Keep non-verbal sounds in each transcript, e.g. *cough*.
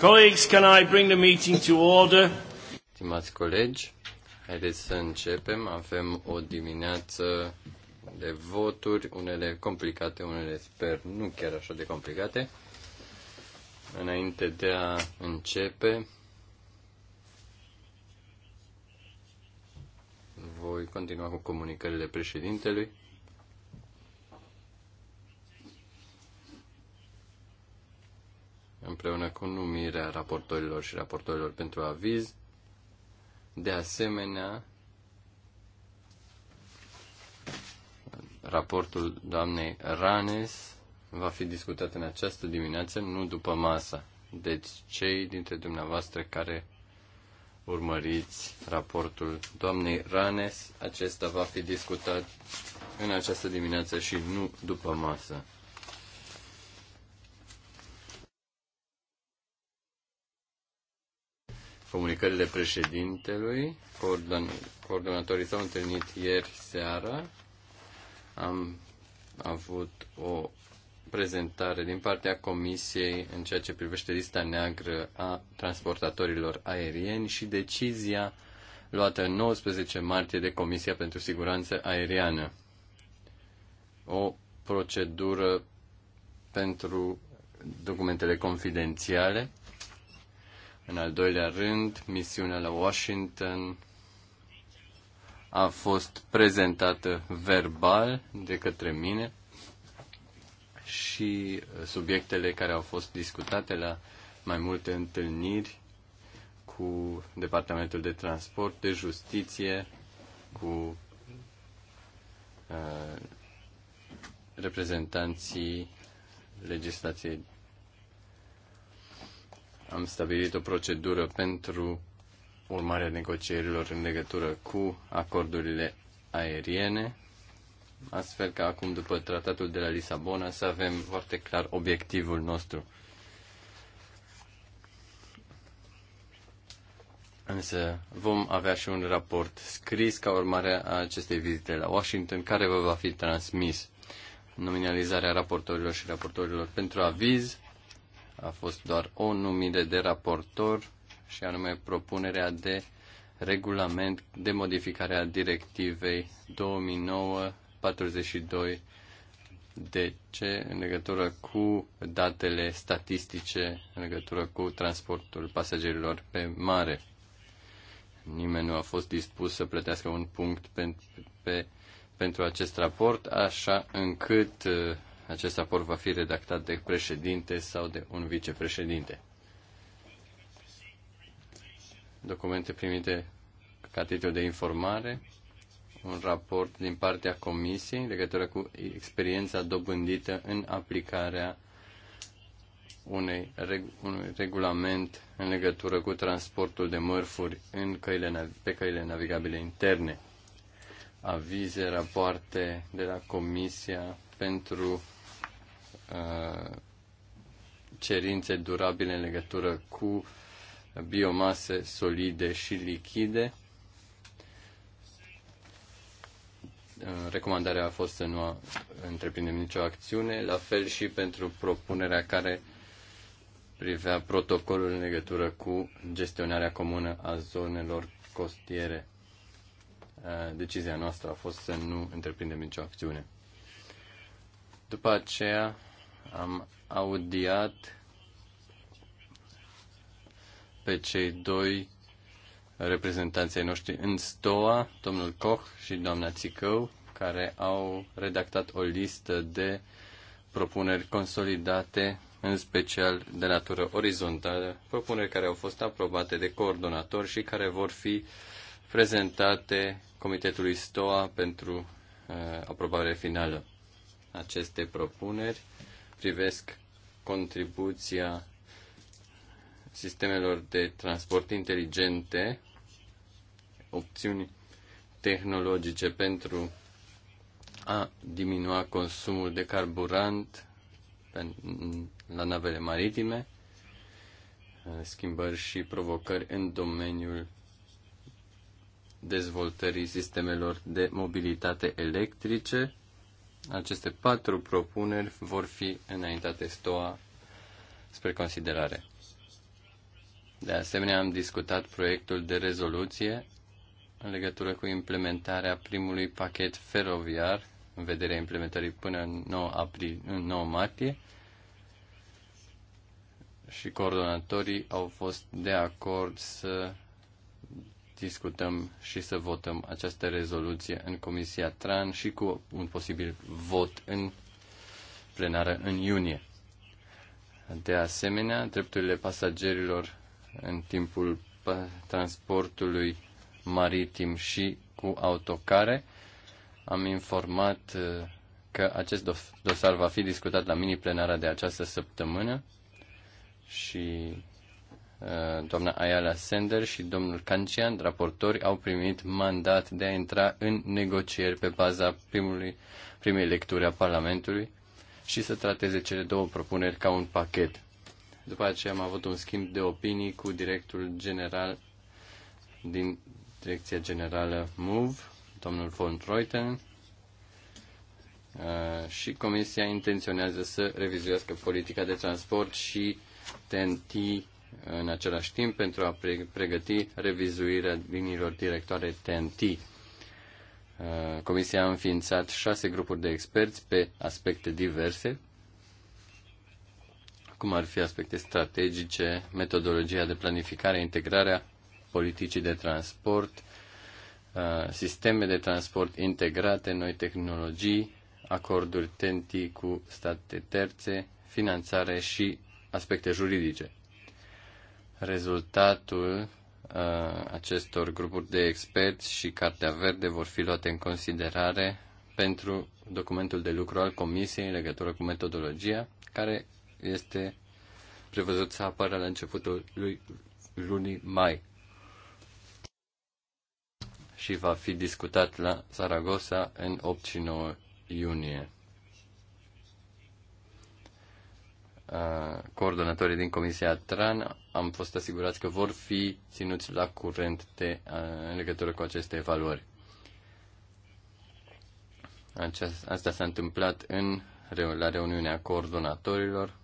Colleagues, can I bring the meeting to order? Stimați colegi, haideți să începem. Avem o dimineață de voturi, unele complicate, unele sper nu chiar așa de complicate. Înainte de a începe, voi continua cu comunicările președintelui. raportorilor și raportorilor pentru aviz. De asemenea, raportul doamnei Ranes va fi discutat în această dimineață, nu după masa. Deci, cei dintre dumneavoastră care urmăriți raportul doamnei Ranes, acesta va fi discutat în această dimineață și nu după masă. comunicările președintelui. Coordon, coordonatorii s-au întâlnit ieri seara. Am avut o prezentare din partea Comisiei în ceea ce privește lista neagră a transportatorilor aerieni și decizia luată în 19 martie de Comisia pentru Siguranță Aeriană. O procedură pentru documentele confidențiale în al doilea rând, misiunea la Washington a fost prezentată verbal de către mine și subiectele care au fost discutate la mai multe întâlniri cu Departamentul de Transport, de Justiție, cu uh, reprezentanții legislației am stabilit o procedură pentru urmarea negocierilor în legătură cu acordurile aeriene, astfel că acum, după tratatul de la Lisabona, să avem foarte clar obiectivul nostru. Însă vom avea și un raport scris ca urmare a acestei vizite la Washington, care vă va fi transmis. Nominalizarea raportorilor și raportorilor pentru aviz a fost doar o numire de raportor și anume propunerea de regulament de modificare a directivei 2009-42 de ce în legătură cu datele statistice în legătură cu transportul pasagerilor pe mare. Nimeni nu a fost dispus să plătească un punct pe, pe, pentru acest raport, așa încât uh, acest raport va fi redactat de președinte sau de un vicepreședinte. Documente primite ca titlu de informare, un raport din partea Comisiei în legătură cu experiența dobândită în aplicarea unei, unui regulament în legătură cu transportul de mărfuri în căile, pe căile navigabile interne. Avize, rapoarte de la Comisia pentru Uh, cerințe durabile în legătură cu biomase solide și lichide. Uh, recomandarea a fost să nu întreprindem nicio acțiune, la fel și pentru propunerea care privea protocolul în legătură cu gestionarea comună a zonelor costiere. Uh, decizia noastră a fost să nu întreprindem nicio acțiune. După aceea am audiat pe cei doi reprezentanții noștri în STOA, domnul Koch și doamna Țicău, care au redactat o listă de propuneri consolidate, în special de natură orizontală, propuneri care au fost aprobate de coordonator și care vor fi prezentate Comitetului STOA pentru uh, aprobare finală. Aceste propuneri privesc contribuția sistemelor de transport inteligente, opțiuni tehnologice pentru a diminua consumul de carburant la navele maritime, schimbări și provocări în domeniul dezvoltării sistemelor de mobilitate electrice aceste patru propuneri vor fi înaintate STOA spre considerare. De asemenea, am discutat proiectul de rezoluție în legătură cu implementarea primului pachet feroviar în vederea implementării până în 9, april, în 9 martie și coordonatorii au fost de acord să discutăm și să votăm această rezoluție în Comisia TRAN și cu un posibil vot în plenară în iunie. De asemenea, drepturile pasagerilor în timpul transportului maritim și cu autocare. Am informat uh, că acest dosar va fi discutat la mini-plenara de această săptămână și Uh, doamna Ayala Sender și domnul Cancian, raportori, au primit mandat de a intra în negocieri pe baza primului, primei lecturi a Parlamentului și să trateze cele două propuneri ca un pachet. După aceea am avut un schimb de opinii cu directorul general din Direcția Generală MOVE, domnul von Reuten, uh, și Comisia intenționează să revizuiască politica de transport și TNT în același timp pentru a pregăti revizuirea liniilor directoare TNT. Uh, comisia a înființat șase grupuri de experți pe aspecte diverse, cum ar fi aspecte strategice, metodologia de planificare, integrarea politicii de transport, uh, sisteme de transport integrate, noi tehnologii, acorduri TNT cu state terțe, finanțare și aspecte juridice rezultatul uh, acestor grupuri de experți și Cartea Verde vor fi luate în considerare pentru documentul de lucru al Comisiei în legătură cu metodologia, care este prevăzut să apară la începutul lui lunii mai și va fi discutat la Saragossa în 8 și 9 iunie. coordonatorii din Comisia TRAN am fost asigurați că vor fi ținuți la curent de, în legătură cu aceste evaluări. Asta s-a întâmplat în, la reuniunea coordonatorilor,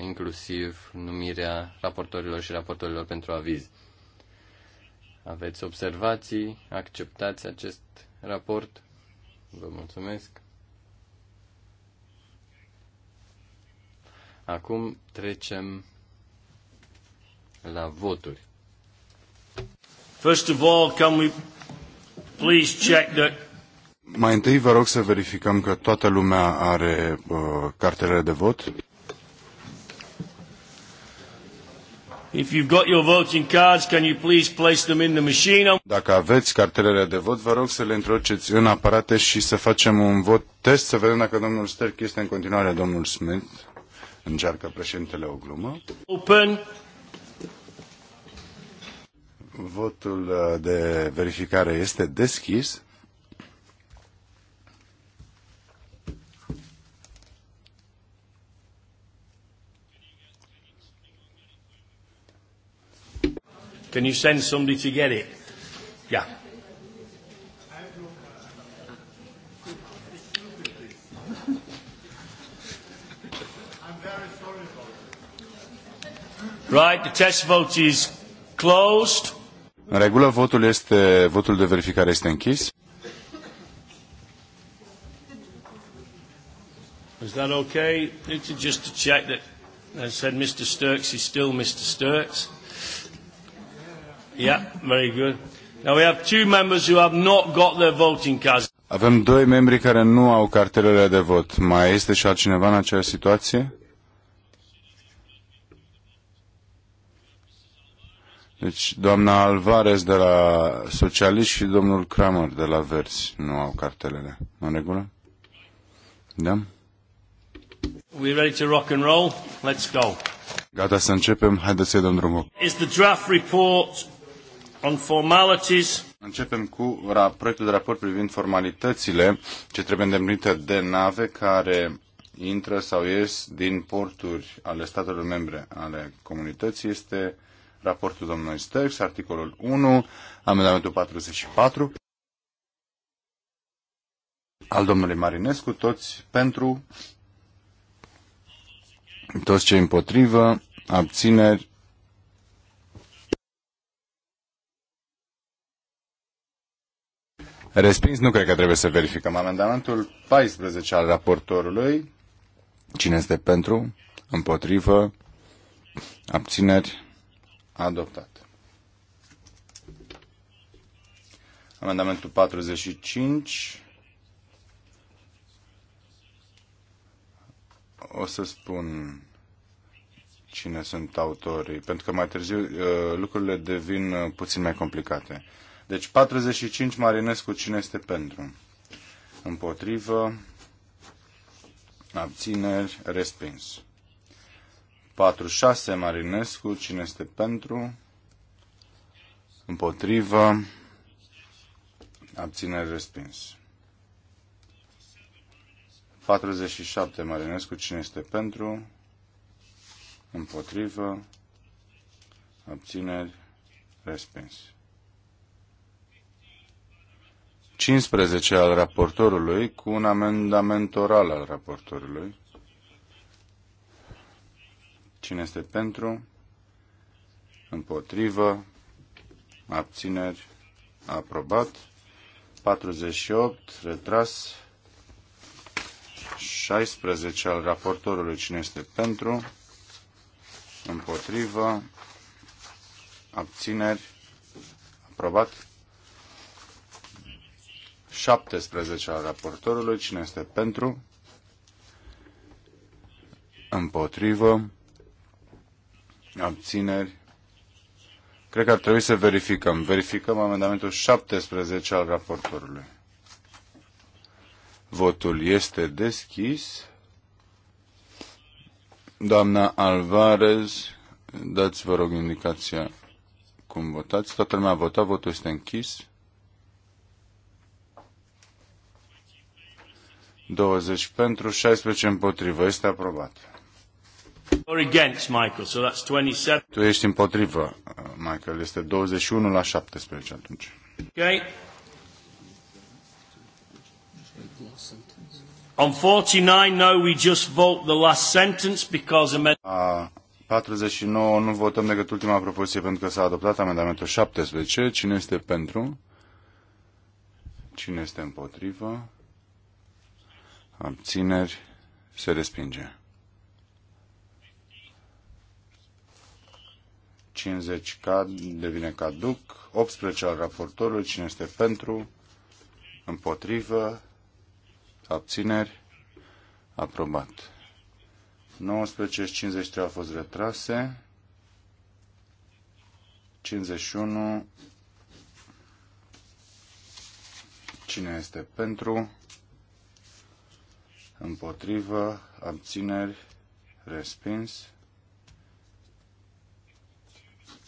inclusiv numirea raportorilor și raportorilor pentru aviz. Aveți observații? Acceptați acest raport? Vă mulțumesc! Acum trecem la voturi. First of all, can we please check that mai întâi vă rog să verificăm că toată lumea are uh, cartelele de vot. If you've got your voting cards, can you please place them in the machine? Dacă aveți cartelele de vot, vă rog să le introduceți în aparate și să facem un vot test, să vedem dacă domnul Sterk este în continuare domnul Smith. Încearcă președintele o glumă. Open. Votul uh, de verificare este deschis. Can you send somebody to get it? Yeah. Right, the test vote is closed. În regulă, votul, este, votul de verificare este închis. Is that okay? It's just to check that I said Mr. Sturks is still Mr. Sturks. Yeah, very good. Now we have two members who have not got their voting cards. Avem doi membri care nu au cartelele de vot. Mai este și altcineva în această situație? Deci, doamna Alvarez de la Socialiști și domnul Kramer de la Verzi nu au cartelele. În regulă? Da? We ready to rock and roll? Let's go. Gata să începem, haideți să dăm drumul. Is the draft report on formalities? Începem cu proiectul de raport privind formalitățile ce trebuie îndemnite de nave care intră sau ies din porturi ale statelor membre ale comunității. Este raportul domnului Stăx, articolul 1, amendamentul 44 al domnului Marinescu, toți pentru, toți cei împotrivă, abțineri, Respins, nu cred că trebuie să verificăm. Amendamentul 14 al raportorului. Cine este pentru? Împotrivă? Abțineri? Adoptat. Amendamentul 45. O să spun cine sunt autorii, pentru că mai târziu uh, lucrurile devin uh, puțin mai complicate. Deci 45 Marinescu, cine este pentru? Împotrivă, abțineri, respins. 46 Marinescu, cine este pentru? Împotrivă. Abțineri respins. 47 Marinescu, cine este pentru? Împotrivă. Abțineri respins. 15 al raportorului cu un amendament oral al raportorului Cine este pentru? Împotrivă. Abțineri. Aprobat. 48. Retras. 16 al raportorului. Cine este pentru? Împotrivă. Abțineri. Aprobat. 17 al raportorului. Cine este pentru? Împotrivă. Abțineri. Cred că ar trebui să verificăm. Verificăm amendamentul 17 al raportorului. Votul este deschis. Doamna Alvarez, dați vă rog indicația cum votați. Toată lumea a votat, votul este închis. 20 pentru, 16 împotrivă. Este aprobat. 27. Tu ești împotrivă, Michael. Este 21 la 17 atunci. Ok. On 49, no, we just vote the last sentence because... A 49 nu votăm decât ultima propoziție pentru că s-a adoptat amendamentul 17. Cine este pentru? Cine este împotrivă? Abțineri? Se respinge. 50 cad, devine caduc, 18 al raportorului, cine este pentru, împotrivă, abțineri, aprobat. 19 și 53 au fost retrase, 51, cine este pentru, împotrivă, abțineri, respins,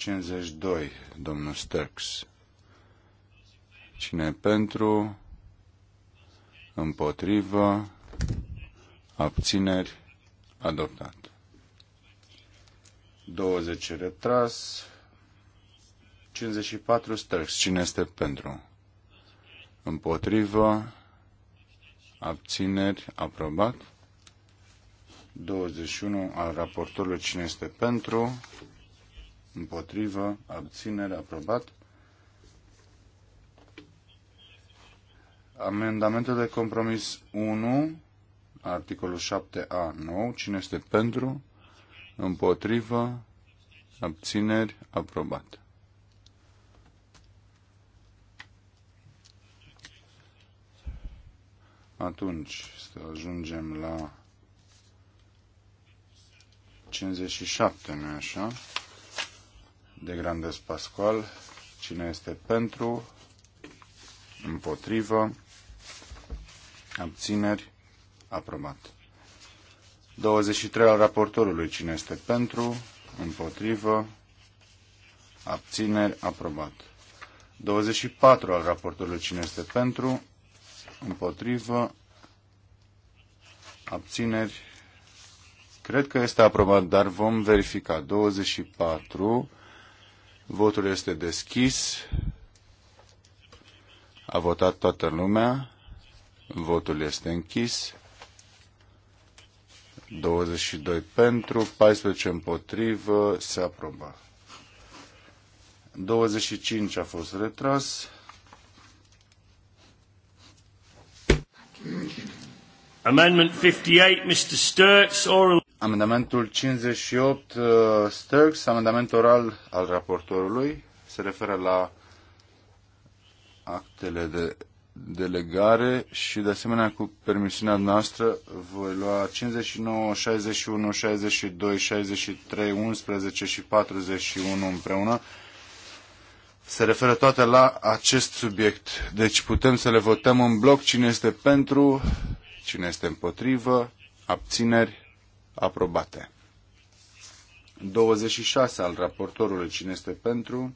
52, domnul Sturks. Cine pentru? Împotrivă? Abțineri? Adoptat. 20 retras. 54 Sturks. Cine este pentru? Împotrivă? Abțineri? Aprobat. 21 al raportorului. Cine este pentru? împotrivă, abținere, aprobat. Amendamentul de compromis 1, articolul 7A9, cine este pentru, împotrivă, abțineri, aprobat. Atunci, să ajungem la 57, nu așa? de Grandes Pascual. Cine este pentru? Împotrivă? Abțineri? Aprobat. 23 al raportorului. Cine este pentru? Împotrivă? Abțineri? Aprobat. 24 al raportorului. Cine este pentru? Împotrivă? Abțineri? Cred că este aprobat, dar vom verifica. 24. Votul este deschis. A votat toată lumea. Votul este închis. 22 pentru, 14 împotrivă, se aprobă. 25 a fost retras. Amendment 58, Mr. Sturts, oral... Amendamentul 58, uh, Sturks, amendament oral al raportorului, se referă la actele de delegare și, de asemenea, cu permisiunea noastră, voi lua 59, 61, 62, 63, 11 și 41 împreună. Se referă toate la acest subiect. Deci putem să le votăm în bloc cine este pentru, cine este împotrivă, abțineri, aprobate. 26 al raportorului, cine este pentru,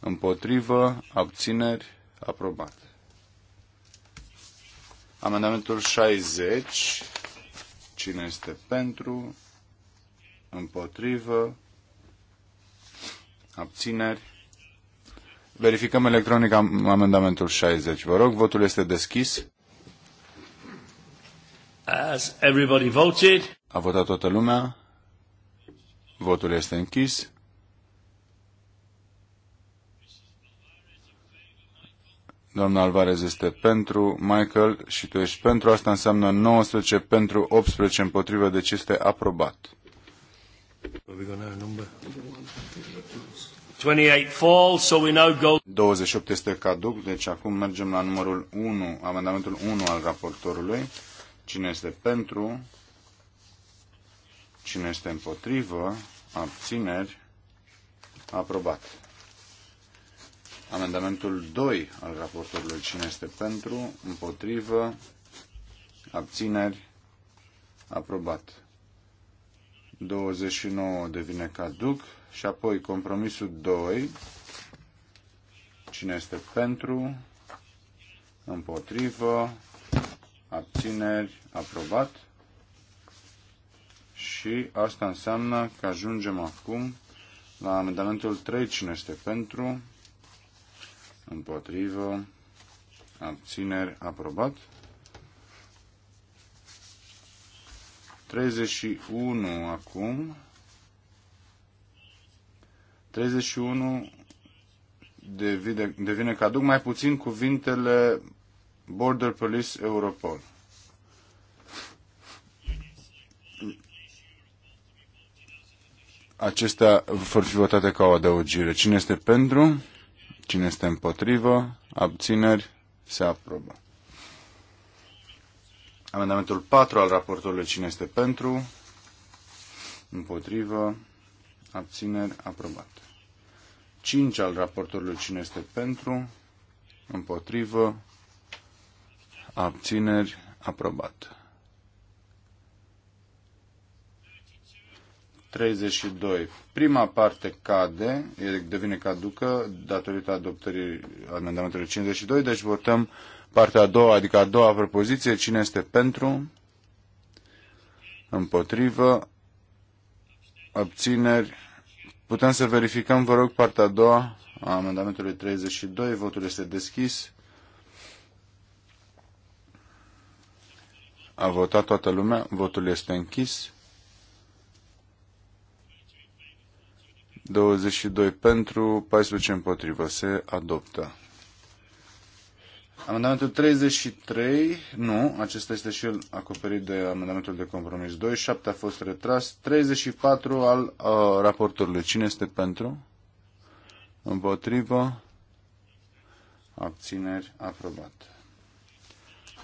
împotrivă, abțineri, aprobat. Amendamentul 60, cine este pentru, împotrivă, abțineri. Verificăm electronic amendamentul 60. Vă rog, votul este deschis. As everybody voted. A votat toată lumea. Votul este închis. Doamna Alvarez este pentru, Michael și tu ești pentru. Asta înseamnă 19 pentru, 18 împotrivă, deci este aprobat. 28 28 este caduc, deci acum mergem la numărul 1, amendamentul 1 al raportorului. Cine este pentru? Cine este împotrivă? Abțineri? Aprobat. Amendamentul 2 al raportorului. Cine este pentru? Împotrivă? Abțineri? Aprobat. 29 devine caduc și apoi compromisul 2. Cine este pentru? Împotrivă? Abțineri? Aprobat. Și asta înseamnă că ajungem acum la amendamentul 3. Cine este pentru? Împotrivă. Abțineri. Aprobat. 31 acum. 31 devine, devine caduc mai puțin cuvintele Border Police Europol. Acestea vor fi votate ca o adăugire. Cine este pentru? Cine este împotrivă? Abțineri? Se aprobă. Amendamentul 4 al raportului. Cine este pentru? Împotrivă? Abțineri? Aprobat. 5 al raportorului. Cine este pentru? Împotrivă? Abțineri? Aprobat. 32. Prima parte cade, devine caducă datorită adoptării amendamentului 52, deci votăm partea a doua, adică a doua propoziție, cine este pentru, împotrivă, abțineri. Putem să verificăm, vă rog, partea a doua a amendamentului 32, votul este deschis. A votat toată lumea, votul este închis. 22 pentru, 14 împotrivă. Se adoptă. Amendamentul 33, nu, acesta este și el acoperit de amendamentul de compromis 2, 7 a fost retras, 34 al uh, raportorului. Cine este pentru? Împotrivă? Abțineri? Aprobat.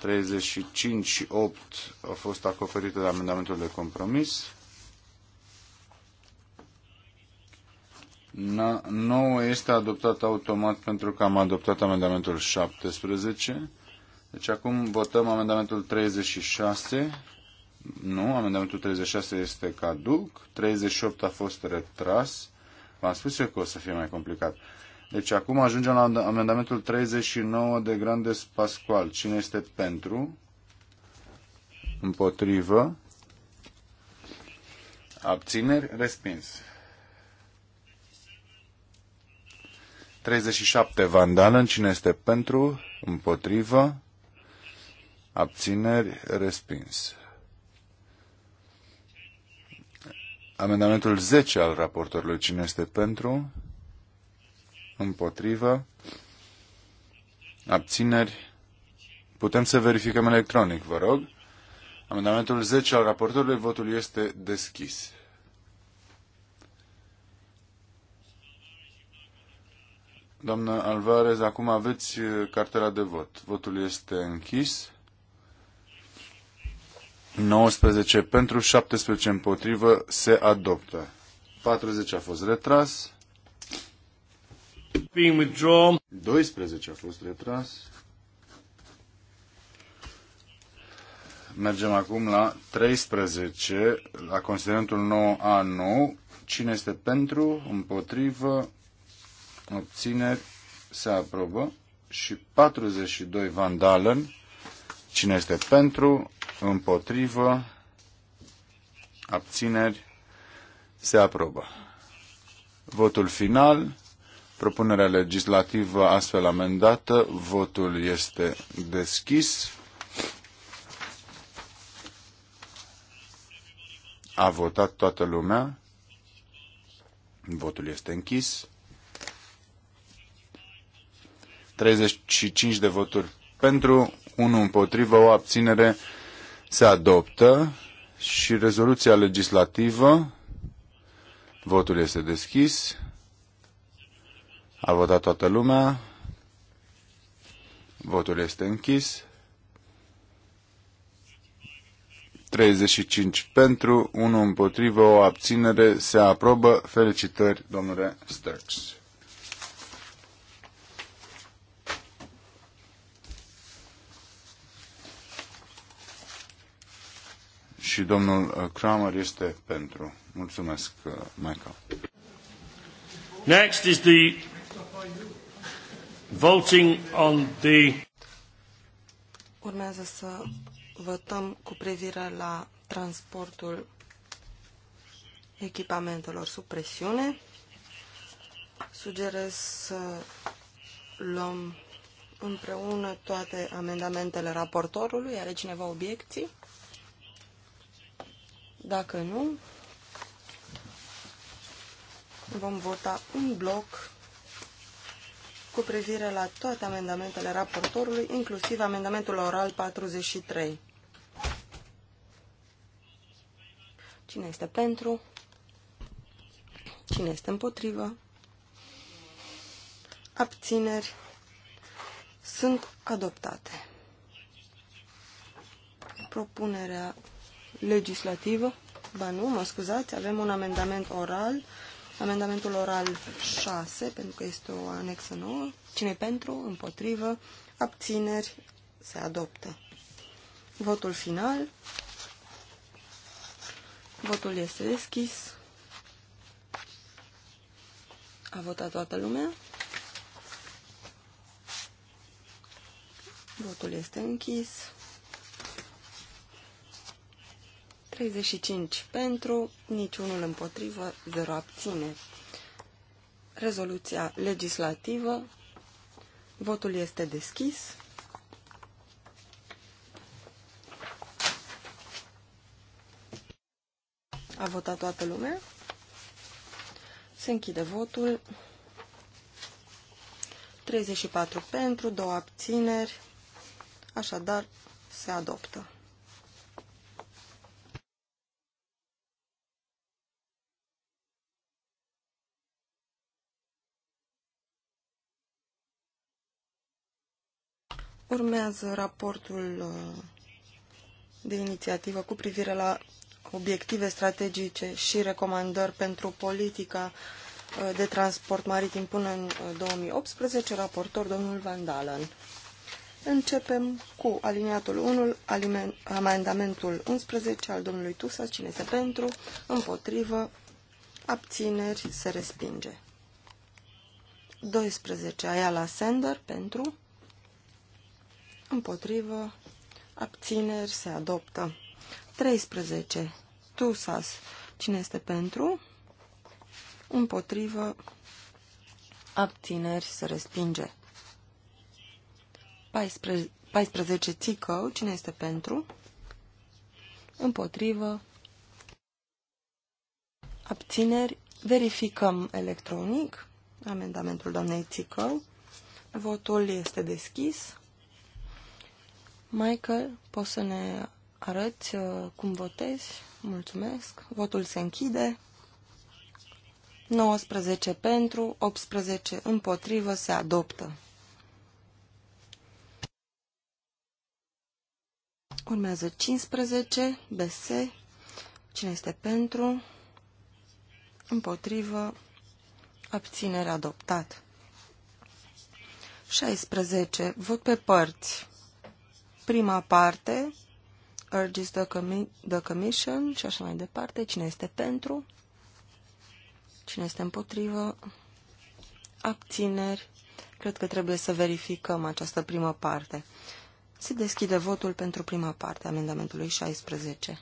35 și 8 au fost acoperite de amendamentul de compromis. 9 este adoptat automat pentru că am adoptat amendamentul 17. Deci acum votăm amendamentul 36. Nu, amendamentul 36 este caduc. 38 a fost retras. V-am spus eu că o să fie mai complicat. Deci acum ajungem la amendamentul 39 de Grandes Pascual. Cine este pentru? Împotrivă? Abțineri? Respins. 37 Van Dalen, cine este pentru, împotrivă, abțineri, respins. Amendamentul 10 al raportorului, cine este pentru, împotrivă, abțineri, putem să verificăm electronic, vă rog. Amendamentul 10 al raportorului, votul este deschis. Doamnă Alvarez, acum aveți uh, cartela de vot. Votul este închis. 19 pentru, 17 împotrivă, se adoptă. 40 a fost retras. 12 a fost retras. Mergem acum la 13, la considerentul 9A9. Cine este pentru, împotrivă, Obțineri. Se aprobă. Și 42 vandalen. Cine este pentru? Împotrivă. Abțineri. Se aprobă. Votul final. Propunerea legislativă astfel amendată. Votul este deschis. A votat toată lumea. Votul este închis. 35 de voturi pentru, 1 împotrivă, o abținere se adoptă și rezoluția legislativă, votul este deschis, a votat toată lumea, votul este închis, 35 pentru, 1 împotrivă, o abținere, se aprobă, felicitări domnule Sturks. și domnul uh, Kramer este pentru. Mulțumesc, uh, Michael. Next is the voting on the Urmează să votăm cu privire la transportul echipamentelor sub presiune. Sugerez să luăm împreună toate amendamentele raportorului. Are cineva obiecții? Dacă nu, vom vota un bloc cu privire la toate amendamentele raportorului, inclusiv amendamentul oral 43. Cine este pentru? Cine este împotrivă? Abțineri sunt adoptate. Propunerea legislativă. Ba nu, mă scuzați, avem un amendament oral. Amendamentul oral 6, pentru că este o anexă nouă. Cine pentru, împotrivă, abțineri, se adoptă. Votul final. Votul este deschis. A votat toată lumea. Votul este închis. 35 pentru, niciunul împotrivă, 0 abține. Rezoluția legislativă. Votul este deschis. A votat toată lumea. Se închide votul. 34 pentru, 2 abțineri. Așadar, se adoptă. Urmează raportul uh, de inițiativă cu privire la obiective strategice și recomandări pentru politica uh, de transport maritim până în 2018, uh, raportor domnul Van Dalen. Începem cu aliniatul 1, amendamentul 11 al domnului Tusa, cine este pentru, împotrivă, abțineri, se respinge. 12, Ayala Sender, pentru, împotrivă, abțineri, se adoptă. 13. Tusas, cine este pentru, împotrivă, abțineri, se respinge. 14. 14 Țicău, cine este pentru? Împotrivă. Abțineri. Verificăm electronic amendamentul doamnei Țicău. Votul este deschis. Michael, poți să ne arăți uh, cum votezi? Mulțumesc. Votul se închide. 19 pentru, 18 împotrivă, se adoptă. Urmează 15, BS, cine este pentru, împotrivă, abținere adoptat. 16, vot pe părți. Prima parte, urges the, comi the commission și așa mai departe. Cine este pentru? Cine este împotrivă? Abțineri. Cred că trebuie să verificăm această primă parte. Se deschide votul pentru prima parte a amendamentului 16.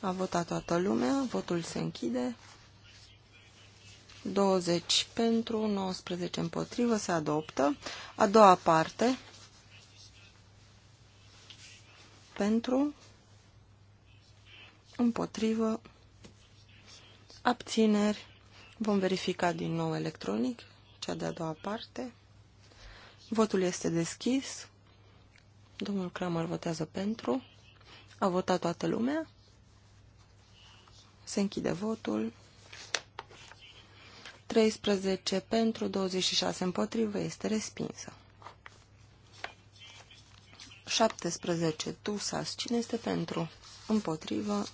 A votat toată lumea, votul se închide. 20 pentru, 19 împotrivă, se adoptă. A doua parte, pentru, împotrivă, abțineri. Vom verifica din nou electronic cea de-a doua parte. Votul este deschis. Domnul Kramer votează pentru. A votat toată lumea. Se închide votul. 13 pentru, 26 împotrivă, este respinsă. 17. Tusas. Cine este pentru? Împotrivă.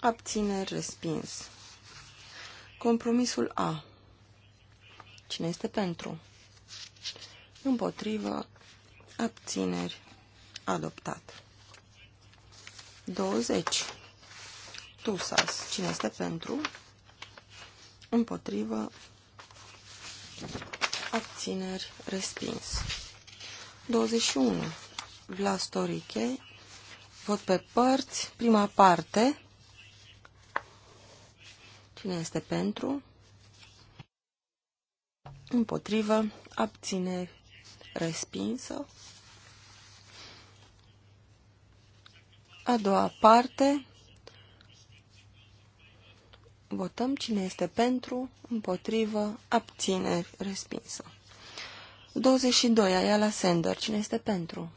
Abțineri. Respins. Compromisul A. Cine este pentru? Împotrivă. Abțineri. Adoptat. 20. Tusas. Cine este pentru? împotrivă, abțineri, respins. 21. Vlastoriche, vot pe părți, prima parte, cine este pentru, împotrivă, abțineri, respinsă. A doua parte, Votăm cine este pentru, împotrivă, abțineri, respinsă. 22. aia la Sender. Cine este pentru?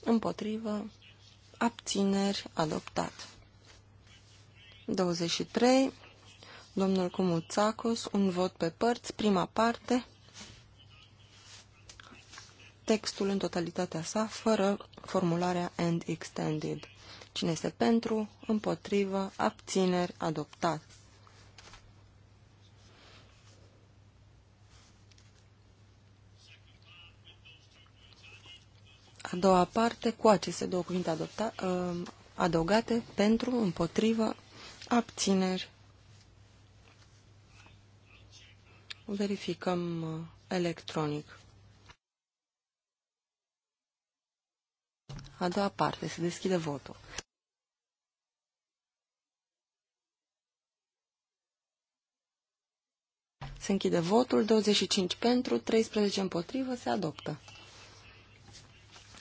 Împotrivă, abțineri, adoptat. 23. Domnul Cumuțacos, un vot pe părți, prima parte. Textul în totalitatea sa, fără formularea and extended. Cine este pentru? Împotrivă? Abțineri? Adoptat. A doua parte, cu aceste două cuvinte adopta, uh, adăugate, pentru, împotrivă, abțineri. Verificăm uh, electronic. A doua parte, se deschide votul. Se închide votul. 25 pentru, 13 împotrivă. Se adoptă.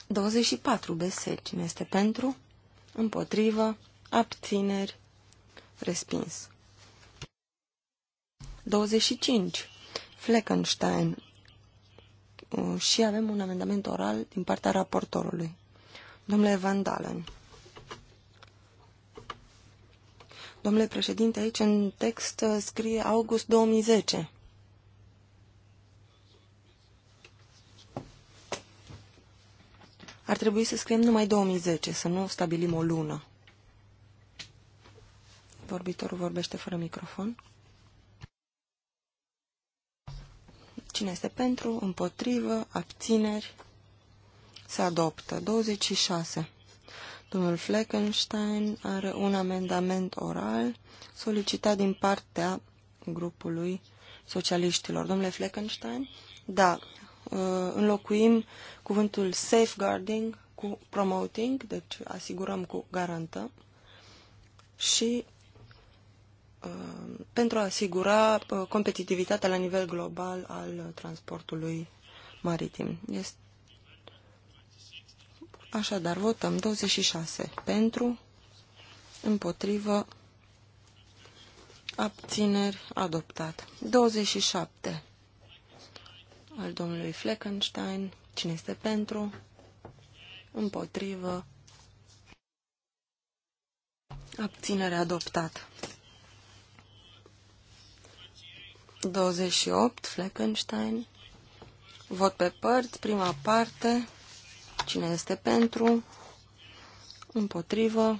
24 BS, Cine este pentru? Împotrivă. Abțineri. Respins. 25. Fleckenstein. Uh, și avem un amendament oral din partea raportorului. Domnule Van Dalen. Domnule președinte, aici în text uh, scrie august 2010. Ar trebui să scriem numai 2010, să nu stabilim o lună. Vorbitorul vorbește fără microfon. Cine este pentru, împotrivă, abțineri, se adoptă. 26. Domnul Fleckenstein are un amendament oral solicitat din partea grupului socialiștilor. Domnule Fleckenstein? Da. Uh, înlocuim cuvântul safeguarding cu promoting, deci asigurăm cu garantă și uh, pentru a asigura uh, competitivitatea la nivel global al transportului maritim. Este Așadar, votăm 26 pentru, împotrivă, abțineri, adoptat. 27 al domnului Fleckenstein, cine este pentru, împotrivă, abținere, adoptat. 28, Fleckenstein, vot pe părți, prima parte, Cine este pentru? Împotrivă.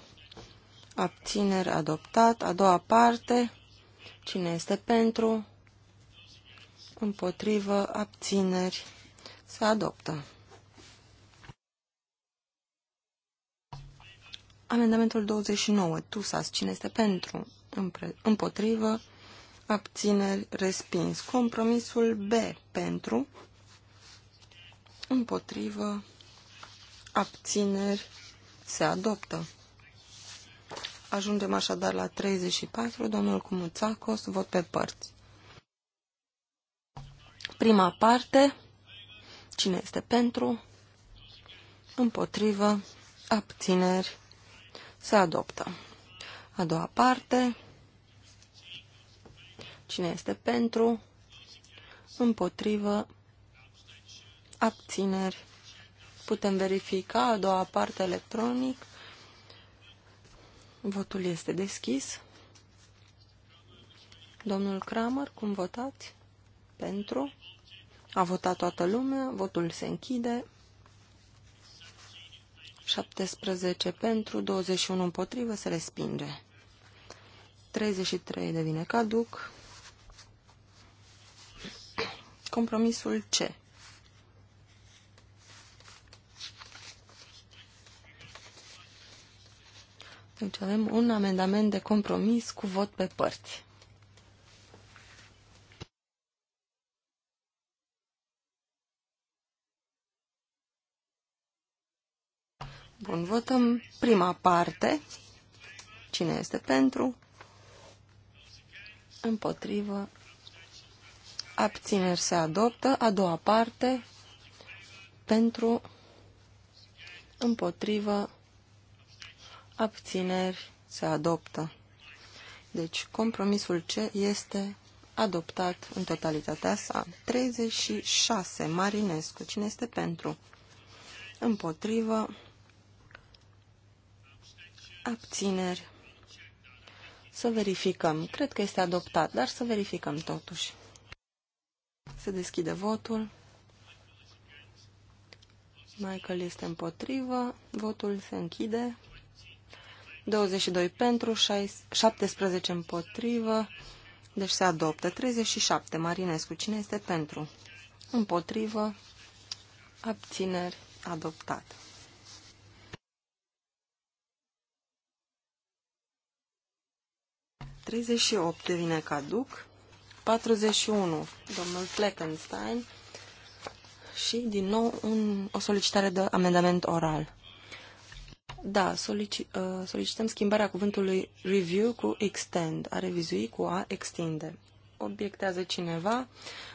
Abțineri adoptat. A doua parte. Cine este pentru? Împotrivă. Abțineri. Se adoptă. Amendamentul 29. Tusas. Cine este pentru? Împotrivă. Abțineri. Respins. Compromisul B. Pentru. Împotrivă abțineri, se adoptă. Ajungem așadar la 34, domnul Cumuțacos, vot pe părți. Prima parte, cine este pentru, împotrivă, abțineri, se adoptă. A doua parte, cine este pentru, împotrivă, abțineri, Putem verifica a doua parte electronic. Votul este deschis. Domnul Kramer, cum votați? Pentru. A votat toată lumea, votul se închide. 17 pentru, 21 împotrivă, se respinge. 33 devine caduc. Compromisul C. Deci avem un amendament de compromis cu vot pe părți. Bun, votăm prima parte. Cine este pentru? Împotrivă. Abțineri se adoptă. A doua parte. Pentru. Împotrivă abțineri, se adoptă. Deci compromisul C este adoptat în totalitatea sa. 36. Marinescu. Cine este pentru? Împotrivă. Abțineri. Să verificăm. Cred că este adoptat, dar să verificăm totuși. Se deschide votul. Michael este împotrivă. Votul se închide. 22 pentru, 6, 17 împotrivă, deci se adoptă. 37, Marinescu, cine este pentru? Împotrivă, abțineri, adoptat. de vine caduc, 41, domnul Fleckenstein și din nou un, o solicitare de amendament oral. Da, solici, uh, solicităm schimbarea cuvântului review cu extend, a revizui cu a extinde. Obiectează cineva.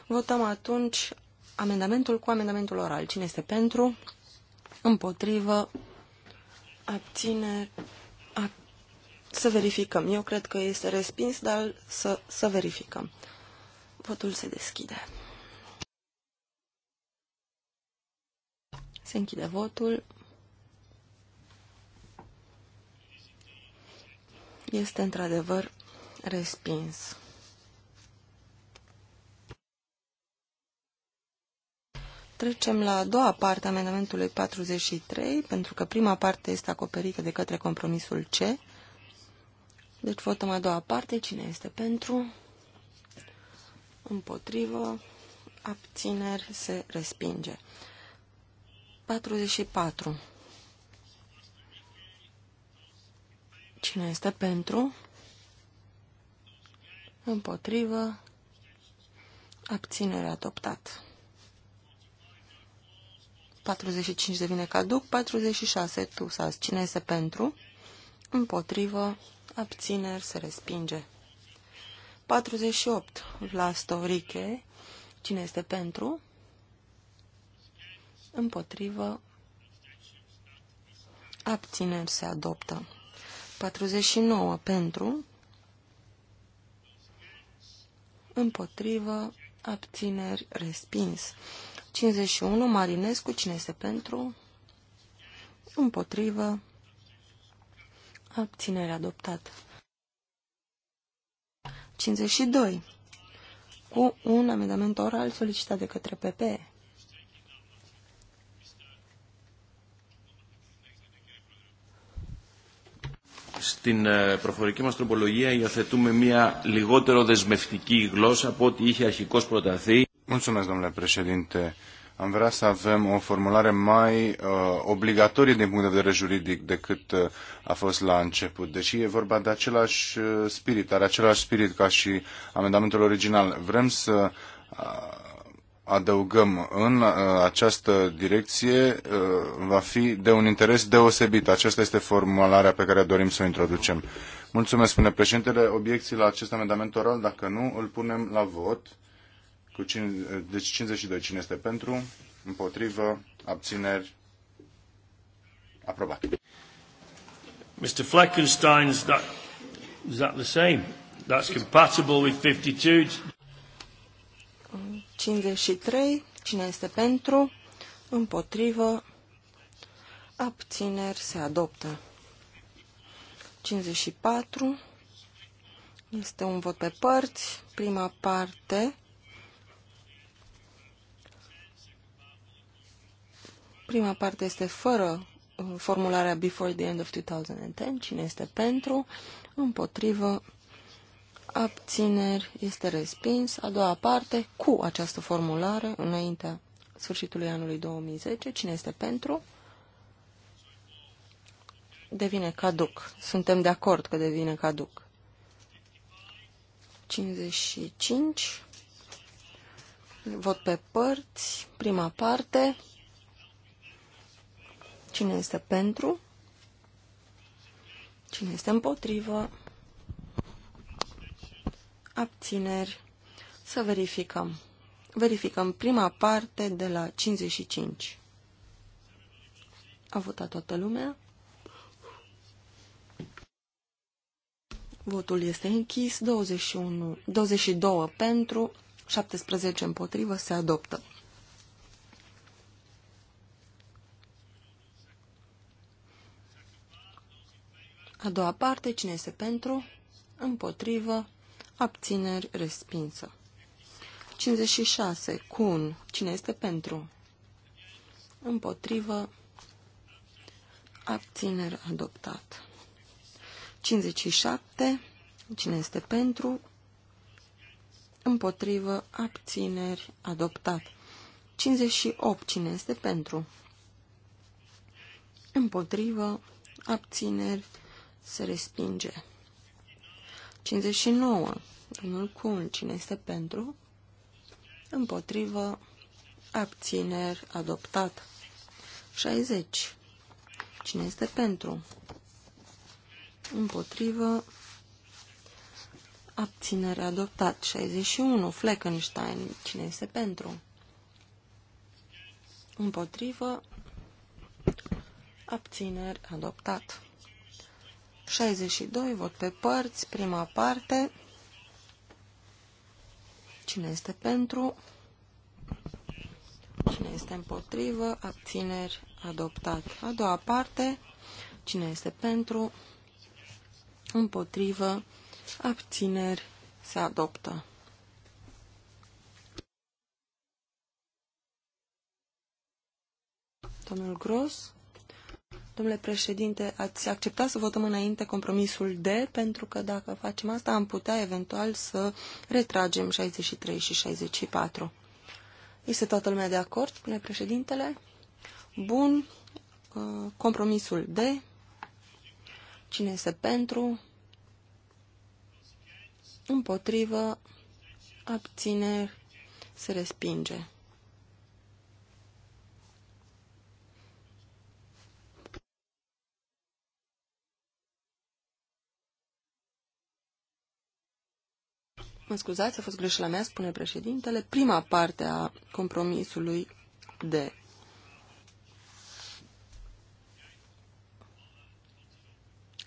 Votăm atunci amendamentul cu amendamentul oral. Cine este pentru? Împotrivă? Abțineri? A... Să verificăm. Eu cred că este respins, dar să, să verificăm. Votul se deschide. Se închide votul. Este într-adevăr respins. Trecem la a doua parte a amendamentului 43, pentru că prima parte este acoperită de către compromisul C. Deci votăm a doua parte. Cine este pentru? Împotrivă. Abțineri se respinge. 44. Cine este pentru? Împotrivă. Abținere adoptat. 45 devine caduc, 46 tu sas. Cine este pentru? Împotrivă. Abțineri se respinge. 48. Vlastovriche. Cine este pentru? Împotrivă. Abțineri se adoptă. 49 pentru, împotrivă, abțineri, respins. 51 Marinescu, cine este pentru, împotrivă, abțineri, adoptat. 52. Cu un amendament oral solicitat de către PP. Στην προφορική μας τροπολογία υιοθετούμε μια λιγότερο δεσμευτική γλώσσα από ό,τι είχε αρχικώς προταθεί. Mulțumesc, domnule președinte. Am vrea să avem o formulare mai uh, obligatorie din punct de vedere juridic decât uh, a fost la început. Deși e vorba de același uh, spirit, are același spirit ca și amendamentul original. Vrem să uh, adăugăm în uh, această direcție uh, va fi de un interes deosebit. Aceasta este formularea pe care dorim să o introducem. Mulțumesc, spune președintele. Obiecții la acest amendament oral, dacă nu, îl punem la vot. Cu 5, deci 52. Cine este pentru? Împotrivă? Abțineri? Aprobat. Mr. is that, is that the same? That's compatible with 52. 53. Cine este pentru? Împotrivă. Abțineri se adoptă. 54. Este un vot pe părți. Prima parte. Prima parte este fără uh, formularea before the end of 2010. Cine este pentru? Împotrivă abțineri, este respins. A doua parte, cu această formulare, înaintea sfârșitului anului 2010, cine este pentru, devine caduc. Suntem de acord că devine caduc. 55. Vot pe părți. Prima parte. Cine este pentru? Cine este împotrivă? abțineri, să verificăm. Verificăm prima parte de la 55. A votat toată lumea. Votul este închis, 21, 22 pentru, 17 împotrivă, se adoptă. A doua parte, cine este pentru, împotrivă, abțineri, respinsă. 56. Cun. Cine este pentru? Împotrivă. Abțineri adoptat. 57. Cine este pentru? Împotrivă. Abțineri adoptat. 58. Cine este pentru? Împotrivă. Abțineri se respinge. 59. Domnul Cun, cine este pentru? Împotrivă, abțineri, adoptat. 60. Cine este pentru? Împotrivă, abținere, adoptat. 61. Fleckenstein, cine este pentru? Împotrivă, abțineri, adoptat. 62, vot pe părți, prima parte. Cine este pentru? Cine este împotrivă? Abțineri, adoptat. A doua parte. Cine este pentru? Împotrivă, abțineri, se adoptă. Domnul Gros? Domnule președinte, ați accepta să votăm înainte compromisul D, pentru că dacă facem asta am putea eventual să retragem 63 și 64. Este toată lumea de acord, spune președintele? Bun. Uh, compromisul D. Cine este pentru? Împotrivă. Abțineri. Se respinge. Mă scuzați, a fost greșeala mea, spune președintele, prima parte a compromisului de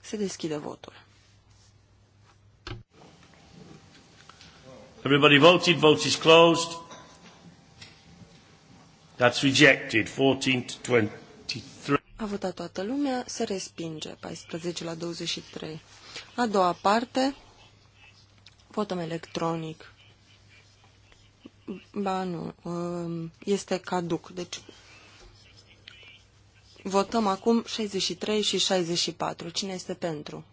Se deschide votul. Everybody voted, vote is closed. That's rejected, 14 to 23. A votat toată lumea, se respinge, 14 la 23. A doua parte, Votăm electronic. Ba nu, um, este caduc. Deci votăm acum 63 și 64. Cine este pentru?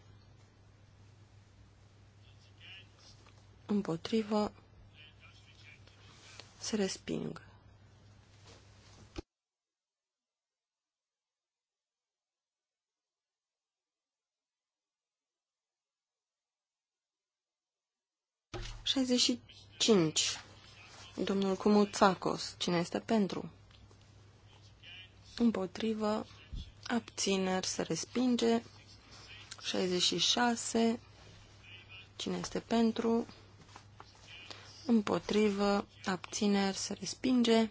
Împotrivă. Se resping. 65. Domnul Cumuțacos. Cine este pentru? Împotrivă. Abțineri. Se respinge. 66. Cine este pentru? Împotrivă. Abțineri. Se respinge.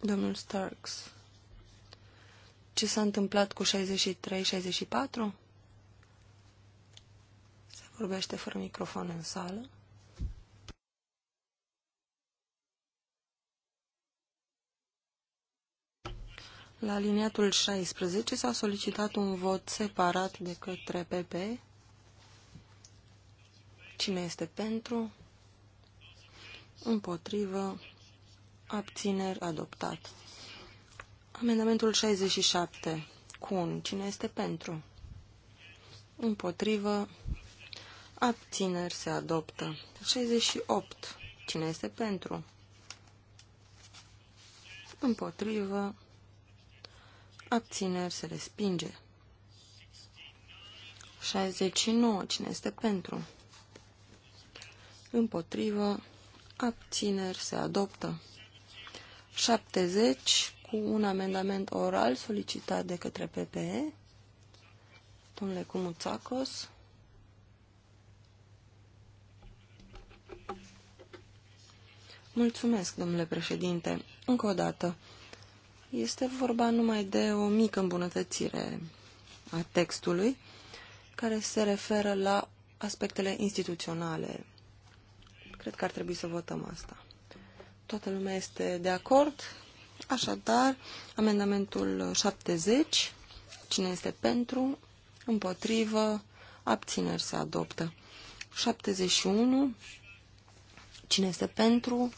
Domnul Starks. Ce s-a întâmplat cu 63-64? vorbește fără microfon în sală. La liniatul 16 s-a solicitat un vot separat de către PP. Cine este pentru? Împotrivă. Abțineri adoptat. Amendamentul 67. Cun. Cine este pentru? Împotrivă. Abțineri se adoptă. 68. Cine este pentru? Împotrivă. Abțineri se respinge. 69. Cine este pentru? Împotrivă. Abțineri se adoptă. 70 cu un amendament oral solicitat de către PPE. Domnule Cumuțacos. Mulțumesc, domnule președinte. Încă o dată. Este vorba numai de o mică îmbunătățire a textului care se referă la aspectele instituționale. Cred că ar trebui să votăm asta. Toată lumea este de acord. Așadar, amendamentul 70, cine este pentru, împotrivă, abțineri se adoptă. 71, cine este pentru,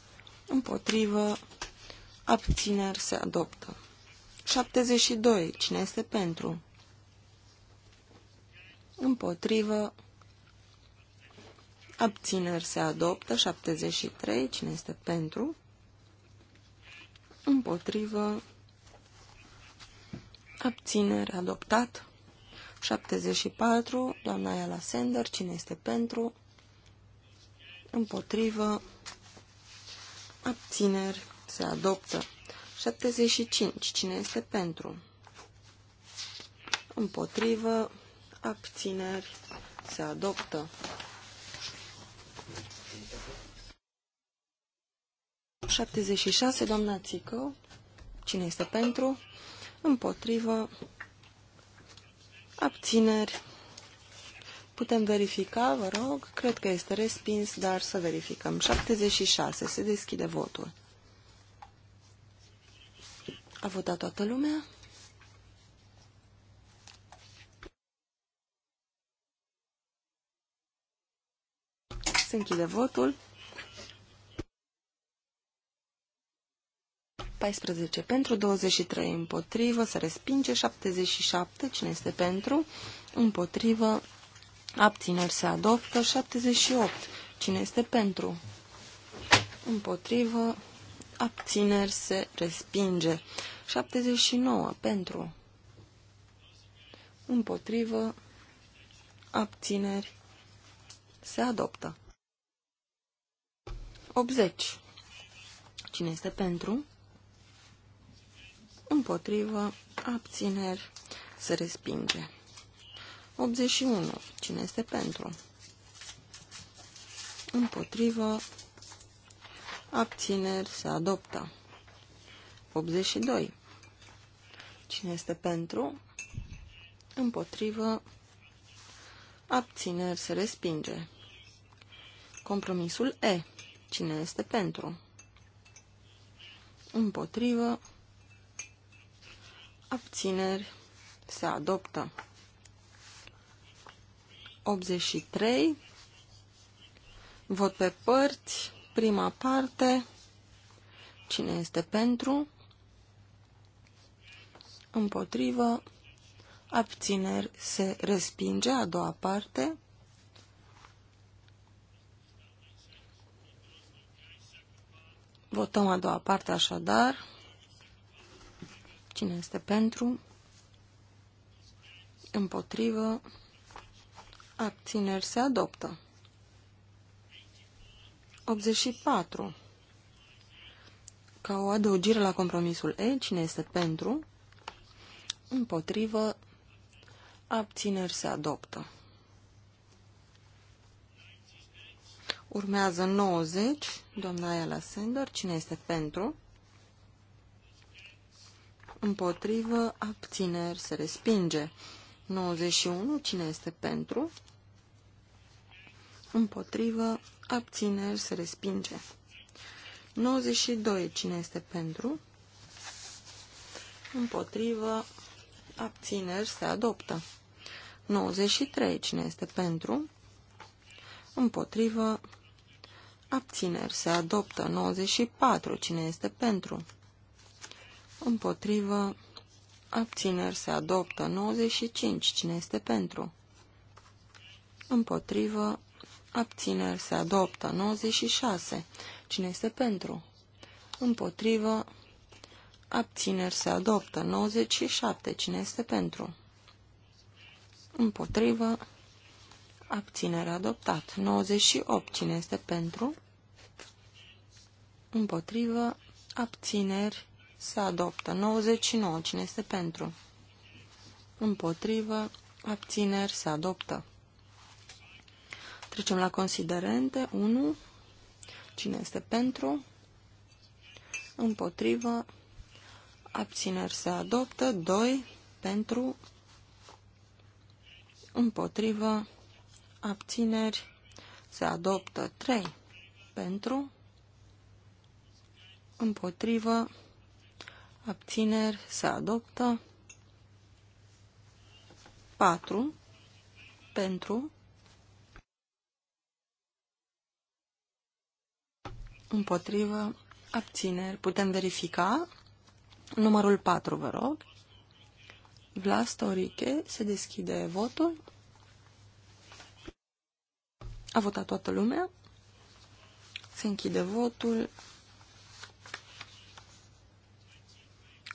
împotrivă, abțineri se adoptă. 72. Cine este pentru? Împotrivă, abțineri se adoptă. 73. Cine este pentru? Împotrivă, abțineri adoptat. 74. Doamna Iala Sender. Cine este pentru? Împotrivă, Abțineri. Se adoptă. 75. Cine este pentru? Împotrivă. Abțineri. Se adoptă. Șaptezeci și șase, doamna Țică. Cine este pentru? Împotrivă. Abțineri. Putem verifica, vă rog. Cred că este respins, dar să verificăm. 76. Se deschide votul. A votat toată lumea? Se închide votul. 14 pentru, 23 împotrivă, se respinge, 77, cine este pentru, împotrivă, Abțineri se adoptă. 78. Cine este pentru? Împotrivă. Abțineri se respinge. 79. Pentru. Împotrivă. Abțineri se adoptă. 80. Cine este pentru? Împotrivă. Abțineri se respinge. 81. Cine este pentru? Împotrivă. Abțineri se adoptă. 82. Cine este pentru? Împotrivă. Abțineri se respinge. Compromisul E. Cine este pentru? Împotrivă. Abțineri se adoptă. 83. Vot pe părți. Prima parte. Cine este pentru? Împotrivă. Abțineri se respinge. A doua parte. Votăm a doua parte așadar. Cine este pentru? Împotrivă. Abțineri se adoptă. 84. Ca o adăugire la compromisul E, cine este pentru? Împotrivă. Abțineri se adoptă. Urmează 90, doamna Ayala Sender, cine este pentru? Împotrivă, abțineri se respinge. 91. Cine este pentru? Împotrivă. Abțineri. Se respinge. 92. Cine este pentru? Împotrivă. Abțineri. Se adoptă. 93. Cine este pentru? Împotrivă. Abțineri. Se adoptă. 94. Cine este pentru? Împotrivă. Abțineri se adoptă. 95. Cine este pentru? Împotrivă. Abțineri se adoptă. 96. Cine este pentru? Împotrivă. Abțineri se adoptă. 97. Cine este pentru? Împotrivă. Abținere adoptat. 98. Cine este pentru? Împotrivă. Abțineri se adoptă. 99. Cine este pentru? Împotrivă. Abțineri se adoptă. Trecem la considerente. 1. Cine este pentru? Împotrivă. Abțineri se adoptă. 2. Pentru. Împotrivă. Abțineri se adoptă. 3. Pentru. Împotrivă abțineri, se adoptă. 4 pentru, împotrivă, abțineri. Putem verifica. Numărul 4, vă rog. Vlastoriche, se deschide votul. A votat toată lumea. Se închide votul.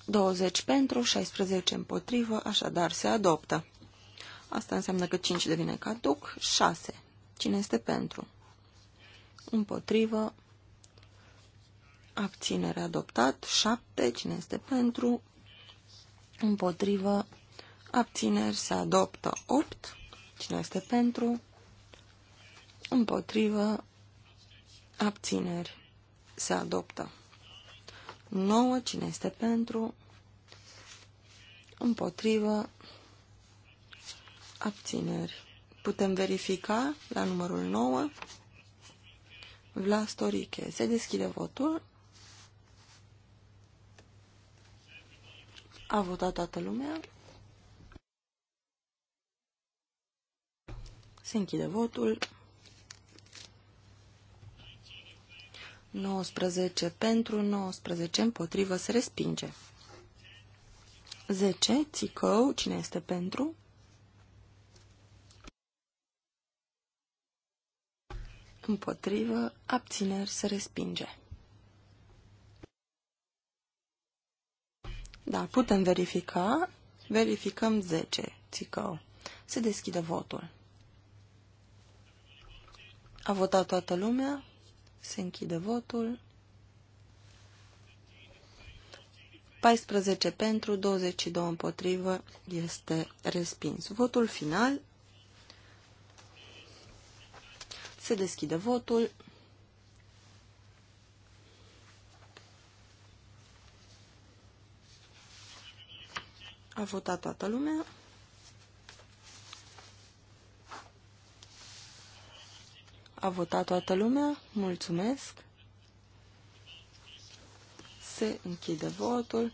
20 pentru, 16 împotrivă, așadar se adoptă. Asta înseamnă că 5 devine caduc, 6. Cine este pentru? Împotrivă, abținere adoptat, 7. Cine este pentru? Împotrivă, abțineri se adoptă, 8. Cine este pentru? Împotrivă, abțineri se adoptă. 9. Cine este pentru? Împotrivă. Abțineri. Putem verifica la numărul 9. Vlastoriche. Se deschide votul. A votat toată lumea. Se închide votul. 19 pentru, 19 împotrivă, se respinge. 10. Țicău, cine este pentru? Împotrivă, abțineri, se respinge. Da, putem verifica. Verificăm 10, Țicău. Se deschide votul. A votat toată lumea? Se închide votul. 14 pentru, 22 împotrivă, este respins. Votul final. Se deschide votul. A votat toată lumea. A votat toată lumea? Mulțumesc. Se închide votul.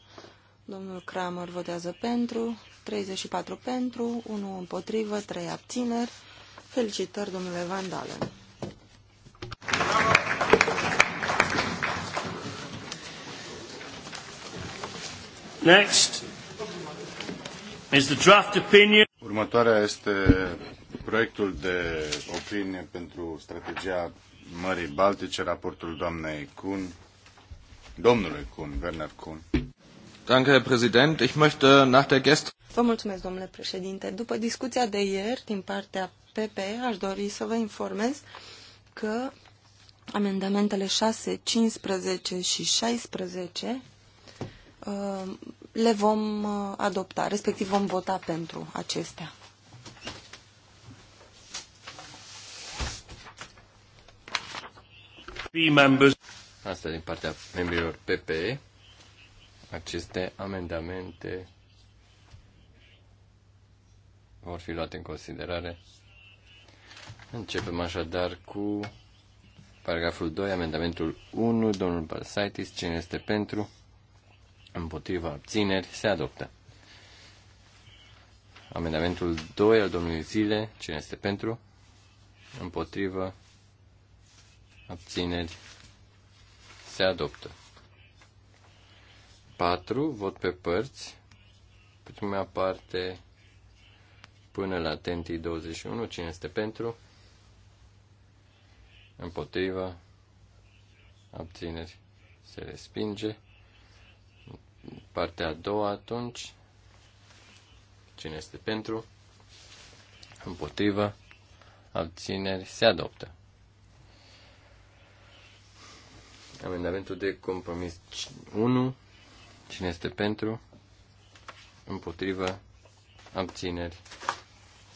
Domnul Kramer votează pentru, 34 pentru, 1 împotrivă, 3 abțineri. Felicitări, domnule Van Dalen. Next is the draft opinion. Următoarea este proiectul de opinie pentru strategia Mării Baltice, raportul doamnei Kuhn, domnului Kuhn, Werner Kuhn. Danke, Herr Präsident. Ich möchte nach der gest Vă mulțumesc, domnule președinte. După discuția de ieri din partea PPE, aș dori să vă informez că amendamentele 6, 15 și 16 uh, le vom uh, adopta, respectiv vom vota pentru acestea. Asta din partea membrilor PPE. Aceste amendamente vor fi luate în considerare. Începem așadar cu paragraful 2, amendamentul 1, domnul Balsaitis, cine este pentru, împotriva abțineri, se adoptă. Amendamentul 2 al domnului Zile, cine este pentru, împotrivă, abțineri, se adoptă. 4. Vot pe părți. Prima parte până la tentii 21. Cine este pentru? Împotriva. Abțineri. Se respinge. Partea a doua atunci. Cine este pentru? Împotriva. Abțineri. Se adoptă. Amendamentul de compromis 1. Cine este pentru? Împotrivă? Abțineri?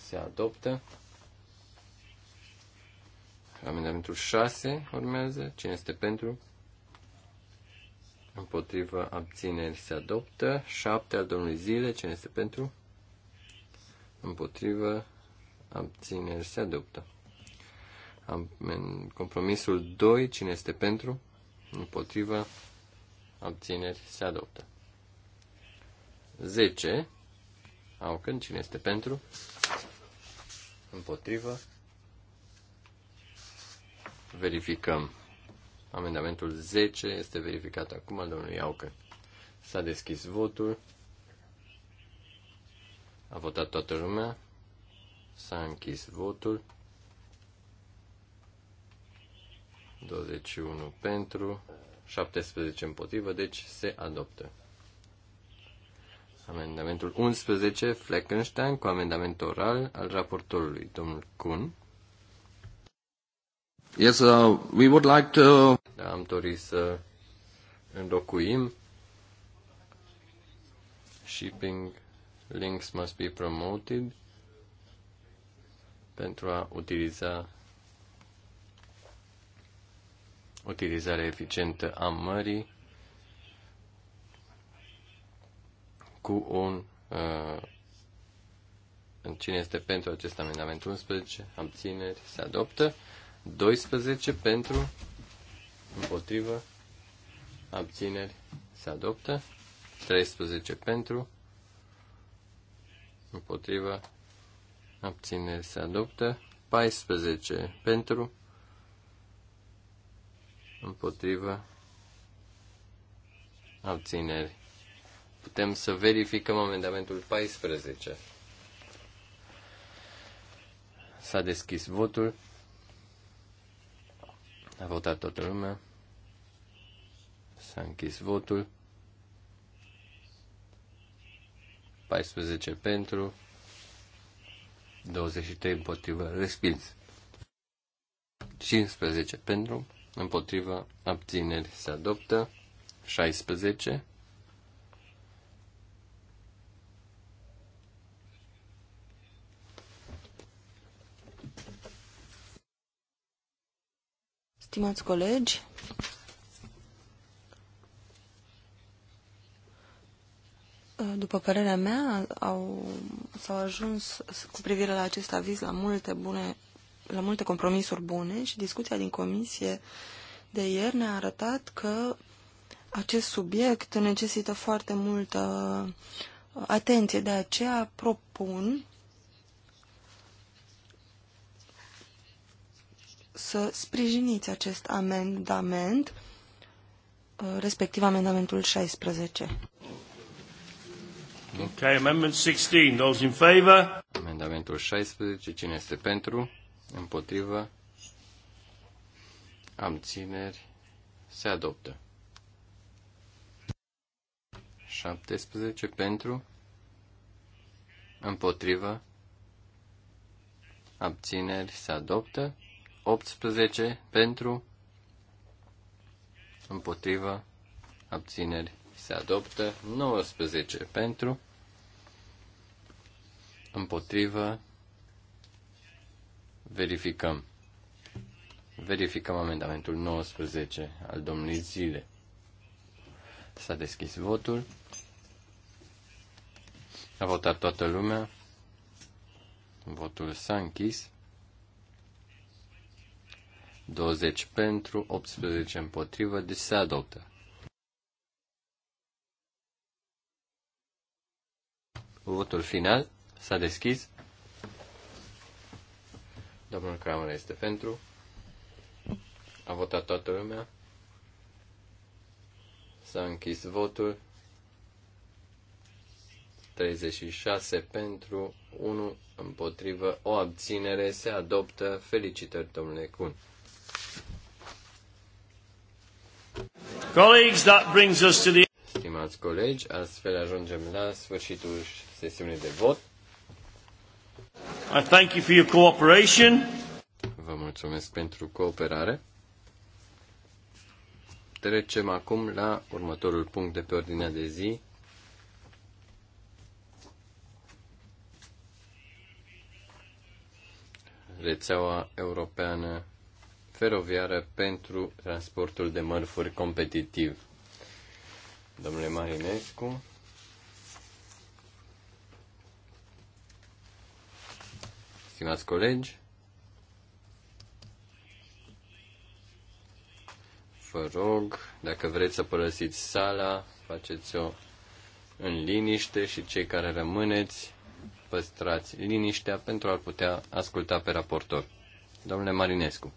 Se adoptă. Amendamentul 6 urmează. Cine este pentru? Împotrivă abțineri se adoptă. 7 al domnului zile. Cine este pentru? Împotrivă abțineri se adoptă. Am, compromisul 2. Cine este pentru? Împotrivă. Abțineri. Se adoptă. 10. când? Cine este pentru? Împotrivă. Verificăm. Amendamentul 10 este verificat acum al domnului Aucă. S-a deschis votul. A votat toată lumea. S-a închis votul. 21 pentru, 17 împotrivă, deci se adoptă. Amendamentul 11, Fleckenstein, cu amendament oral al raportorului, domnul Kuhn. Yes, uh, we would like to... Da, am dorit să înlocuim Shipping links must be promoted pentru a utiliza utilizare eficientă a mării cu un uh, cine este pentru acest amendament 11, abțineri, se adoptă. 12 pentru, împotrivă, abțineri, se adoptă. 13 pentru, împotrivă, abțineri, se adoptă. 14 pentru, împotrivă, abțineri. Putem să verificăm amendamentul 14. S-a deschis votul. A votat toată lumea. S-a închis votul. 14 pentru, 23 împotrivă, respins. 15 pentru, Împotriva abțineri se adoptă, 16. Stimați colegi, după părerea mea, au, s-au ajuns cu privire la acest aviz la multe bune la multe compromisuri bune și discuția din comisie de ieri ne-a arătat că acest subiect necesită foarte multă uh, atenție. De aceea propun să sprijiniți acest amendament, uh, respectiv amendamentul 16. Okay, amendment 16, those in favor? Amendamentul 16, cine este pentru? împotrivă, abțineri, se adoptă. 17 pentru, împotrivă, abțineri, se adoptă. 18 pentru, împotrivă, abțineri, se adoptă. 19 pentru, împotrivă, Verificăm. Verificăm amendamentul 19 al domnului Zile. S-a deschis votul. A votat toată lumea. Votul s-a închis. 20 pentru, 18 împotrivă, deci se adoptă. Votul final s-a deschis. Domnul Cramer este pentru. A votat toată lumea. S-a închis votul. 36 pentru, 1 împotrivă, o abținere se adoptă. Felicitări, domnule Cun. Colleagues, that brings us to the... Stimați colegi, astfel ajungem la sfârșitul sesiunii de vot. I thank you for your cooperation. Vă mulțumesc pentru cooperare. Trecem acum la următorul punct de pe ordinea de zi. Rețeaua europeană feroviară pentru transportul de mărfuri competitiv. Domnule Marinescu, stimați colegi, vă rog, dacă vreți să părăsiți sala, faceți-o în liniște și cei care rămâneți, păstrați liniștea pentru a putea asculta pe raportor. Domnule Marinescu.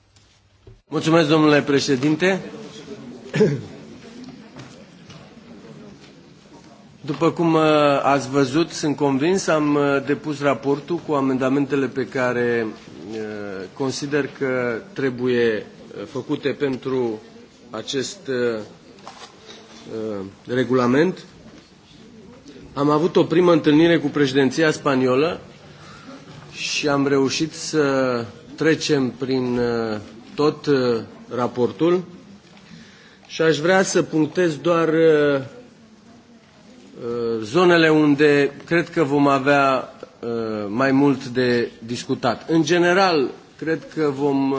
Mulțumesc, domnule președinte. După cum uh, ați văzut, sunt convins, am uh, depus raportul cu amendamentele pe care uh, consider că trebuie făcute pentru acest regulament. Am avut o primă întâlnire cu președinția spaniolă și am reușit să trecem prin tot raportul și aș vrea să punctez doar Uh, zonele unde cred că vom avea uh, mai mult de discutat. În general, cred că vom uh,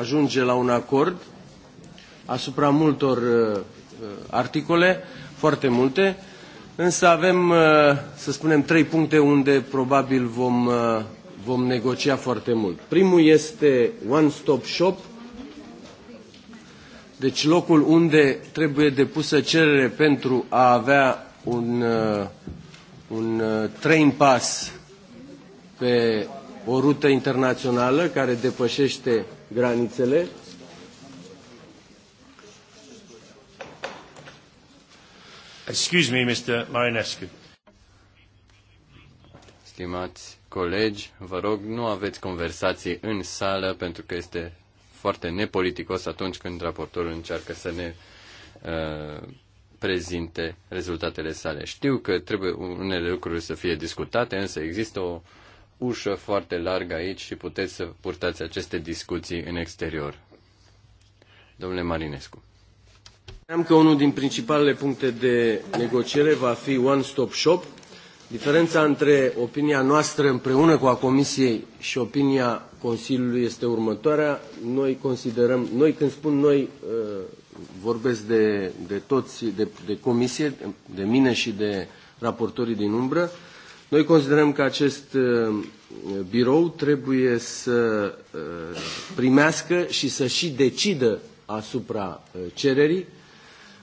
ajunge la un acord asupra multor articole, foarte multe, însă avem, să spunem, trei puncte unde probabil vom, vom negocia foarte mult. Primul este One Stop Shop, deci locul unde trebuie depusă cerere pentru a avea un, uh, un uh, train pass pe o rută internațională care depășește granițele. Excuse me, Mr. Marinescu. Stimați colegi, vă rog, nu aveți conversații în sală pentru că este foarte nepoliticos atunci când raportorul încearcă să ne uh, prezinte rezultatele sale. Știu că trebuie unele lucruri să fie discutate, însă există o ușă foarte largă aici și puteți să purtați aceste discuții în exterior. Domnule Marinescu. Am că unul din principalele puncte de negociere va fi One Stop Shop. Diferența între opinia noastră împreună cu a Comisiei și opinia Consiliului este următoarea. Noi considerăm, noi când spun noi uh, vorbesc de, de toți, de, de comisie, de mine și de raportorii din umbră, noi considerăm că acest uh, birou trebuie să uh, primească și să și decidă asupra uh, cererii.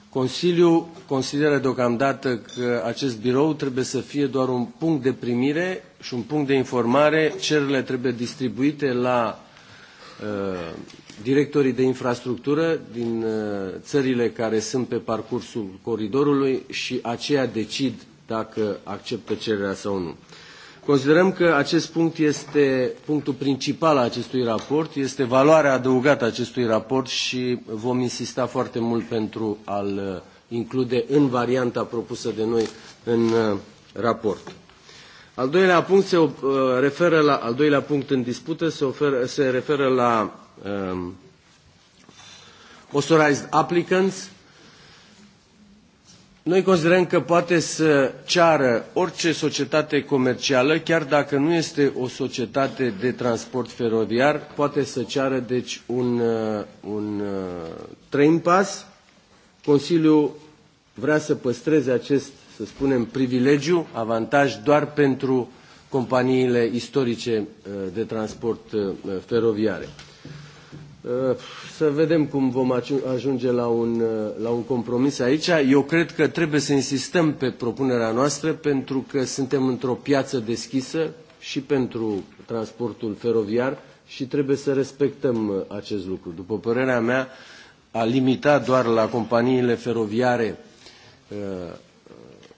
Consiliul consideră deocamdată că acest birou trebuie să fie doar un punct de primire și un punct de informare. Cererile trebuie distribuite la directorii de infrastructură din uh, țările care sunt pe parcursul coridorului și aceia decid dacă acceptă cererea sau nu. Considerăm că acest punct este punctul principal al acestui raport, este valoarea adăugată a acestui raport și vom insista foarte mult pentru a-l uh, include în varianta propusă de noi în uh, raport. Al doilea punct se referă la al doilea punct în dispută se, oferă, se referă la um, authorized applicants, noi considerăm că poate să ceară orice societate comercială, chiar dacă nu este o societate de transport feroviar, poate să ceară deci un, uh, un uh, train pass. Consiliul vrea să păstreze acest, să spunem, privilegiu, avantaj doar pentru companiile istorice uh, de transport feroviare. Uh, să vedem cum vom ajunge la un, uh, la un compromis aici. Eu cred că trebuie să insistăm pe propunerea noastră pentru că suntem într-o piață deschisă și pentru transportul feroviar și trebuie să respectăm uh, acest lucru. După părerea mea, a limita doar la companiile feroviare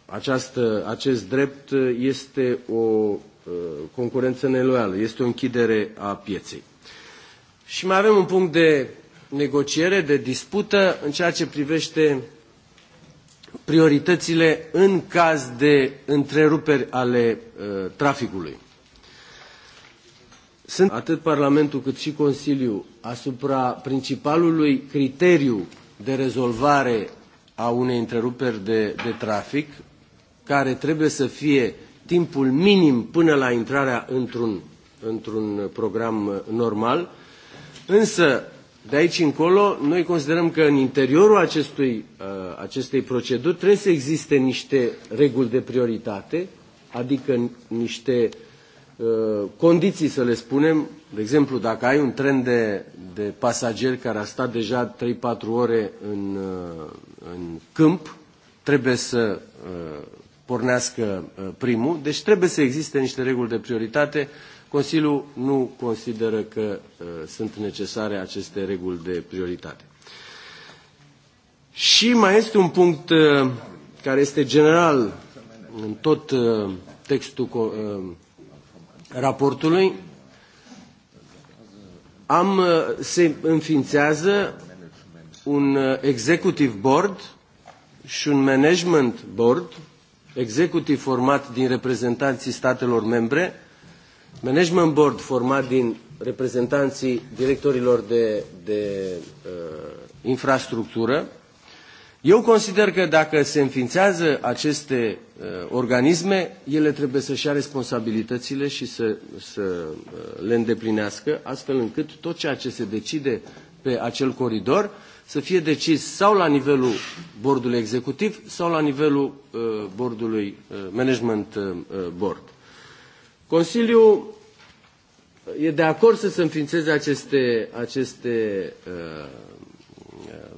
această, acest drept este o concurență neloială, este o închidere a pieței și mai avem un punct de negociere, de dispută în ceea ce privește prioritățile în caz de întreruperi ale uh, traficului. Sunt atât Parlamentul cât și Consiliul asupra principalului criteriu de rezolvare a unei întreruperi de, de trafic, care trebuie să fie timpul minim până la intrarea într-un într program uh, normal, Însă, de aici încolo, noi considerăm că în interiorul acestui, uh, acestei proceduri trebuie să existe niște reguli de prioritate, adică niște uh, condiții, să le spunem, de exemplu, dacă ai un tren de, de pasageri care a stat deja 3-4 ore în, uh, în câmp, trebuie să pornească primul, deci trebuie să existe niște reguli de prioritate uh, Consiliul nu consideră că uh, sunt necesare aceste reguli de prioritate. Și mai este un punct uh, care este general în tot uh, textul raportului. Am, se înființează un executive board și un management board executiv format din reprezentanții statelor membre management board format din reprezentanții directorilor de, de uh, infrastructură. Eu consider că dacă se înființează aceste uh, organisme, ele trebuie să-și ia responsabilitățile și să, să uh, le îndeplinească, astfel încât tot ceea ce se decide pe acel coridor să fie decis sau la nivelul bordului executiv sau la nivelul uh, bordului uh, management uh, board. Consiliul e de acord să se înființeze aceste, aceste uh,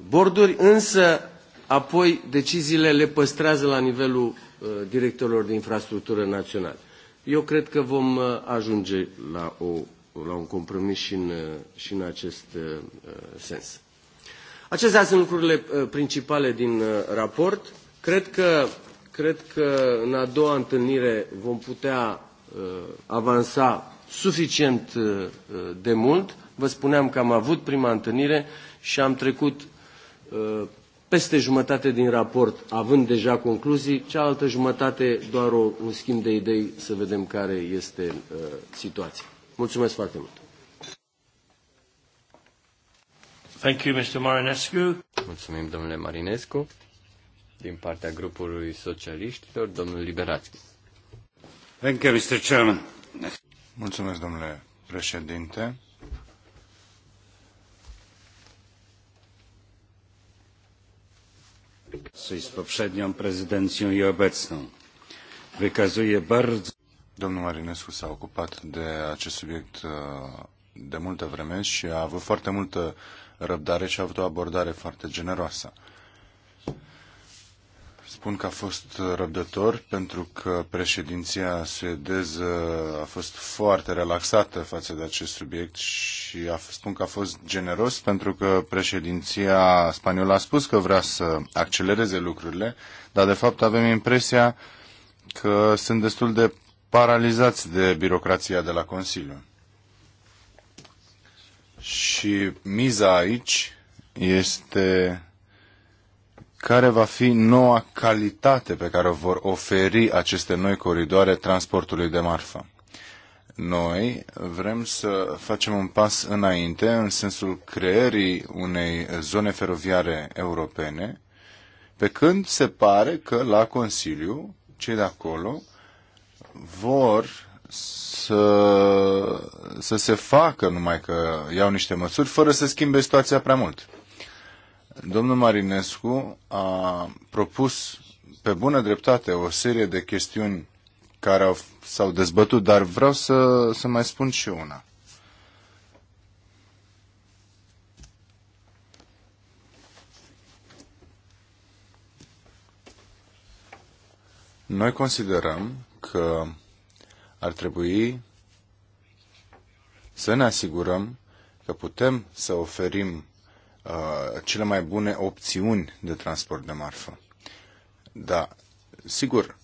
borduri, însă apoi deciziile le păstrează la nivelul uh, directorilor de infrastructură național. Eu cred că vom uh, ajunge la, o, la un compromis și în, uh, și în acest uh, sens. Acestea sunt lucrurile uh, principale din raport. Cred că, cred că în a doua întâlnire vom putea Uh, avansa suficient uh, uh, de mult. Vă spuneam că am avut prima întâlnire și am trecut peste jumătate din raport, având deja concluzii, cealaltă jumătate doar o, un schimb de idei să vedem care este uh, situația. Mulțumesc foarte mult! Thank you, Mr. Marinescu. Mulțumim, domnule Marinescu. Din partea grupului socialiștilor, domnul Liberațchi domnule președinte. z poprzednią prezydencją i obecną wykazuje bardzo Domnul Marinescu s-a ocupat de acest subiect uh, de multă vreme și a avut foarte multă răbdare și a avut o abordare foarte generoasă spun că a fost răbdător pentru că președinția suedeză a fost foarte relaxată față de acest subiect și a fost, spun că a fost generos pentru că președinția spaniolă a spus că vrea să accelereze lucrurile, dar de fapt avem impresia că sunt destul de paralizați de birocrația de la Consiliu. Și miza aici este care va fi noua calitate pe care o vor oferi aceste noi coridoare transportului de marfă. Noi vrem să facem un pas înainte în sensul creării unei zone feroviare europene, pe când se pare că la Consiliu cei de acolo vor să, să se facă numai că iau niște măsuri fără să schimbe situația prea mult. Domnul Marinescu a propus pe bună dreptate o serie de chestiuni care au, s-au dezbătut, dar vreau să, să mai spun și una. Noi considerăm că ar trebui să ne asigurăm că putem să oferim Uh, cele mai bune opțiuni de transport de marfă. Da, sigur,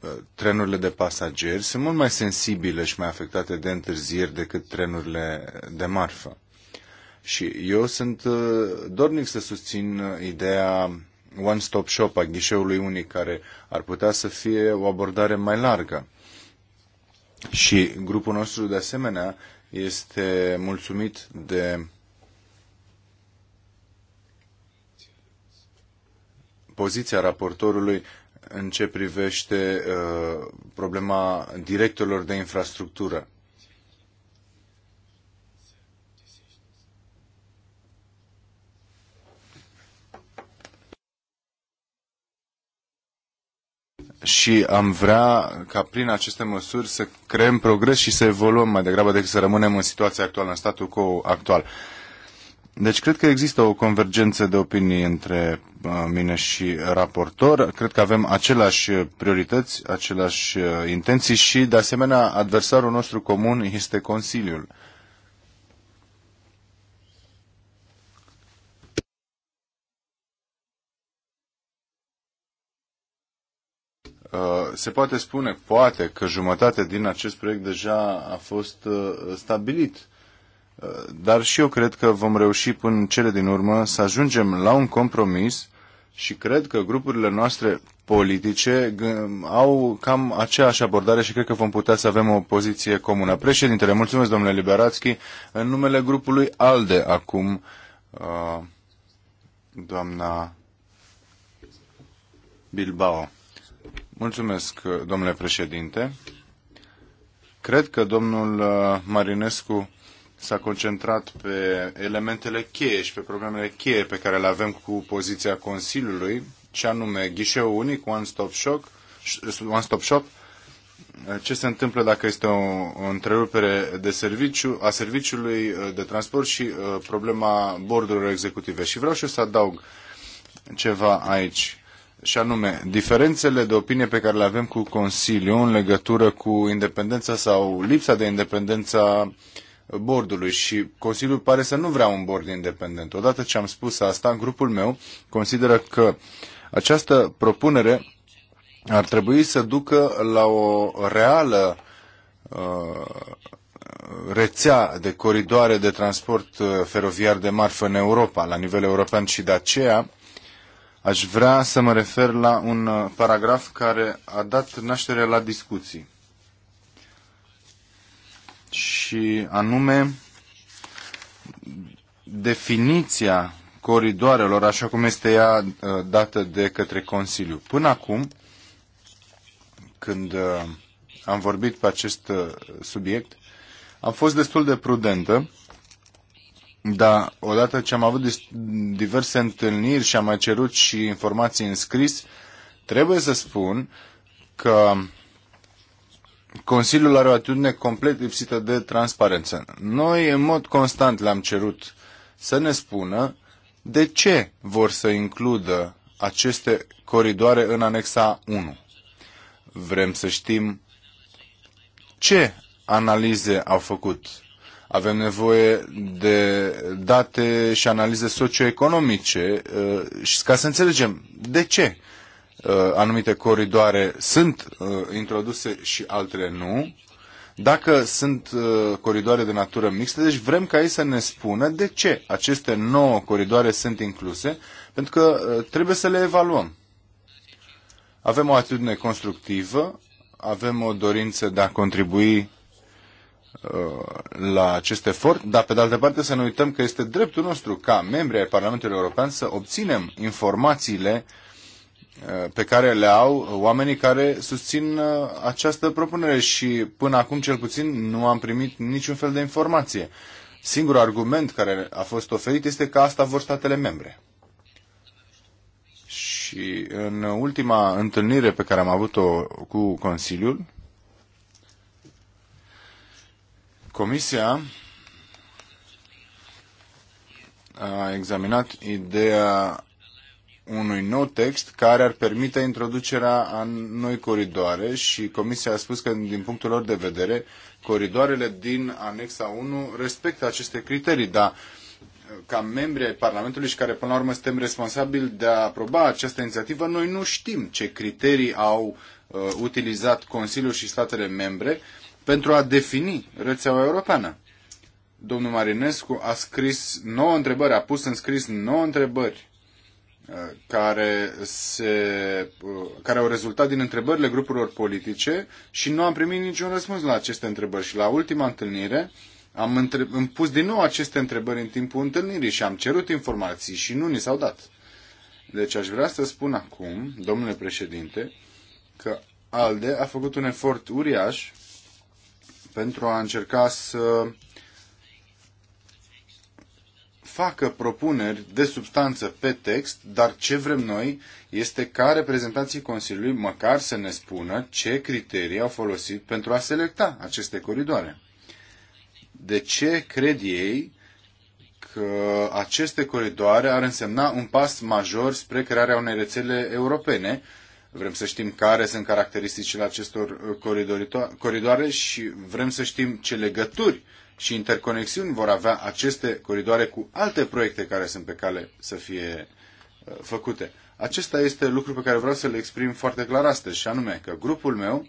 uh, trenurile de pasageri sunt mult mai sensibile și mai afectate de întârzieri decât trenurile de marfă. Și eu sunt uh, dornic să susțin ideea one-stop shop a ghișeului unic care ar putea să fie o abordare mai largă. Și grupul nostru de asemenea este mulțumit de poziția raportorului în ce privește uh, problema directorilor de infrastructură. și am vrea ca prin aceste măsuri să creăm progres și să evoluăm mai degrabă decât să rămânem în situația actuală, în statul quo actual. Deci cred că există o convergență de opinii între uh, mine și raportor. Cred că avem aceleași priorități, aceleași uh, intenții și, de asemenea, adversarul nostru comun este Consiliul. Uh, se poate spune, poate, că jumătate din acest proiect deja a fost stabilit dar și eu cred că vom reuși până în cele din urmă să ajungem la un compromis și cred că grupurile noastre politice au cam aceeași abordare și cred că vom putea să avem o poziție comună. Președintele, mulțumesc domnule Liberațchi, în numele grupului ALDE acum, uh, doamna Bilbao. Mulțumesc, domnule președinte. Cred că domnul uh, Marinescu s-a concentrat pe elementele cheie și pe problemele cheie pe care le avem cu poziția Consiliului, ce anume ghișeul unic, one stop shop, one stop shop ce se întâmplă dacă este o, o întrerupere de serviciu, a serviciului uh, de transport și uh, problema bordurilor executive. Și vreau și eu să adaug ceva aici, și anume diferențele de opinie pe care le avem cu Consiliul în legătură cu independența sau lipsa de independență bordului și Consiliul pare să nu vrea un bord independent. Odată ce am spus asta, grupul meu consideră că această propunere ar trebui să ducă la o reală uh, rețea de coridoare de transport uh, feroviar de marfă în Europa, la nivel european și de aceea aș vrea să mă refer la un uh, paragraf care a dat naștere la discuții și anume definiția coridoarelor așa cum este ea uh, dată de către Consiliu. Până acum, când uh, am vorbit pe acest uh, subiect, am fost destul de prudentă, dar odată ce am avut diverse întâlniri și am mai cerut și informații în scris, trebuie să spun că Consiliul are o atitudine complet lipsită de transparență. Noi, în mod constant, le-am cerut să ne spună de ce vor să includă aceste coridoare în anexa 1. Vrem să știm ce analize au făcut. Avem nevoie de date și analize socioeconomice uh, ca să înțelegem de ce Uh, anumite coridoare sunt uh, introduse și altele nu, dacă sunt uh, coridoare de natură mixtă, deci vrem ca ei să ne spună de ce aceste nouă coridoare sunt incluse, pentru că trebuie să le evaluăm. Avem o atitudine constructivă, avem o dorință de a contribui la acest efort, dar pe de altă parte să nu uităm că este dreptul nostru ca membri ai Parlamentului European să obținem informațiile uh, Uh, pe care le au oamenii care susțin uh, această propunere și până acum cel puțin nu am primit niciun fel de informație. Singurul argument care a fost oferit este că asta vor statele membre. Și în ultima întâlnire pe care am avut-o cu Consiliul, Comisia a examinat ideea unui nou text care ar permite introducerea a noi coridoare și Comisia a spus că, din punctul lor de vedere, coridoarele din anexa 1 respectă aceste criterii, dar uh, ca membri ai Parlamentului și care până la urmă suntem responsabili de a aproba această inițiativă, noi nu știm ce criterii au uh, utilizat Consiliul și statele membre pentru a defini rețeaua europeană. Domnul Marinescu a scris nouă întrebări, a pus în scris nouă întrebări care, se, care au rezultat din întrebările grupurilor politice și nu am primit niciun răspuns la aceste întrebări. Și la ultima întâlnire am, între, am pus din nou aceste întrebări în timpul întâlnirii și am cerut informații și nu ni s-au dat. Deci aș vrea să spun acum, domnule președinte, că ALDE a făcut un efort uriaș pentru a încerca să facă propuneri de substanță pe text, dar ce vrem noi este ca reprezentanții Consiliului măcar să ne spună ce criterii au folosit pentru a selecta aceste coridoare. De ce cred ei că aceste coridoare ar însemna un pas major spre crearea unei rețele europene. Vrem să știm care sunt caracteristicile acestor coridoare și vrem să știm ce legături și interconexiuni vor avea aceste coridoare cu alte proiecte care sunt pe cale să fie uh, făcute. Acesta este lucru pe care vreau să-l exprim foarte clar astăzi, și anume că grupul meu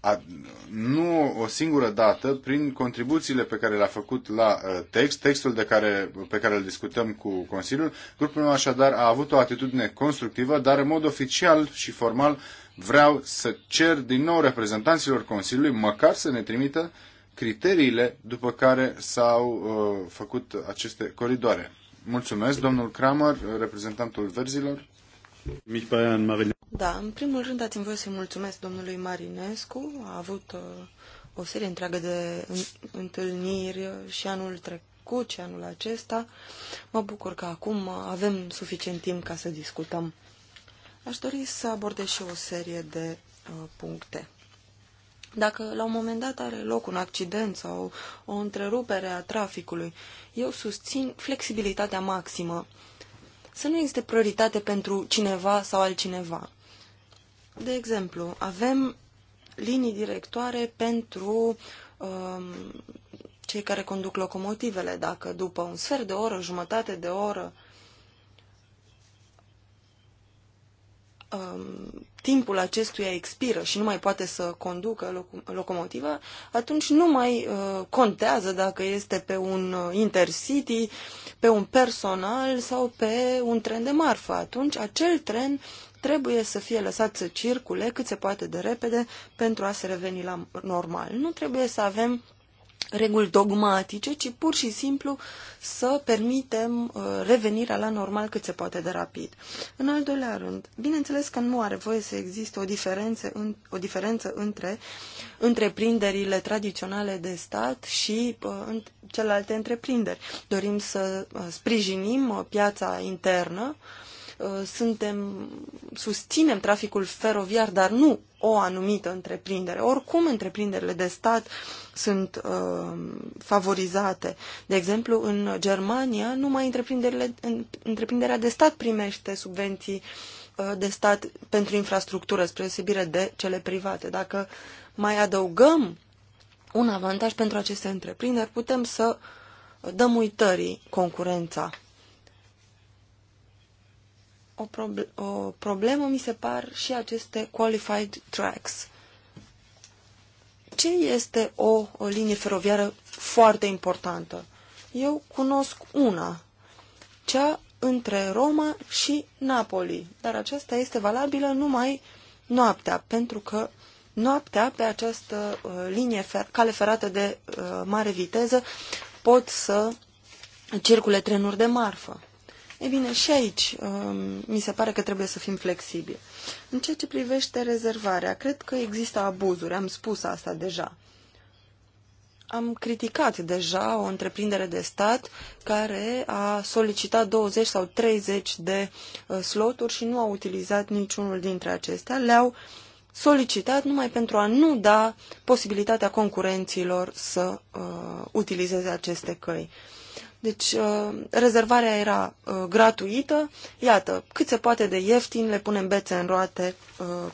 a, nu o singură dată, prin contribuțiile pe care le-a făcut la uh, text, textul de care, pe care îl discutăm cu Consiliul, grupul meu așadar a avut o atitudine constructivă, dar în mod oficial și formal vreau să cer din nou reprezentanților Consiliului măcar să ne trimită criteriile după care s-au uh, făcut aceste coridoare. Mulțumesc, domnul Kramer, reprezentantul verzilor. Da, în primul rând dați-mi voie să-i mulțumesc domnului Marinescu. A avut uh, o serie întreagă de întâlniri și anul trecut și anul acesta. Mă bucur că acum avem suficient timp ca să discutăm. Aș dori să abordez și o serie de uh, puncte. Dacă la un moment dat are loc un accident sau o întrerupere a traficului, eu susțin flexibilitatea maximă. Să nu existe prioritate pentru cineva sau altcineva. De exemplu, avem linii directoare pentru um, cei care conduc locomotivele. Dacă după un sfert de oră, jumătate de oră, um, timpul acestuia expiră și nu mai poate să conducă locomotiva, atunci nu mai uh, contează dacă este pe un uh, intercity, pe un personal sau pe un tren de marfă. Atunci acel tren trebuie să fie lăsat să circule cât se poate de repede pentru a se reveni la normal. Nu trebuie să avem reguli dogmatice, ci pur și simplu să permitem uh, revenirea la normal cât se poate de rapid. În al doilea rând, bineînțeles că nu are voie să existe o diferență, în, o diferență între întreprinderile tradiționale de stat și uh, în celelalte întreprinderi. Dorim să uh, sprijinim uh, piața internă uh, Uh, suntem, susținem traficul feroviar, dar nu o anumită întreprindere. Oricum, întreprinderile de stat sunt uh, favorizate. De exemplu, în Germania, numai întreprinderile, întreprinderea de stat primește subvenții uh, de stat pentru infrastructură, spre deosebire de cele private. Dacă mai adăugăm un avantaj pentru aceste întreprinderi, putem să dăm uitării concurența o, proble o problemă mi se par și aceste qualified tracks. Ce este o, o linie feroviară foarte importantă? Eu cunosc una, cea între Roma și Napoli, dar aceasta este valabilă numai noaptea, pentru că noaptea pe această uh, linie fer cale ferată de uh, mare viteză pot să circule trenuri de marfă. E bine, și aici um, mi se pare că trebuie să fim flexibili. În ceea ce privește rezervarea, cred că există abuzuri, am spus asta deja. Am criticat deja o întreprindere de stat care a solicitat 20 sau 30 de uh, sloturi și nu a utilizat niciunul dintre acestea. Le-au solicitat numai pentru a nu da posibilitatea concurenților să uh, utilizeze aceste căi. Uh, deci uh, rezervarea era uh, gratuită. Iată, cât se poate de ieftin, le punem bețe în roate uh,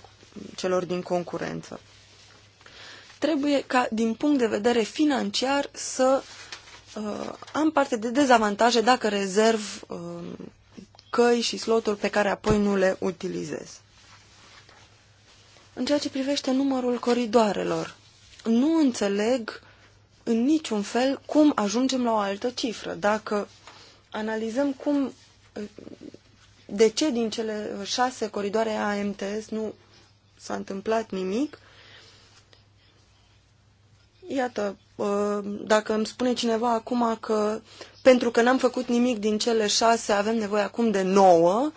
celor din concurență. Trebuie ca, din punct de vedere financiar, să am parte de dezavantaje dacă rezerv căi și sloturi pe care apoi nu le utilizez. În ceea ce privește numărul coridoarelor, nu înțeleg în niciun fel cum ajungem la o altă cifră. Dacă analizăm cum, de ce din cele șase coridoare AMTS nu s-a întâmplat nimic, iată, uh, dacă îmi spune cineva acum că pentru că n-am făcut nimic din cele șase, avem nevoie acum de nouă,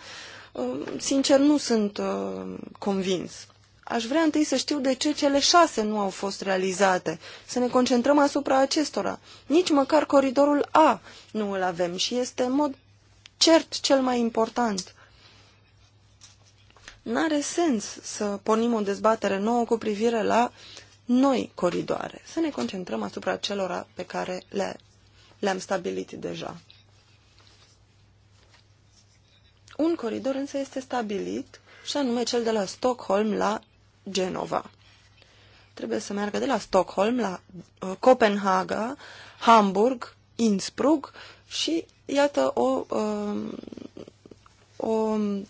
uh, sincer nu sunt uh, convins aș vrea întâi să știu de ce cele șase nu au fost realizate, să ne concentrăm asupra acestora. Nici măcar coridorul A nu îl avem și este în mod cert cel mai important. N-are sens să pornim o dezbatere nouă cu privire la noi coridoare, să ne concentrăm asupra celora pe care le, le-am stabilit deja. Un coridor însă este stabilit și anume cel de la Stockholm la Genova. Trebuie să meargă de la Stockholm la uh, Copenhaga, Hamburg, Innsbruck și iată o, um, o um,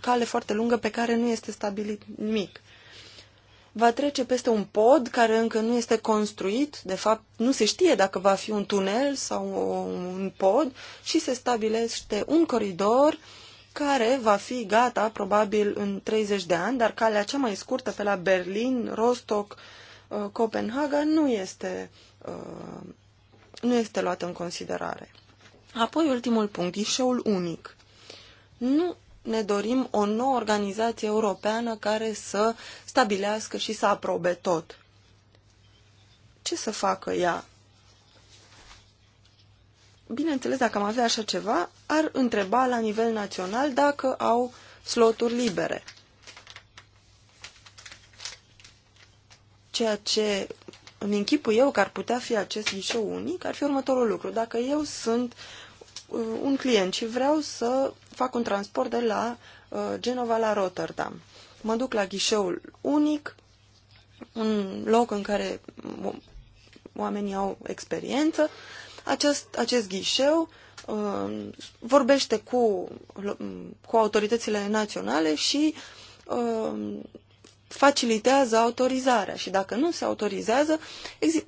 cale foarte lungă pe care nu este stabilit nimic va trece peste un pod care încă nu este construit, de fapt nu se știe dacă va fi un tunel sau un pod și se stabilește un coridor care va fi gata probabil în 30 de ani, dar calea cea mai scurtă pe la Berlin, Rostock, uh, Copenhaga nu este, uh, nu este luată în considerare. Apoi ultimul punct, ghișeul unic. Nu ne dorim o nouă organizație europeană care să stabilească și să aprobe tot. Ce să facă ea? bineînțeles, dacă am avea așa ceva, ar întreba la nivel național dacă au sloturi libere. Ceea ce îmi închipu eu că ar putea fi acest ghișeu unic ar fi următorul lucru. Dacă eu sunt uh, un client și vreau să fac un transport de la uh, Genova la Rotterdam, mă duc la ghișeul unic, un loc în care um, oamenii au experiență acest, acest ghișeu uh, vorbește cu, cu autoritățile naționale și uh, facilitează autorizarea și dacă nu se autorizează,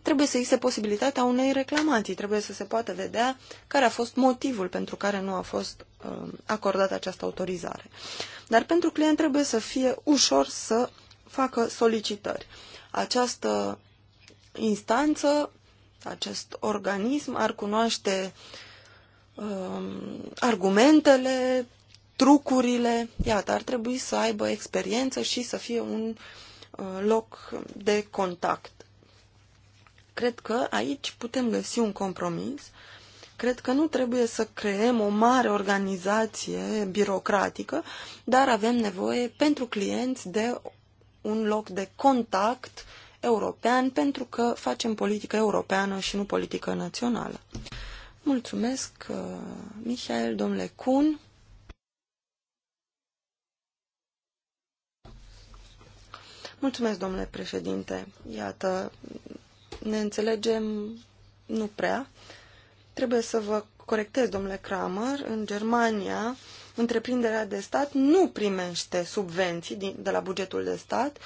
trebuie să existe posibilitatea unei reclamații, trebuie să se poată vedea care a fost motivul pentru care nu a fost uh, acordată această autorizare. Dar pentru client trebuie să fie ușor să facă solicitări. Această instanță acest organism ar cunoaște um, argumentele, trucurile, iată, ar trebui să aibă experiență și să fie un uh, loc de contact. Cred că aici putem găsi un compromis. Cred că nu trebuie să creăm o mare organizație birocratică, dar avem nevoie pentru clienți de un loc de contact uh, european pentru că facem politică europeană și nu politică națională. Mulțumesc, uh, Michael, domnule Kuhn. Mulțumesc, domnule președinte. Iată, ne înțelegem nu prea. Trebuie să vă corectez, domnule Kramer, în Germania întreprinderea de stat nu primește subvenții din, de la bugetul de stat,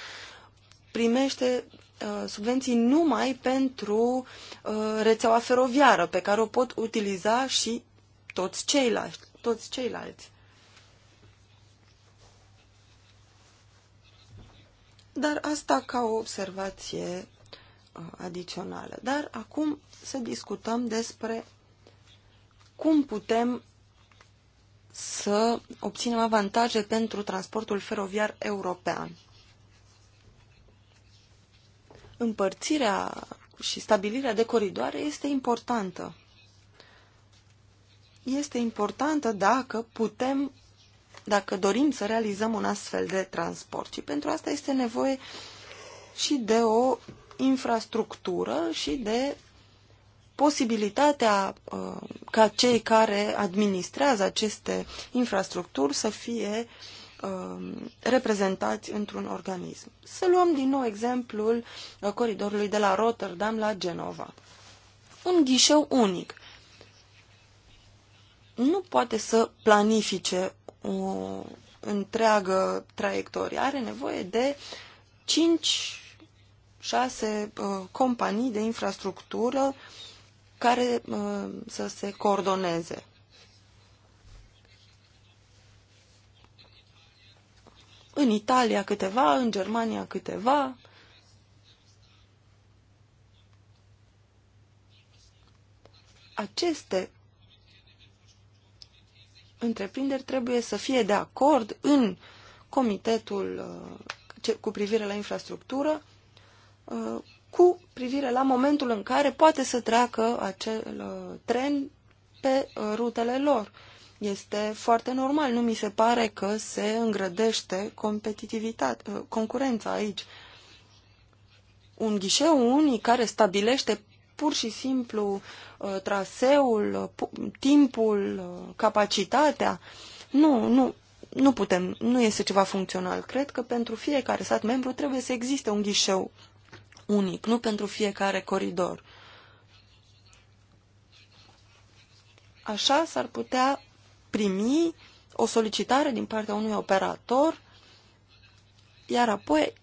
primește Uh, subvenții numai pentru uh, rețeaua feroviară, pe care o pot utiliza și toți ceilalți. Toți ceilalți. Dar asta ca o observație uh, adițională. Dar acum să discutăm despre cum putem să obținem avantaje pentru transportul feroviar european împărțirea și stabilirea de coridoare este importantă. Este importantă dacă putem, dacă dorim să realizăm un astfel de transport. Și pentru asta este nevoie și de o infrastructură și de posibilitatea uh, ca cei care administrează aceste infrastructuri să fie uh, Um, reprezentați într-un organism. Să luăm din nou exemplul uh, coridorului de la Rotterdam la Genova. Un ghișeu unic nu poate să planifice o întreagă traiectorie. Are nevoie de 5 șase uh, companii de infrastructură care uh, să se coordoneze. în Italia câteva, în Germania câteva. Aceste întreprinderi trebuie să fie de acord în comitetul uh, cu privire la infrastructură uh, cu privire la momentul în care poate să treacă acel uh, tren pe rutele lor. Este foarte normal, nu mi se pare că se îngrădește competitivitatea, concurența aici. Un ghișeu unic care stabilește pur și simplu uh, traseul, timpul, uh, capacitatea. Nu, nu, nu putem, nu este ceva funcțional. Cred că pentru fiecare stat membru trebuie să existe un ghișeu unic, nu pentru fiecare coridor. Așa s-ar putea primi o solicitare din partea unui operator, iar apoi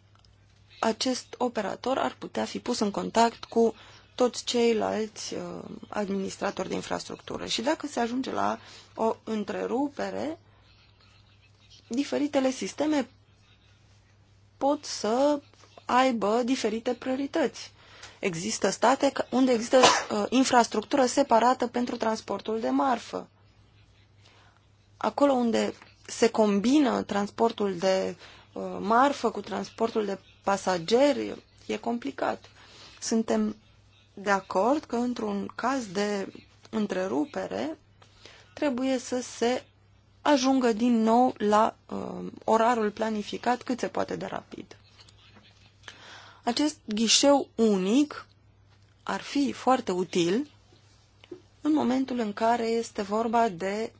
acest operator ar putea fi pus în contact cu toți ceilalți uh, administratori de infrastructură. Și dacă se ajunge la o întrerupere, diferitele sisteme pot să aibă diferite priorități. Există state unde există uh, infrastructură separată pentru transportul de marfă acolo unde se combină transportul de uh, marfă cu transportul de pasageri, e complicat. Suntem de acord că într-un caz de întrerupere trebuie să se ajungă din nou la uh, orarul planificat cât se poate de rapid. Acest ghișeu unic ar fi foarte util în momentul în care este vorba de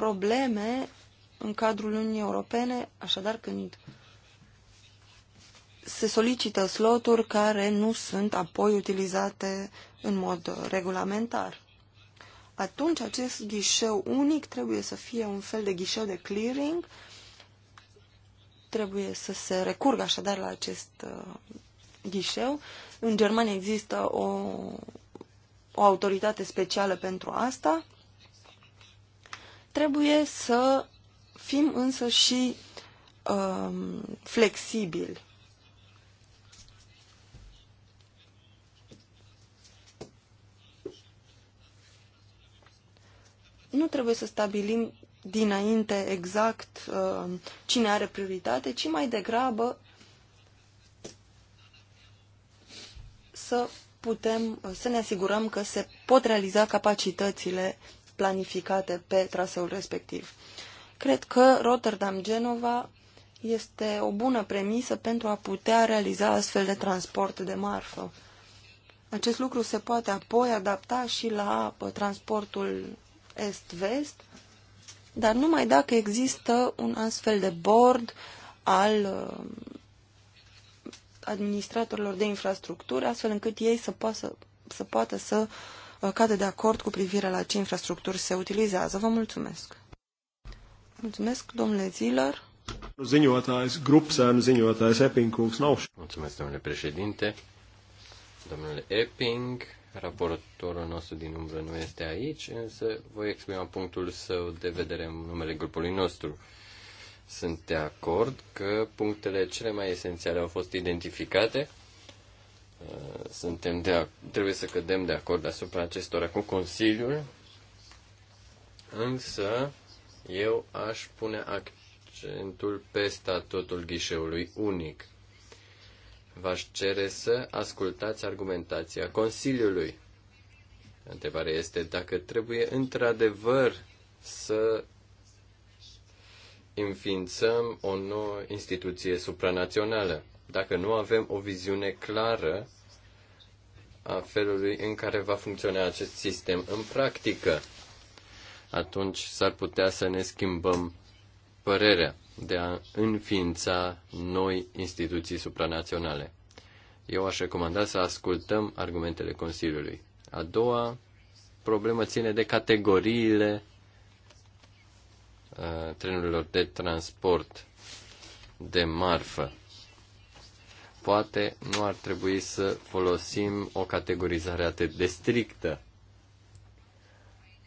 probleme în cadrul Uniunii Europene, așadar când se solicită sloturi care nu sunt apoi utilizate în mod regulamentar. Atunci acest ghișeu unic trebuie să fie un fel de ghișeu de clearing, trebuie să se recurgă așadar la acest uh, ghișeu. În Germania există o, o autoritate specială pentru asta, Trebuie să fim însă și um, flexibili. Nu trebuie să stabilim dinainte exact uh, cine are prioritate, ci mai degrabă să putem, să ne asigurăm că se pot realiza capacitățile planificate pe traseul respectiv. Cred că Rotterdam-Genova este o bună premisă pentru a putea realiza astfel de transport de marfă. Acest lucru se poate apoi adapta și la uh, transportul est-vest, dar numai dacă există un astfel de board al uh, administratorilor de infrastructură, astfel încât ei să poată să, să, poată să uh, Uh, cade de acord cu privire la ce infrastructuri se utilizează. Vă mulțumesc! Mulțumesc, domnule Ziller! Mulțumesc, domnule președinte. Domnule Epping, raportorul nostru din umbră nu este aici, însă voi exprima punctul său de vedere în numele grupului nostru. Sunt de acord că punctele cele mai esențiale au fost identificate Uh, suntem de, trebuie să cădem de acord asupra acestora cu Consiliul, însă eu aș pune accentul pe statutul ghișeului unic. V-aș cere să ascultați argumentația Consiliului. Întrebarea este dacă trebuie într-adevăr să înființăm o nouă instituție supranațională dacă nu avem o viziune clară a felului în care va funcționa acest sistem în practică, atunci s-ar putea să ne schimbăm părerea de a înființa noi instituții supranaționale. Eu aș recomanda să ascultăm argumentele Consiliului. A doua problemă ține de categoriile uh, trenurilor de transport de marfă poate nu ar trebui să folosim o categorizare atât de strictă.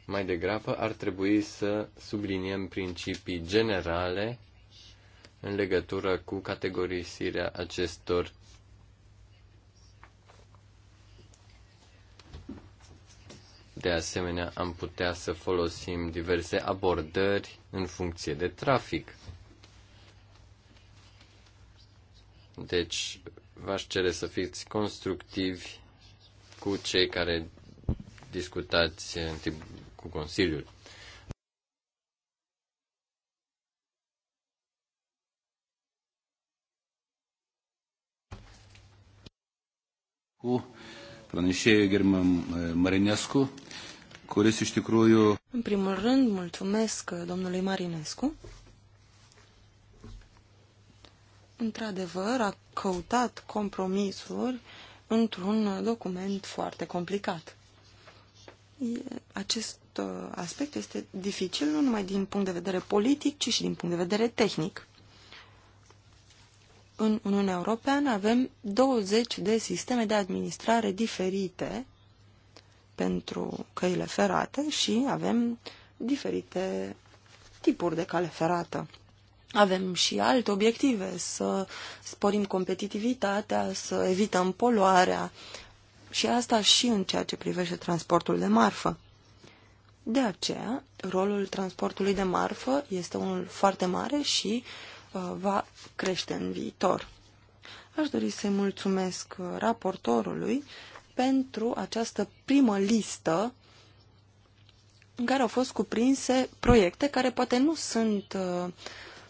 Mai degrabă ar trebui să subliniem principii generale în legătură cu categorisirea acestor De asemenea, am putea să folosim diverse abordări în funcție de trafic. Deci, v-aș cere să fiți constructivi cu cei care discutați în timp cu Consiliul. Cu pranešėju Germă Marinescu, kuris iš În primul rând, mulțumesc domnului Marinescu într-adevăr, a căutat compromisuri într-un document foarte complicat. Acest uh, aspect este dificil nu numai din punct de vedere politic, ci și din punct de vedere tehnic. În Uniunea Europeană avem 20 de sisteme de administrare diferite pentru căile ferate și avem diferite tipuri de cale ferată. Avem și alte obiective, să sporim competitivitatea, să evităm poluarea și asta și în ceea ce privește transportul de marfă. De aceea, rolul transportului de marfă este unul foarte mare și uh, va crește în viitor. Aș dori să-i mulțumesc uh, raportorului pentru această primă listă în care au fost cuprinse proiecte care poate nu sunt uh,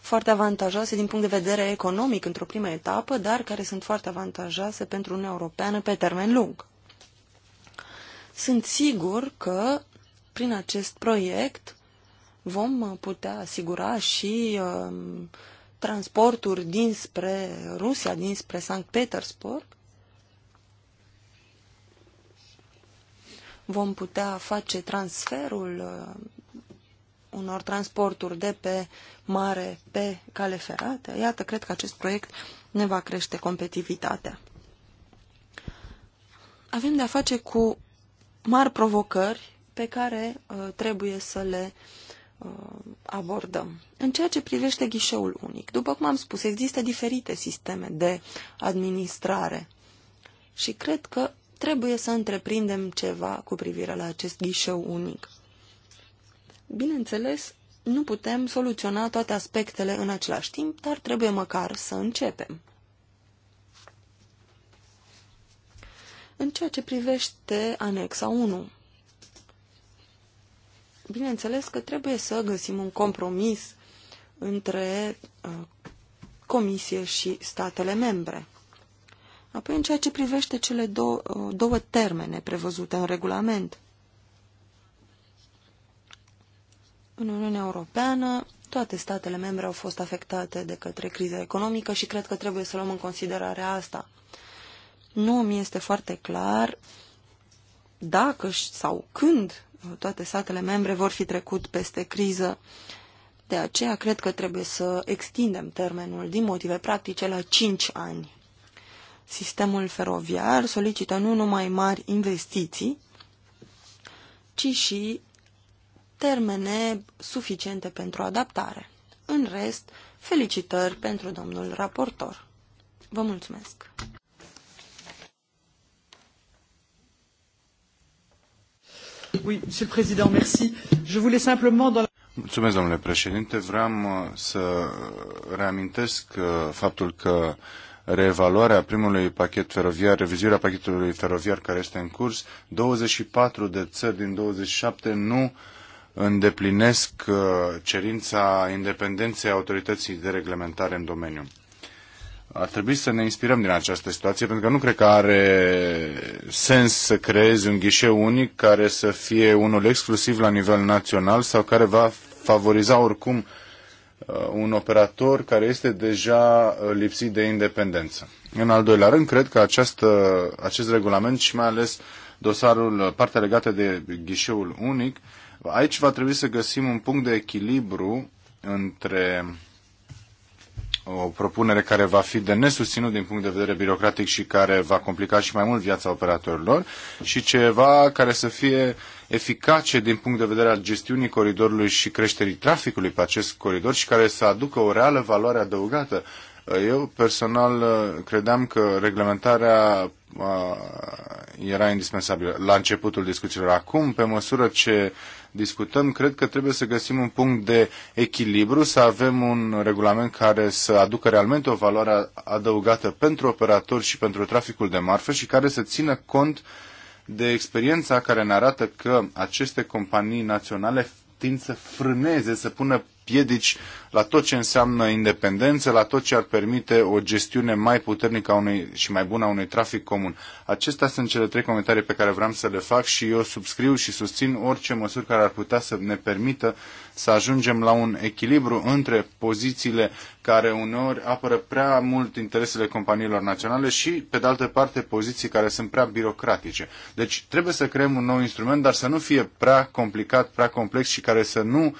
foarte avantajoase din punct de vedere economic într-o primă etapă, dar care sunt foarte avantajoase pentru Uniunea Europeană pe termen lung. Sunt sigur că prin acest proiect vom putea asigura și uh, transporturi dinspre Rusia, dinspre Sankt Petersburg. Vom putea face transferul uh, unor transporturi de pe mare pe cale ferată, iată, cred că acest proiect ne va crește competitivitatea. Avem de-a face cu mari provocări pe care uh, trebuie să le uh, abordăm. În ceea ce privește ghișeul unic, după cum am spus, există diferite sisteme de administrare și cred că trebuie să întreprindem ceva cu privire la acest ghișeu unic. Bineînțeles, nu putem soluționa toate aspectele în același timp, dar trebuie măcar să începem. În ceea ce privește anexa 1, bineînțeles că trebuie să găsim un compromis între uh, Comisie și statele membre. Apoi, în ceea ce privește cele două, uh, două termene prevăzute în regulament, În Uniunea Europeană, toate statele membre au fost afectate de către criza economică și cred că trebuie să luăm în considerare asta. Nu mi este foarte clar dacă sau când uh, toate statele membre vor fi trecut peste criză. De aceea cred că trebuie să extindem termenul din motive practice la 5 ani. Sistemul feroviar solicită nu numai mari investiții, ci și termene suficiente pentru adaptare. În rest, felicitări pentru domnul raportor. Vă mulțumesc! Oui, monsieur le président, merci. Je voulais simplement dans la... Mulțumesc, domnule președinte. Vreau să reamintesc uh, faptul că reevaluarea primului pachet feroviar, revizuirea pachetului feroviar care este în curs, 24 de țări din 27 nu îndeplinesc uh, cerința independenței autorității de reglementare în domeniu. Ar trebui să ne inspirăm din această situație, pentru că nu cred că are sens să creezi un ghișeu unic care să fie unul exclusiv la nivel național sau care va favoriza oricum uh, un operator care este deja uh, lipsit de independență. În al doilea rând, cred că această, acest regulament și mai ales dosarul, partea legată de ghișeul unic, uh, Aici va trebui să găsim un punct de echilibru între o propunere care va fi de nesusținut din punct de vedere birocratic și care va complica și mai mult viața operatorilor și ceva care să fie eficace din punct de vedere al gestiunii coridorului și creșterii traficului pe acest coridor și care să aducă o reală valoare adăugată. Eu personal uh, credeam că reglementarea uh, era indispensabilă la începutul discuțiilor. Acum, pe măsură ce discutăm, cred că trebuie să găsim un punct de echilibru, să avem un regulament care să aducă realmente o valoare adăugată pentru operator și pentru traficul de marfă și care să țină cont de experiența care ne arată că aceste companii naționale tind să frâneze, să pună piedici la tot ce înseamnă independență, la tot ce ar permite o gestiune mai puternică a unui, și mai bună a unui trafic comun. Acestea sunt cele trei comentarii pe care vreau să le fac și eu subscriu și susțin orice măsuri care ar putea să ne permită să ajungem la un echilibru între pozițiile care uneori apără prea mult interesele companiilor naționale și, pe de altă parte, poziții care sunt prea birocratice. Deci trebuie să creăm un nou instrument, dar să nu fie prea complicat, prea complex și care să nu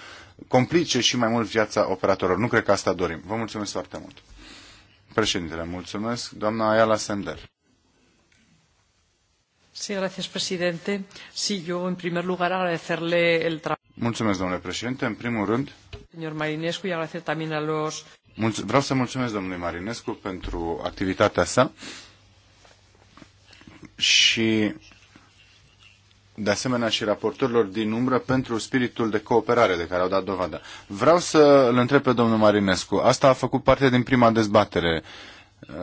complice și mai mult viața operatorilor. Nu cred că asta dorim. Vă mulțumesc foarte mult. Președintele, mulțumesc. Doamna Ayala Sender. Sí, gracias, presidente. Sí, yo en primer lugar agradecerle el trabajo. Mulțumesc, domnule președinte. În primul rând... Marinescu, iar también Vreau să mulțumesc domnului Marinescu pentru activitatea sa și de asemenea și raportorilor din umbră pentru spiritul de cooperare de care au dat dovadă. Vreau să îl întreb pe domnul Marinescu. Asta a făcut parte din prima dezbatere uh,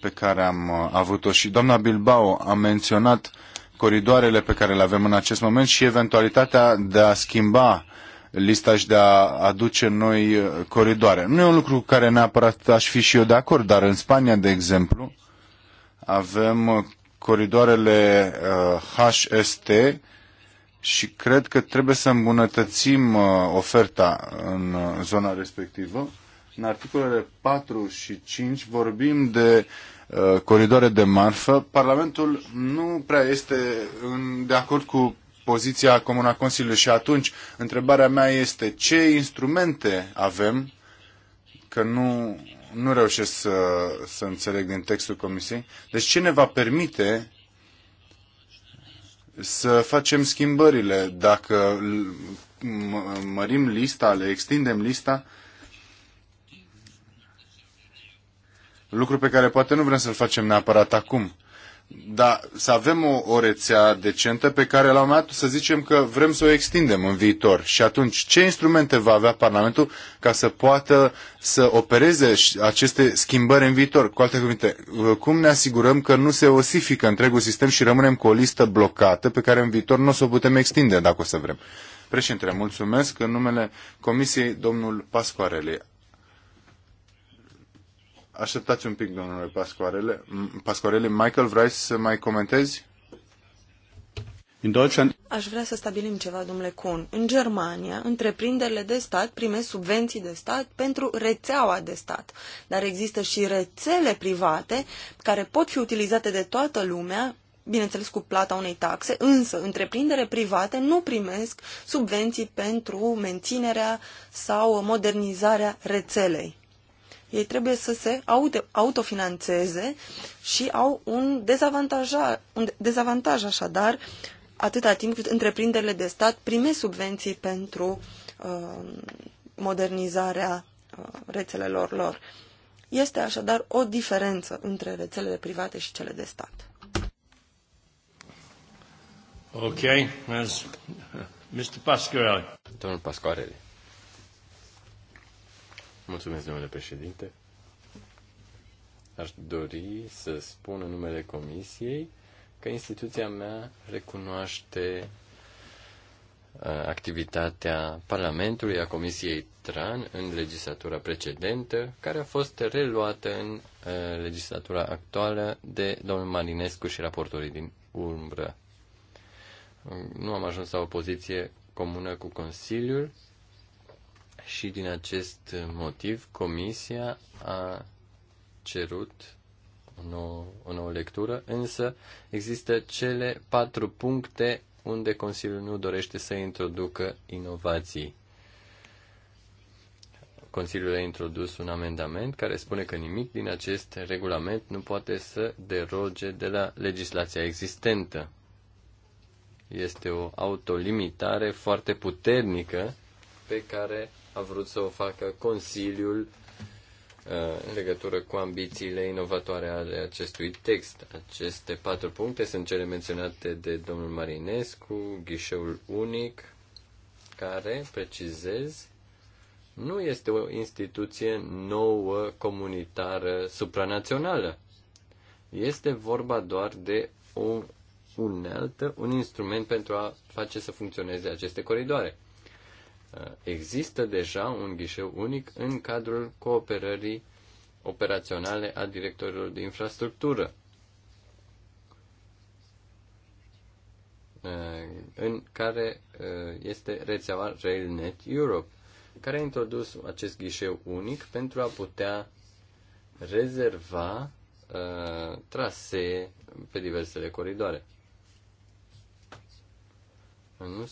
pe care am uh, avut-o și doamna Bilbao a menționat uh, coridoarele pe care le avem în acest moment și eventualitatea de a schimba lista și de a aduce noi uh, coridoare. Nu e un lucru care neapărat aș fi și eu de acord, dar în Spania, de exemplu, avem uh, coridoarele HST uh, și cred că trebuie să îmbunătățim oferta în zona respectivă. În articolele 4 și 5 vorbim de Uh, coridoare de marfă, Parlamentul nu prea este în, de acord cu poziția comună a Consiliului și atunci întrebarea mea este ce instrumente avem, că nu, nu reușesc să, să înțeleg din textul Comisiei, deci ce ne va permite să facem schimbările dacă mărim lista, le extindem lista, lucru pe care poate nu vrem să-l facem neapărat acum. Dar să avem o, o rețea decentă pe care la un moment dat să zicem că vrem să o extindem în viitor. Și atunci ce instrumente va avea Parlamentul ca să poată să opereze aceste schimbări în viitor? Cu alte cuvinte, cum ne asigurăm că nu se osifică întregul sistem și rămânem cu o listă blocată pe care în viitor nu o să o putem extinde dacă o să vrem? Președintele, mulțumesc. În numele Comisiei, domnul Pascoarele. Așteptați un pic, domnule Pascoarele. Pascoarele, Michael, vrei să mai comentezi? În Deutschland... Aș vrea să stabilim ceva, domnule Kuhn. În Germania, întreprinderile de stat primesc subvenții de stat pentru rețeaua de stat, dar există și rețele private care pot fi utilizate de toată lumea bineînțeles cu plata unei taxe, însă întreprindere private nu primesc subvenții pentru menținerea sau modernizarea rețelei. Ei trebuie să se autofinanțeze și au un dezavantaj, un dezavantaj așadar atâta timp cât întreprinderile de stat primesc subvenții pentru uh, modernizarea uh, rețelelor lor. Este așadar o diferență între rețelele private și cele de stat. Ok, as Mr. Pasquarelli. Domnul Pasquarelli. Mulțumesc, domnule președinte. Aș dori să spun în numele Comisiei că instituția mea recunoaște uh, activitatea Parlamentului, a Comisiei Tran în legislatura precedentă, care a fost reluată în uh, legislatura actuală de domnul Marinescu și raportorii din umbră. Nu am ajuns la o poziție comună cu Consiliul și din acest motiv, Comisia a cerut o nouă, o nouă lectură, însă există cele patru puncte unde Consiliul nu dorește să introducă inovații. Consiliul a introdus un amendament care spune că nimic din acest regulament nu poate să deroge de la legislația existentă. Este o autolimitare foarte puternică pe care a vrut să o facă Consiliul uh, în legătură cu ambițiile inovatoare ale acestui text. Aceste patru puncte sunt cele menționate de domnul Marinescu, ghișeul unic, care, precizez, nu este o instituție nouă, comunitară, supranațională. Este vorba doar de o unealtă, un instrument pentru a face să funcționeze aceste coridoare. Uh, există deja un ghișeu unic în cadrul cooperării operaționale a directorilor de infrastructură. Uh, în care uh, este rețeaua RailNet Europe, care a introdus acest ghișeu unic pentru a putea rezerva trasee pe diversele coridoare. Nu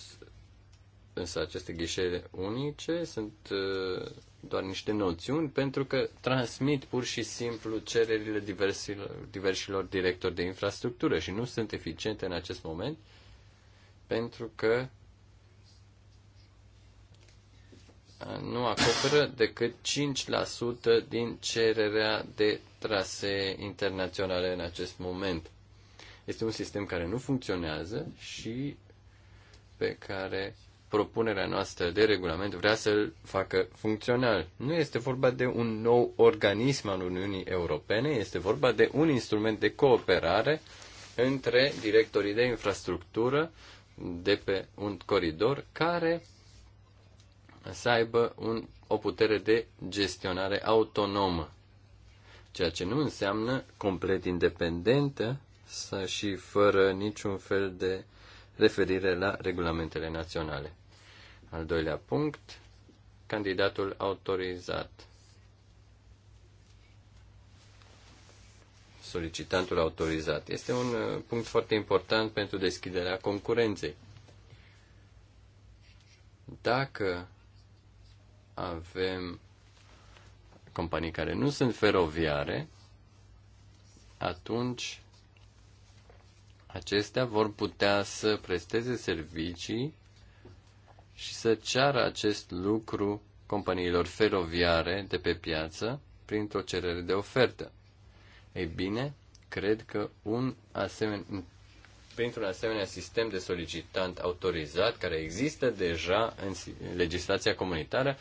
Însă aceste ghișele unice sunt uh, doar niște noțiuni pentru că transmit pur și simplu cererile diversilor, diversilor directori de infrastructură și nu sunt eficiente în acest moment pentru că uh, nu acoperă decât 5% din cererea de trasee internaționale în acest moment. Este un sistem care nu funcționează și pe care propunerea noastră de regulament vrea să-l facă funcțional. Nu este vorba de un nou organism al Uniunii Europene, este vorba de un instrument de cooperare între directorii de infrastructură de pe un coridor care să aibă un, o putere de gestionare autonomă, ceea ce nu înseamnă complet independentă și fără niciun fel de referire la regulamentele naționale. Al doilea punct, candidatul autorizat. Solicitantul autorizat. Este un uh, punct foarte important pentru deschiderea concurenței. Dacă avem companii care nu sunt feroviare, atunci acestea vor putea să presteze servicii și să ceară acest lucru companiilor feroviare de pe piață printr-o cerere de ofertă. Ei bine, cred că un asemen... printr-un asemenea sistem de solicitant autorizat care există deja în legislația comunitară,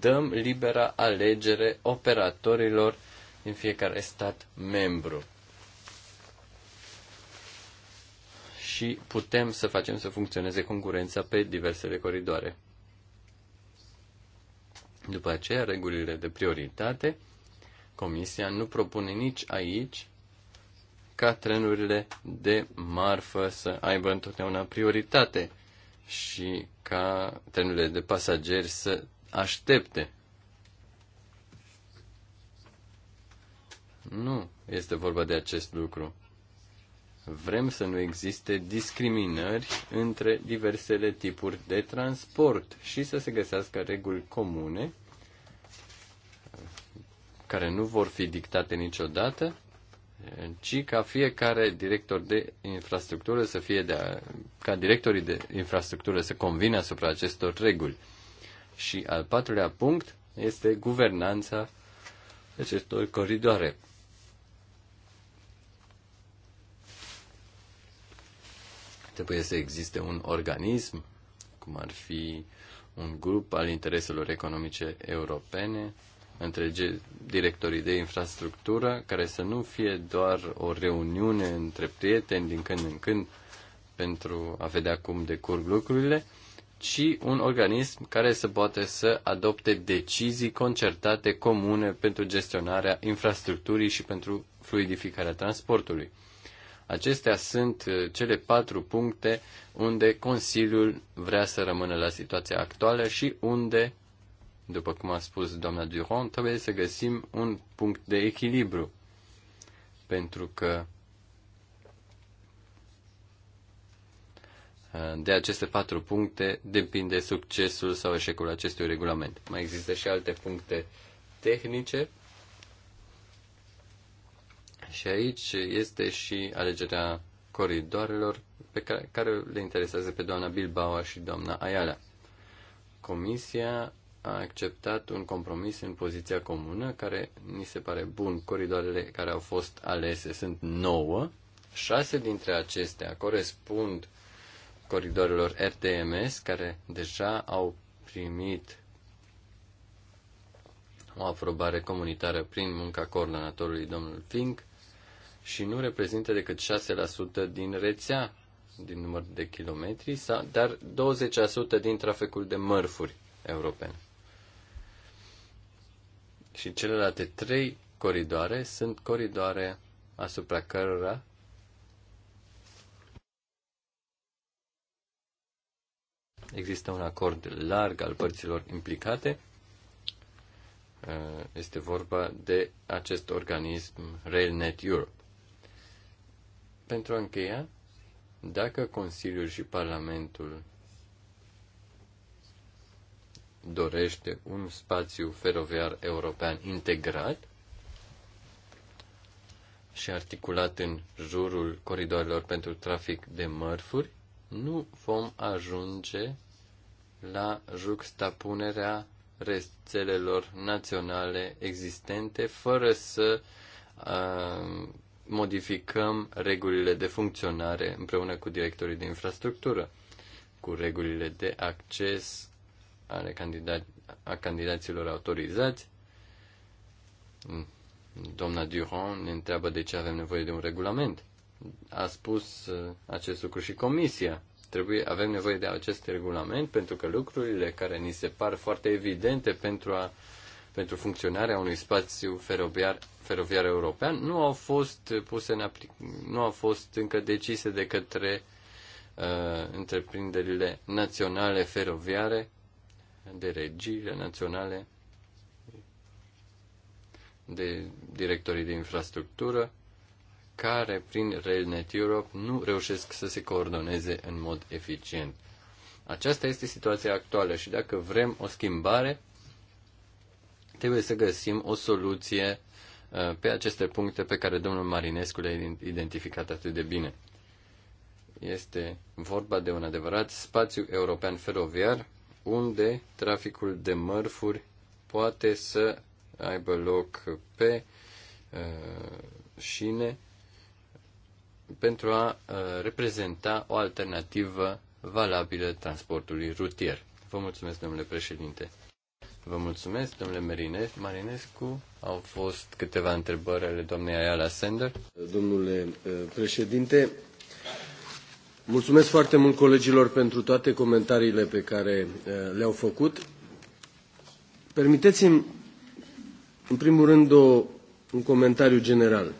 dăm libera alegere operatorilor din fiecare stat membru. și putem să facem să funcționeze concurența pe diversele coridoare. După aceea, regulile de prioritate, Comisia nu propune nici aici ca trenurile de marfă să aibă întotdeauna prioritate și ca trenurile de pasageri să aștepte. Nu este vorba de acest lucru. Vrem să nu existe discriminări între diversele tipuri de transport și să se găsească reguli comune care nu vor fi dictate niciodată, ci ca fiecare director de infrastructură să fie de, ca directorii de infrastructură să convină asupra acestor reguli. Și al patrulea punct este guvernanța acestor coridoare. Trebuie să existe un organism, cum ar fi un grup al intereselor economice europene, între directorii de infrastructură, care să nu fie doar o reuniune între prieteni din când în când pentru a vedea cum decurg lucrurile, ci un organism care să poate să adopte decizii concertate comune pentru gestionarea infrastructurii și pentru fluidificarea transportului. Acestea sunt uh, cele patru puncte unde Consiliul vrea să rămână la situația actuală și unde, după cum a spus doamna Durand, trebuie să găsim un punct de echilibru. Pentru că uh, de aceste patru puncte depinde succesul sau eșecul acestui regulament. Mai există și alte puncte tehnice și aici este și alegerea coridoarelor pe care, care le interesează pe doamna Bilbao și doamna Ayala. Comisia a acceptat un compromis în poziția comună care ni se pare bun. Coridoarele care au fost alese sunt nouă. Șase dintre acestea corespund coridoarelor RTMS care deja au primit o aprobare comunitară prin munca coordonatorului domnul Fink și nu reprezintă decât 6% din rețea din număr de kilometri, dar 20% din traficul de mărfuri europene. Și celelalte trei coridoare sunt coridoare asupra cărora există un acord larg al părților implicate. Uh, este vorba de acest organism RailNet Europe. Pentru a încheia, dacă Consiliul și Parlamentul dorește un spațiu feroviar european integrat și articulat în jurul coridoarelor pentru trafic de mărfuri, nu vom ajunge la juxtapunerea rețelelor naționale existente fără să uh, modificăm regulile de funcționare împreună cu directorii de infrastructură, cu regulile de acces ale candidat, a candidaților autorizați. Mm, doamna Durand ne întreabă de ce avem nevoie de un regulament. A spus uh, acest lucru și comisia. Trebuie, avem nevoie de acest regulament pentru că lucrurile care ni se par foarte evidente pentru a uh, pentru funcționarea unui spațiu feroviar, feroviar european nu au fost puse în aplic- nu au fost încă decise de către uh, întreprinderile naționale feroviare, de regiile naționale, de directorii de infrastructură, care prin RailNet Europe nu reușesc să se coordoneze în mod eficient. Aceasta este situația actuală și dacă vrem o schimbare, trebuie să găsim o soluție uh, pe aceste puncte pe care domnul Marinescu le-a identificat atât de bine. Este vorba de un adevărat spațiu european feroviar unde traficul de mărfuri poate să aibă loc pe uh, șine pentru a uh, reprezenta o alternativă valabilă transportului rutier. Vă mulțumesc, domnule președinte. Vă mulțumesc, domnule Marinescu. Marinescu. Au fost câteva întrebări ale doamnei Ayala Sender. Domnule eh, președinte, mulțumesc foarte mult colegilor pentru toate comentariile pe care eh, le-au făcut. Permiteți-mi, în primul rând, o, un comentariu general.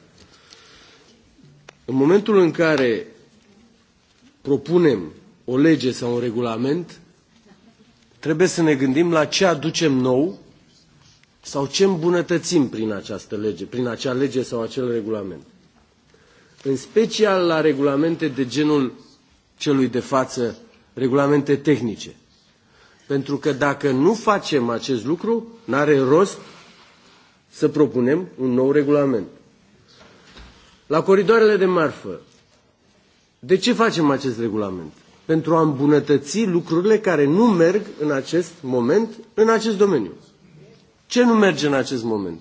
În momentul în care propunem o lege sau un regulament, trebuie să ne gândim la ce aducem nou sau ce îmbunătățim prin această lege, prin acea lege sau acel regulament. În special la regulamente de genul celui de față, regulamente tehnice. Pentru că dacă nu facem acest lucru, n-are rost să propunem un nou regulament. La coridoarele de marfă, de ce facem acest regulament? pentru a îmbunătăți lucrurile care nu merg în acest moment, în acest domeniu. Ce nu merge în acest moment?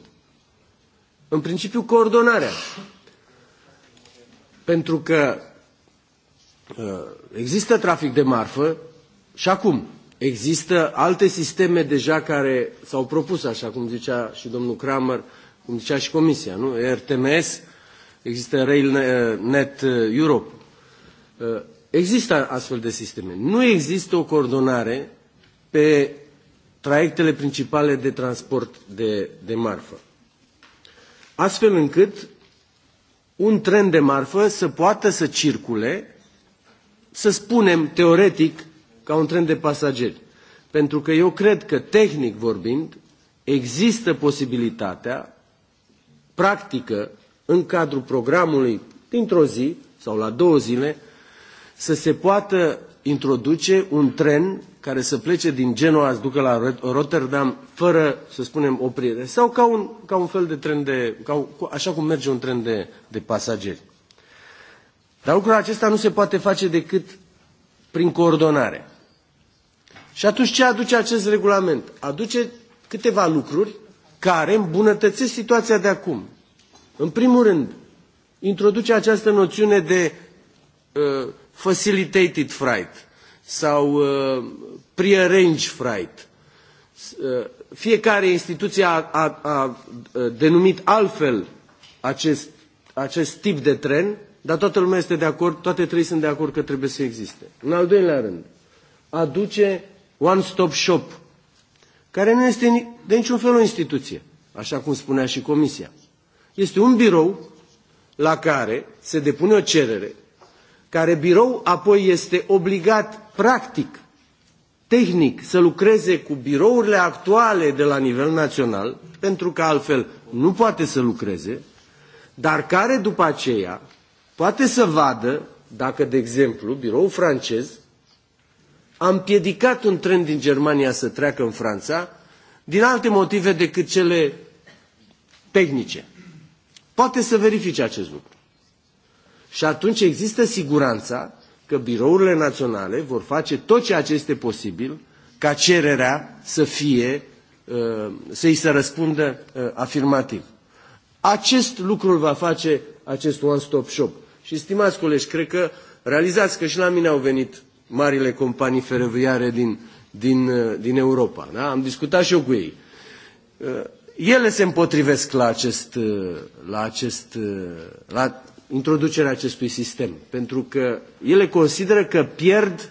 În principiu, coordonarea. Pentru că uh, există trafic de marfă și acum. Există alte sisteme deja care s-au propus, așa cum zicea și domnul Kramer, cum zicea și Comisia, nu? RTMS, există RailNet uh, uh, Europe. Există astfel de sisteme. Nu există o coordonare pe traiectele principale de transport de, de marfă. Astfel încât un tren de marfă să poată să circule, să spunem teoretic, ca un tren de pasageri. Pentru că eu cred că, tehnic vorbind, există posibilitatea practică în cadrul programului dintr-o zi sau la două zile să se poată introduce un tren care să plece din Genoa, să ducă la Rotterdam, fără, să spunem, oprire. Sau ca un, ca un fel de tren de... Ca, așa cum merge un tren de, de pasageri. Dar lucrul acesta nu se poate face decât prin coordonare. Și atunci ce aduce acest regulament? Aduce câteva lucruri care îmbunătățesc situația de acum. În primul rând, introduce această noțiune de uh, facilitated freight sau uh, prearranged freight. Uh, fiecare instituție a, a, a uh, denumit altfel acest, acest tip de tren, dar toată lumea este de acord, toate trei sunt de acord că trebuie să existe. În al doilea rând, aduce one-stop shop, care nu este de niciun fel o instituție, așa cum spunea și Comisia. Este un birou la care se depune o cerere care birou apoi este obligat practic, tehnic, să lucreze cu birourile actuale de la nivel național, pentru că altfel nu poate să lucreze, dar care după aceea poate să vadă dacă, de exemplu, biroul francez a împiedicat un tren din Germania să treacă în Franța din alte motive decât cele tehnice. Poate să verifice acest lucru. Și atunci există siguranța că birourile naționale vor face tot ceea ce este posibil ca cererea să fie, uh, să-i se răspundă uh, afirmativ. Acest lucru va face acest one-stop shop. Și, stimați colegi, cred că realizați că și la mine au venit marile companii feroviare din, din, uh, din Europa. Da? Am discutat și eu cu ei. Ele se împotrivesc la acest, la acest, la introducerea acestui sistem, pentru că ele consideră că pierd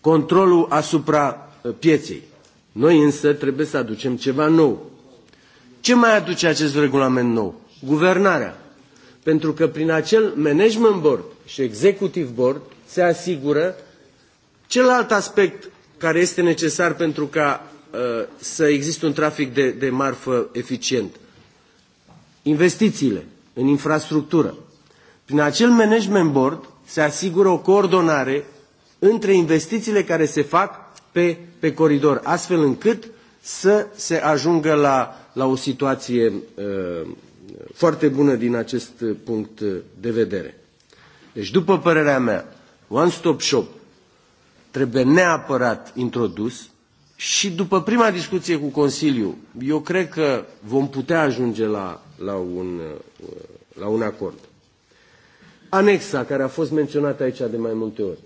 controlul asupra uh, pieței. Noi însă trebuie să aducem ceva nou. Ce mai aduce acest regulament nou? Guvernarea. Pentru că prin acel management board și executive board se asigură celălalt aspect care este necesar pentru ca uh, să existe un trafic de, de marfă eficient. Investițiile în infrastructură. Prin acel management board se asigură o coordonare între investițiile care se fac pe, pe coridor, astfel încât să se ajungă la, la o situație uh, foarte bună din acest punct de vedere. Deci, după părerea mea, One Stop Shop trebuie neapărat introdus, și după prima discuție cu Consiliul, eu cred că vom putea ajunge la, la, un, uh, la un acord. Anexa, care a fost menționată aici de mai multe ori.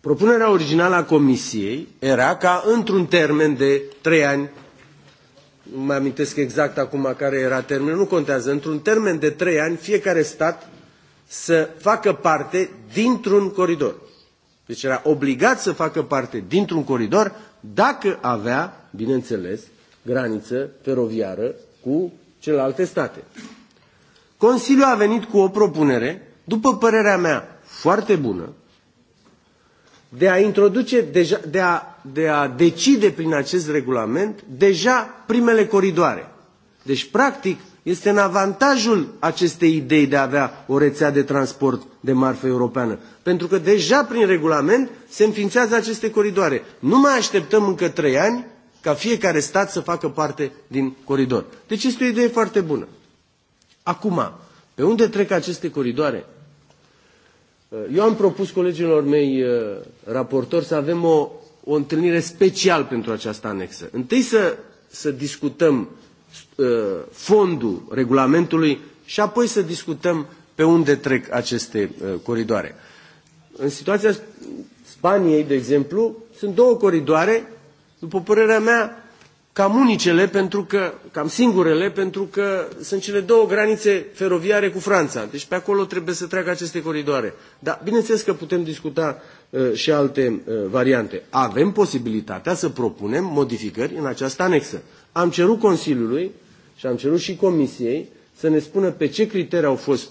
Propunerea originală a Comisiei era ca într-un termen de trei ani, nu mă amintesc exact acum care era termenul, nu contează, într-un termen de trei ani fiecare stat să facă parte dintr-un coridor. Deci era obligat să facă parte dintr-un coridor dacă avea, bineînțeles, graniță feroviară cu celelalte state. Consiliul a venit cu o propunere, după părerea mea, foarte bună, de a introduce, deja, de, a, de a decide prin acest regulament deja primele coridoare. Deci, practic, este în avantajul acestei idei de a avea o rețea de transport de marfă europeană. Pentru că deja prin regulament se înființează aceste coridoare. Nu mai așteptăm încă trei ani ca fiecare stat să facă parte din coridor. Deci este o idee foarte bună. Acum, pe unde trec aceste coridoare? Eu am propus colegilor mei uh, raportori să avem o, o întâlnire special pentru această anexă. Întâi să, să discutăm Ă, fondul regulamentului și apoi să discutăm pe unde trec aceste ă, coridoare. În situația Spaniei, de exemplu, sunt două coridoare, după părerea mea, cam unicele, pentru că, cam singurele, pentru că sunt cele două granițe feroviare cu Franța. Deci pe acolo trebuie să treacă aceste coridoare. Dar bineînțeles că putem discuta uh, și alte uh, variante. Avem posibilitatea să propunem modificări în această anexă. Am cerut Consiliului și am cerut și Comisiei să ne spună pe ce criterii au fost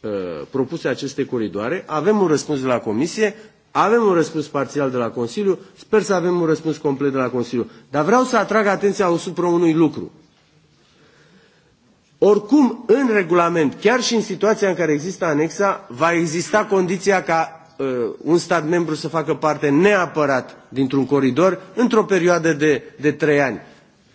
uh, propuse aceste coridoare. Avem un răspuns de la Comisie, avem un răspuns parțial de la Consiliu, sper să avem un răspuns complet de la Consiliu. Dar vreau să atrag atenția asupra unui lucru. Oricum, în regulament, chiar și în situația în care există anexa, va exista condiția ca uh, un stat membru să facă parte neapărat dintr-un coridor într-o perioadă de, de trei ani.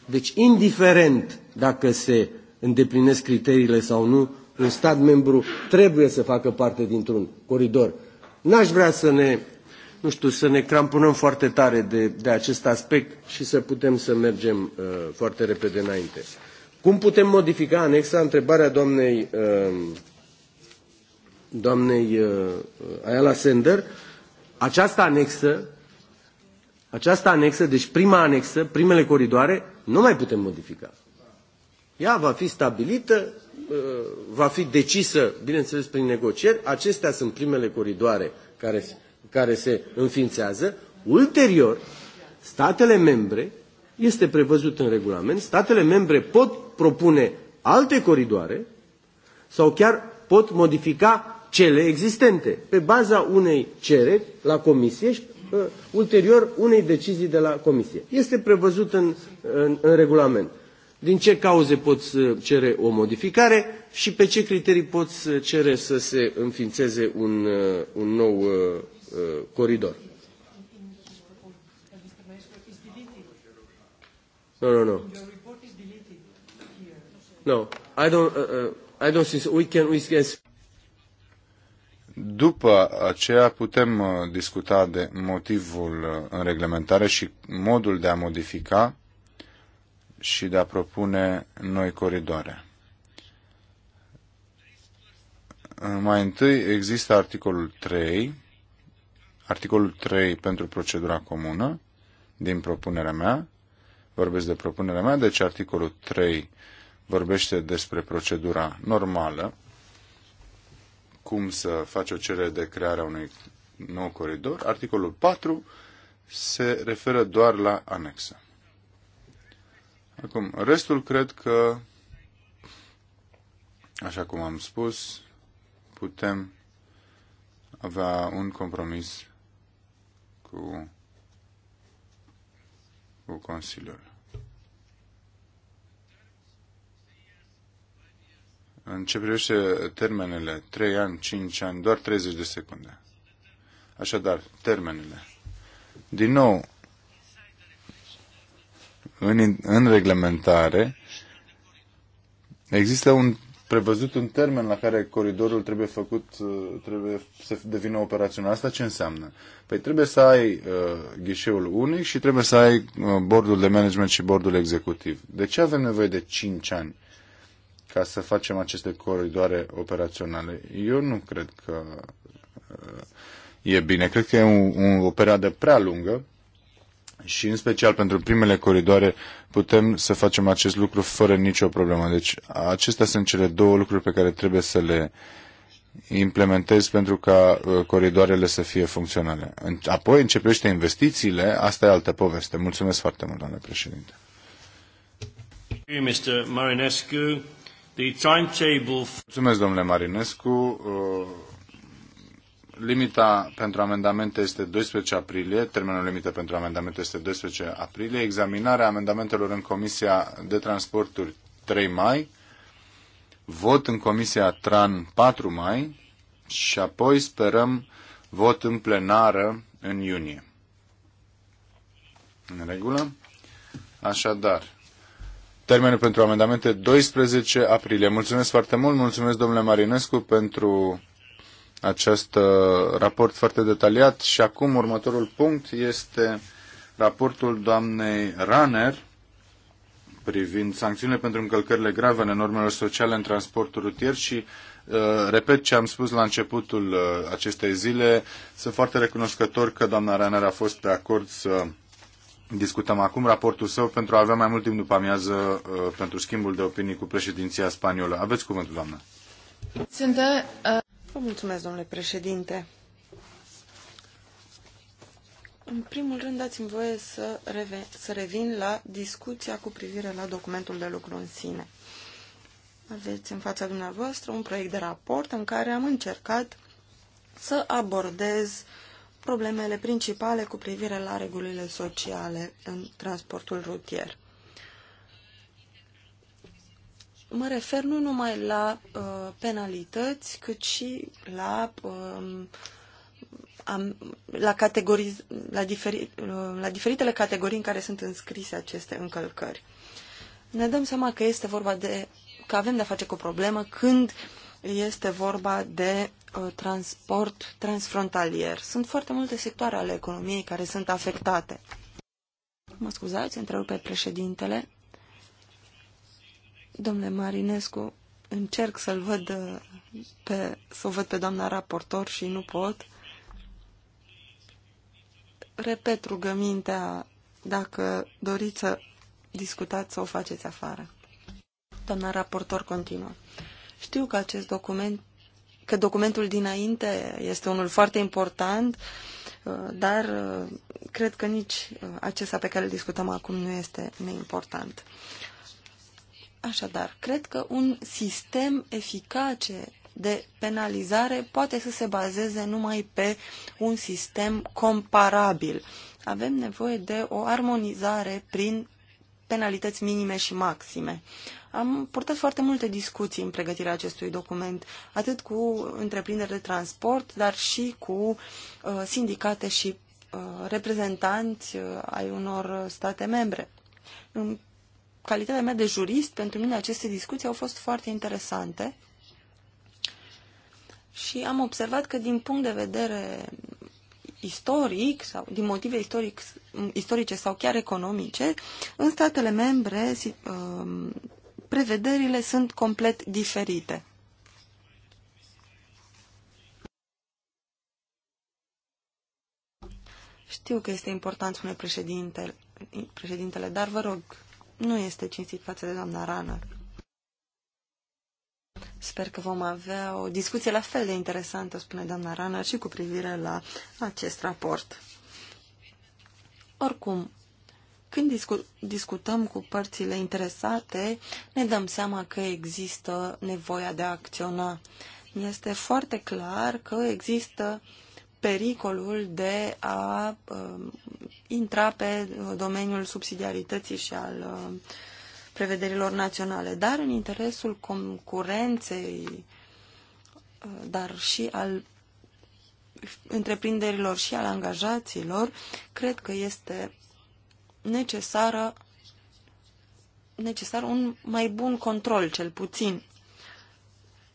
Deci, indiferent dacă se îndeplinesc criteriile sau nu, un stat membru trebuie să facă parte dintr-un coridor. N-aș vrea să ne, nu știu, să ne crampunăm foarte tare de, de acest aspect și să putem să mergem uh, foarte repede înainte. Cum putem modifica anexa? Întrebarea doamnei, uh, doamnei uh, Ayala Sender. Această anexă, această anexă, deci prima anexă, primele coridoare, nu mai putem modifica. Ea va fi stabilită, uh, va fi decisă, bineînțeles, prin negocieri. Acestea sunt primele coridoare care, care se înființează. Ulterior, statele membre, este prevăzut în regulament, statele membre pot propune alte coridoare sau chiar pot modifica cele existente pe baza unei cereri la comisie și uh, ulterior unei decizii de la Comisie. Este prevăzut în, în, în regulament. Din ce cauze poți cere o modificare și pe ce criterii poți cere să se înființeze un, uh, un nou uh, uh, coridor. No, no, no. No, I don't. Uh, uh, I don't think so. we can. We can. După aceea putem uh, discuta de motivul uh, în reglementare și modul de a modifica și de a propune noi coridoare. Uh, mai întâi există articolul 3, articolul 3 pentru procedura comună din propunerea mea, vorbesc de propunerea mea, deci articolul 3 vorbește despre procedura normală, cum să faci o cerere de creare a unui nou coridor, articolul 4 se referă doar la anexă. Acum, restul cred că, așa cum am spus, putem avea un compromis cu, cu Consiliul. În ce privește termenele, 3 ani, 5 ani, doar 30 de secunde. Așadar, termenele. Din nou, în, în reglementare, există un prevăzut un termen la care coridorul trebuie făcut, uh, trebuie să devină operațional. Asta ce înseamnă? Păi trebuie să ai uh, ghișeul unic și trebuie să ai uh, bordul de management și bordul executiv. De ce avem nevoie de 5 ani? ca să facem aceste coridoare operaționale. Eu nu cred că uh, e bine. Cred că e un, un, o perioadă prea lungă și în special pentru primele coridoare putem să facem acest lucru fără nicio problemă. Deci acestea sunt cele două lucruri pe care trebuie să le implementezi pentru ca uh, coridoarele să fie funcționale. Apoi începește investițiile, asta e altă poveste. Mulțumesc foarte mult, doamne președinte. Mr. Marinescu. The timetable... Mulțumesc, domnule Marinescu. Uh, limita pentru amendamente este 12 aprilie, termenul limită pentru amendamente este 12 aprilie, examinarea amendamentelor în Comisia de Transporturi 3 mai, vot în Comisia TRAN 4 mai și apoi sperăm vot în plenară în iunie. În regulă? Așadar, Termenul pentru amendamente 12 aprilie. Mulțumesc foarte mult, mulțumesc domnule Marinescu pentru acest uh, raport foarte detaliat și acum următorul punct este raportul doamnei Runner privind sancțiunile pentru încălcările grave în normelor sociale în transportul rutier și uh, repet ce am spus la începutul uh, acestei zile, sunt foarte recunoscător că doamna Runner a fost de acord să discutăm acum raportul său pentru a avea mai mult timp după amiază uh, pentru schimbul de opinii cu președinția spaniolă. Aveți cuvântul, doamnă. Sunt, uh... Vă mulțumesc, domnule președinte. În primul rând, dați-mi voie să, reve- să revin la discuția cu privire la documentul de lucru în sine. Aveți în fața dumneavoastră un proiect de raport în care am încercat să abordez uh, problemele principale cu privire la regulile sociale în transportul rutier. Mă refer nu numai la uh, penalități, cât și la, uh, am, la, categorii, la, diferi, uh, la diferitele categorii în care sunt înscrise aceste încălcări. Ne dăm seama că este vorba de că avem de-a face cu o problemă când este vorba de Uh, transport transfrontalier. Sunt foarte multe sectoare ale economiei care sunt afectate. Mă scuzați, pe președintele. Domnule Marinescu, încerc să-l văd uh, pe, să o văd pe doamna raportor și nu pot. Repet rugămintea, dacă doriți să discutați, să o faceți afară. Doamna raportor continuă. Știu că acest document că documentul dinainte este unul foarte important, uh, dar uh, cred că nici uh, acesta pe care îl discutăm acum nu este neimportant. Așadar, cred că un sistem eficace de penalizare poate să se bazeze numai pe un sistem comparabil. Avem nevoie de o armonizare prin penalități minime și maxime. Am purtat foarte multe discuții în pregătirea acestui document, atât cu întreprinderi de transport, dar și cu uh, sindicate și uh, reprezentanți uh, ai unor state membre. În calitatea mea de jurist, pentru mine aceste discuții au fost foarte interesante și am observat că din punct de vedere istoric sau din motive istoric, istorice sau chiar economice, în statele membre um, prevederile sunt complet diferite. Știu că este important, spune președintele, președintele, dar vă rog, nu este cinstit față de doamna Rană. Sper că vom avea o discuție la fel de interesantă, spune doamna Rana, și cu privire la acest raport. Oricum, când discu discutăm cu părțile interesate, ne dăm seama că există nevoia de a acționa. Este foarte clar că există pericolul de a uh, intra pe domeniul subsidiarității și al uh, prevederilor naționale, dar în interesul concurenței, uh, dar și al întreprinderilor și al angajaților, cred că este necesară necesar un mai bun control, cel puțin.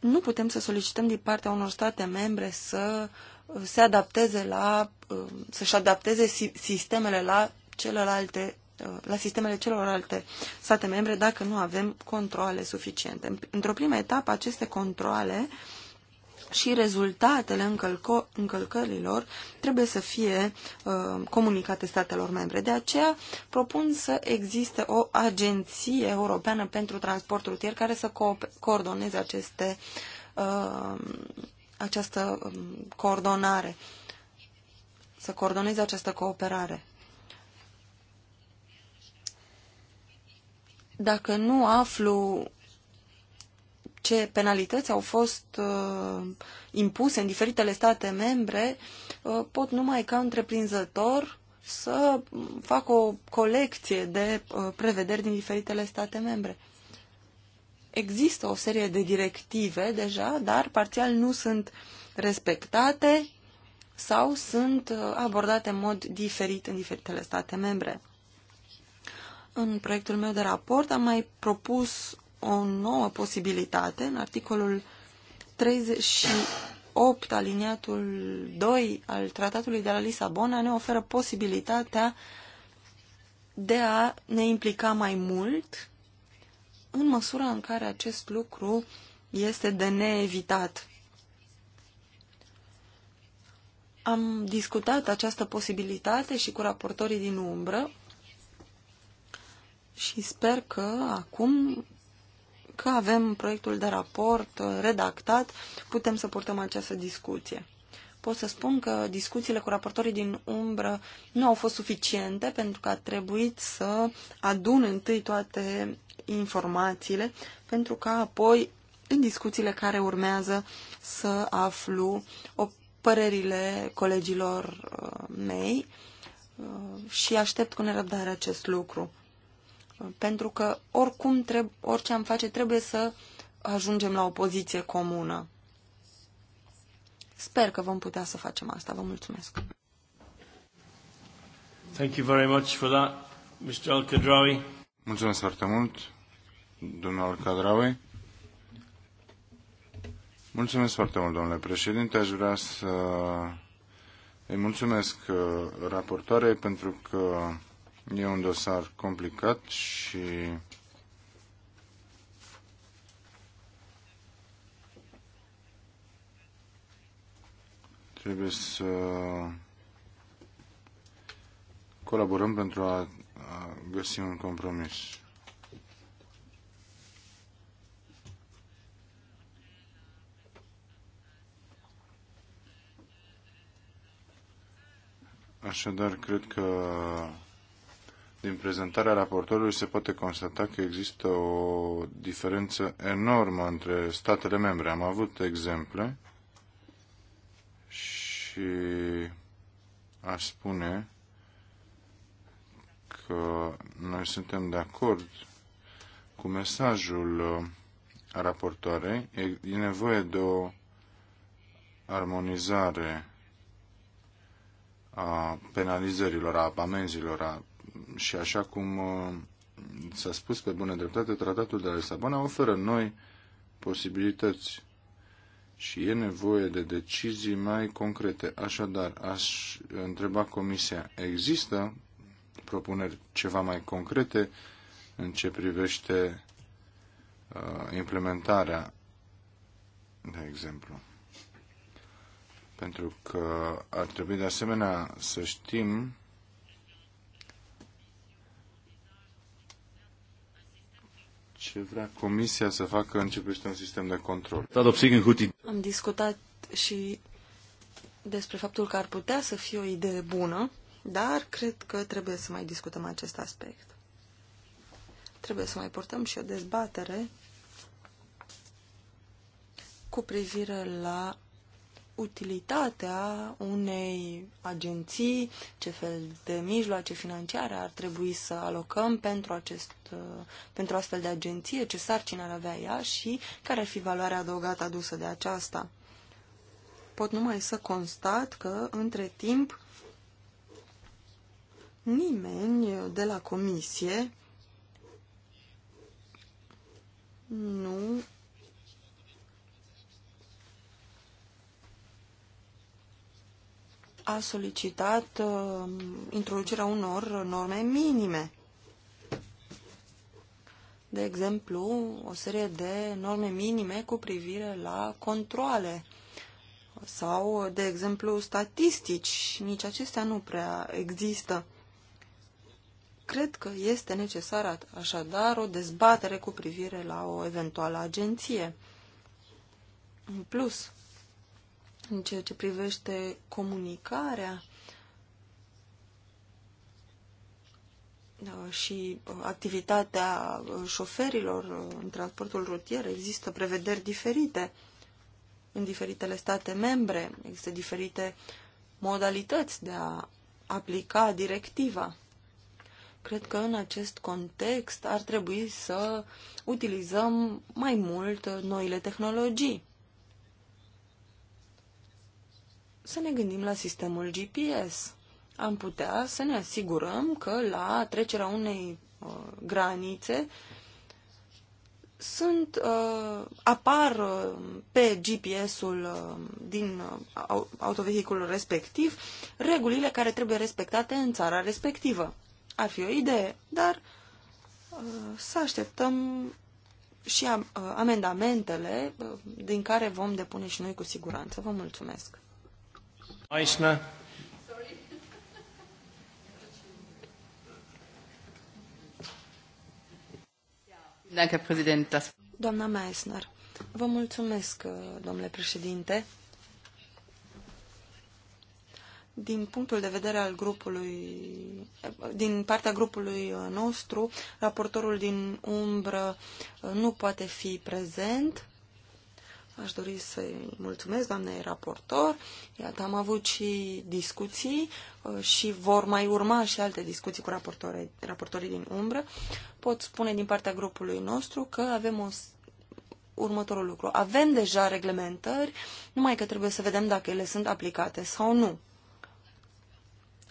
Nu putem să solicităm din partea unor state membre să uh, se adapteze la, uh, să-și adapteze sistemele la celelalte la sistemele celorlalte state membre dacă nu avem controle suficiente. Într-o primă etapă, aceste controle și rezultatele încălco- încălcărilor trebuie să fie uh, comunicate statelor membre. De aceea propun să existe o agenție europeană pentru transport rutier care să co- coordoneze aceste, uh, această um, coordonare, să coordoneze această cooperare. dacă nu aflu ce penalități au fost uh, impuse în diferitele state membre, uh, pot numai ca întreprinzător să fac o colecție de uh, prevederi din diferitele state membre. Există o serie de directive deja, dar parțial nu sunt respectate sau sunt uh, abordate în mod diferit în diferitele state membre. În proiectul meu de raport am mai propus o nouă posibilitate în articolul 38 aliniatul 2 al tratatului de la Lisabona ne oferă posibilitatea de a ne implica mai mult în măsura în care acest lucru este de neevitat. Am discutat această posibilitate și cu raportorii din umbră și sper că acum că avem proiectul de raport uh, redactat, putem să purtăm această discuție. Pot să spun că discuțiile cu raportorii din umbră nu au fost suficiente pentru că a trebuit să adun întâi toate informațiile pentru ca apoi în discuțiile care urmează să aflu o părerile colegilor uh, mei uh, și aștept cu nerăbdare acest lucru pentru că oricum treb- orice am face trebuie să ajungem la o poziție comună. Sper că vom putea să facem asta. Vă mulțumesc. Thank you very much for that, Mr. Al-Kadrawi. Mulțumesc foarte mult, domnul Al-Kadrawi. Mulțumesc foarte mult, domnule președinte. Aș vrea să îi mulțumesc uh, raportoarei pentru că E un dosar complicat și trebuie să colaborăm pentru a, găsi un compromis. Așadar, cred că din prezentarea raportorului se poate constata că există o diferență enormă între statele membre. Am avut exemple și aș spune că noi suntem de acord cu mesajul uh, raportoarei. E nevoie de o armonizare a penalizărilor, a amenzilor, a și așa cum uh, s-a spus pe bună dreptate, tratatul de la Lisabona oferă noi posibilități și e nevoie de decizii mai concrete. Așadar, aș întreba Comisia, există propuneri ceva mai concrete în ce privește uh, implementarea, de exemplu? Pentru că ar trebui de asemenea să știm ce vrea Comisia să facă începește un sistem de control. Am discutat și despre faptul că ar putea să fie o idee bună, dar cred că trebuie să mai discutăm acest aspect. Trebuie să mai portăm și o dezbatere cu privire la utilitatea unei agenții, ce fel de mijloace financiare ar trebui să alocăm pentru, acest, pentru astfel de agenție, ce sarcină ar avea ea și care ar fi valoarea adăugată adusă de aceasta. Pot numai să constat că, între timp, nimeni de la comisie nu a solicitat uh, introducerea unor norme minime. De exemplu, o serie de norme minime cu privire la controle sau, de exemplu, statistici. Nici acestea nu prea există. Cred că este necesară așadar o dezbatere cu privire la o eventuală agenție. În plus, în ceea ce privește comunicarea uh, și uh, activitatea uh, șoferilor în transportul rutier, există prevederi diferite în diferitele state membre, există diferite modalități de a aplica directiva. Cred că în acest context ar trebui să utilizăm mai mult noile tehnologii. să ne gândim la sistemul GPS. Am putea să ne asigurăm că la trecerea unei uh, granițe sunt, uh, apar uh, pe GPS-ul uh, din uh, autovehiculul respectiv regulile care trebuie respectate în țara respectivă. Ar fi o idee, dar uh, să așteptăm și am, uh, amendamentele uh, din care vom depune și noi cu siguranță. Vă mulțumesc! Meissner. Doamna Meissner, vă mulțumesc, uh, domnule președinte. Din punctul de vedere al grupului, uh, din partea grupului uh, nostru, raportorul din umbră nu poate fi prezent Aș dori să-i mulțumesc doamnei raportor. Iată, am avut și discuții uh, și vor mai urma și alte discuții cu raportorii, raportorii din umbră. Pot spune din partea grupului nostru că avem o următorul lucru. Avem deja reglementări, numai că trebuie să vedem dacă ele sunt aplicate sau nu.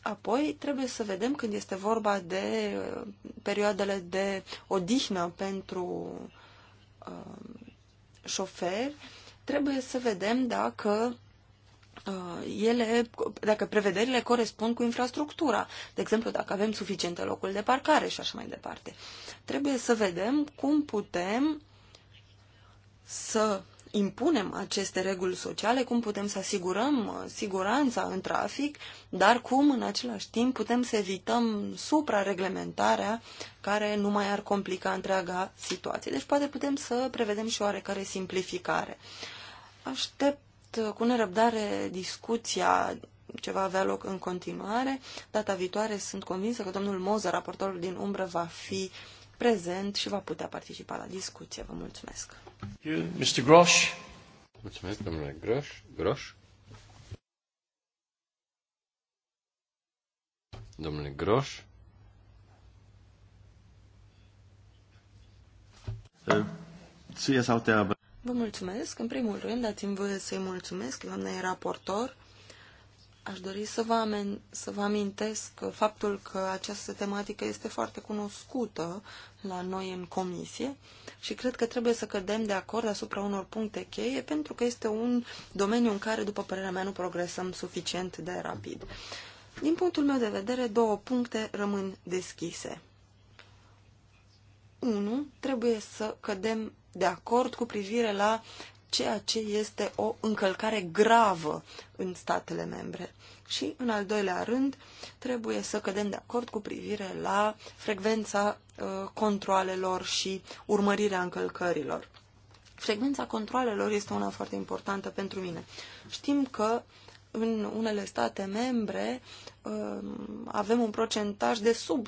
Apoi trebuie să vedem când este vorba de uh, perioadele de odihnă pentru uh, șoferi, trebuie să vedem dacă uh, ele, dacă prevederile corespund cu infrastructura, de exemplu, dacă avem suficiente locuri de parcare și așa mai departe. Trebuie să vedem cum putem să impunem aceste reguli sociale, cum putem să asigurăm uh, siguranța în trafic, dar cum în același timp putem să evităm suprareglementarea care nu mai ar complica întreaga situație. Deci poate putem să prevedem și oarecare simplificare. Uh, Aștept cu nerăbdare discuția ce va avea loc în continuare. Data viitoare sunt convinsă că domnul Moza, raportorul din umbră, va fi prezent și va putea participa la discuție. Vă mulțumesc. Mr. Grosh. Mulțumesc, domnule Grosh. Grosh. Domnule Grosh. Ție sau te Vă mulțumesc. În primul rând, dați-mi voie să-i mulțumesc, doamnei raportor. Aș dori să vă, amen, să vă amintesc faptul că această tematică este foarte cunoscută la noi în comisie și cred că trebuie să cădem de acord asupra unor puncte cheie pentru că este un domeniu în care, după părerea mea, nu progresăm suficient de rapid. Din punctul meu de vedere, două puncte rămân deschise. 1. Trebuie să cădem de acord cu privire la ceea ce este o încălcare gravă în statele membre. Și, în al doilea rând, trebuie să cădem de acord cu privire la frecvența uh, controalelor și urmărirea încălcărilor. Frecvența controalelor este una foarte importantă pentru mine. Știm că în unele state membre um, avem un procentaj de sub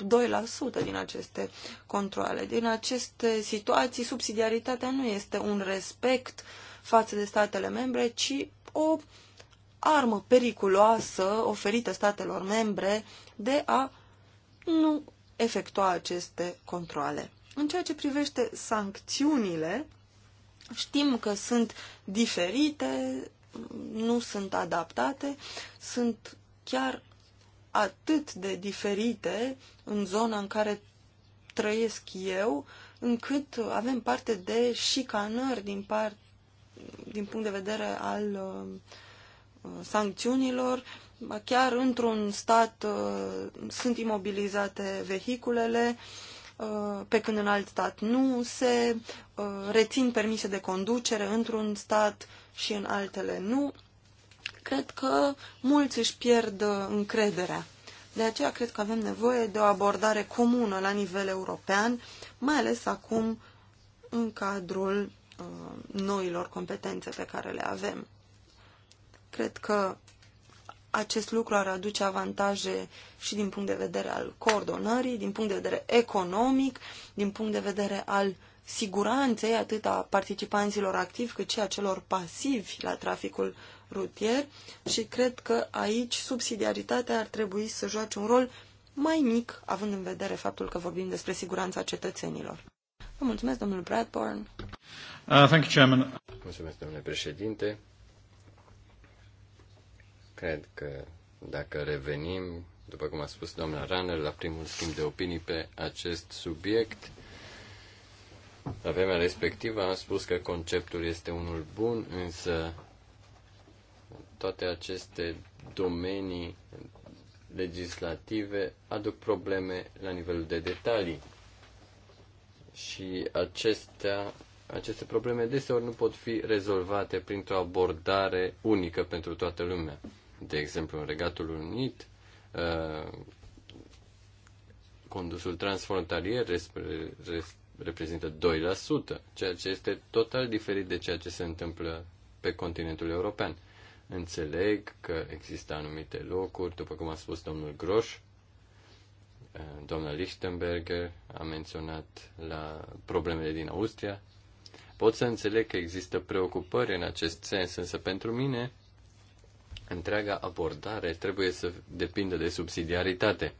2% din aceste controle. Din aceste situații, subsidiaritatea nu este un respect față de statele membre, ci o armă periculoasă oferită statelor membre de a nu efectua aceste controle. În ceea ce privește sancțiunile, știm că sunt diferite nu sunt adaptate, sunt chiar atât de diferite în zona în care trăiesc eu, încât avem parte de șicanări din, par, din punct de vedere al uh, sancțiunilor. Chiar într-un stat uh, sunt imobilizate vehiculele, uh, Uh, pe când în alt stat nu se uh, rețin permise de conducere într-un stat și în altele nu, cred că mulți își pierd uh, încrederea. De aceea cred că avem nevoie de o abordare comună la nivel european, mai ales acum în cadrul noilor competențe pe care le avem. Cred că acest lucru ar aduce avantaje și din punct de vedere al coordonării, din punct de vedere economic, din punct de vedere al siguranței atât a participanților activi cât și a celor pasivi la traficul rutier și cred că aici subsidiaritatea ar trebui să joace un rol mai mic, având în vedere faptul că vorbim despre siguranța cetățenilor. Vă mulțumesc, domnul Bradburn. Uh, thank you, Chairman. Mulțumesc, domnule președinte. Cred că dacă revenim, după cum a spus doamna Runner, la primul schimb de opinii pe acest subiect, la vremea respectivă am spus că conceptul este unul bun, însă toate aceste domenii legislative aduc probleme la nivelul de detalii. Și acestea, aceste probleme deseori nu pot fi rezolvate printr-o abordare unică pentru toată lumea. De exemplu, în Regatul Unit, uh, condusul transfrontalier reprezintă 2%, ceea ce este total diferit de ceea ce se întâmplă pe continentul european. Înțeleg că există anumite locuri, după cum a spus domnul Groș, uh, doamna Lichtenberger a menționat la problemele din Austria. Pot să înțeleg că există preocupări în acest sens, însă pentru mine întreaga abordare trebuie să depindă de subsidiaritate.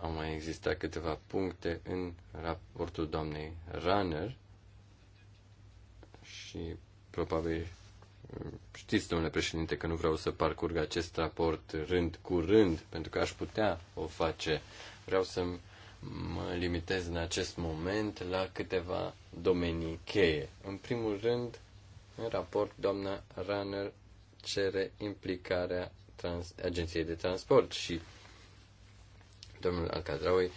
Au mai existat câteva puncte în raportul doamnei Runner și probabil știți, domnule președinte, că nu vreau să parcurg acest raport rând cu rând, pentru că aș putea o face. Vreau să mă limitez în acest moment la câteva domenii cheie. În primul rând, în raport, doamna Runner cere implicarea trans- Agenției de Transport și domnul Alcadraui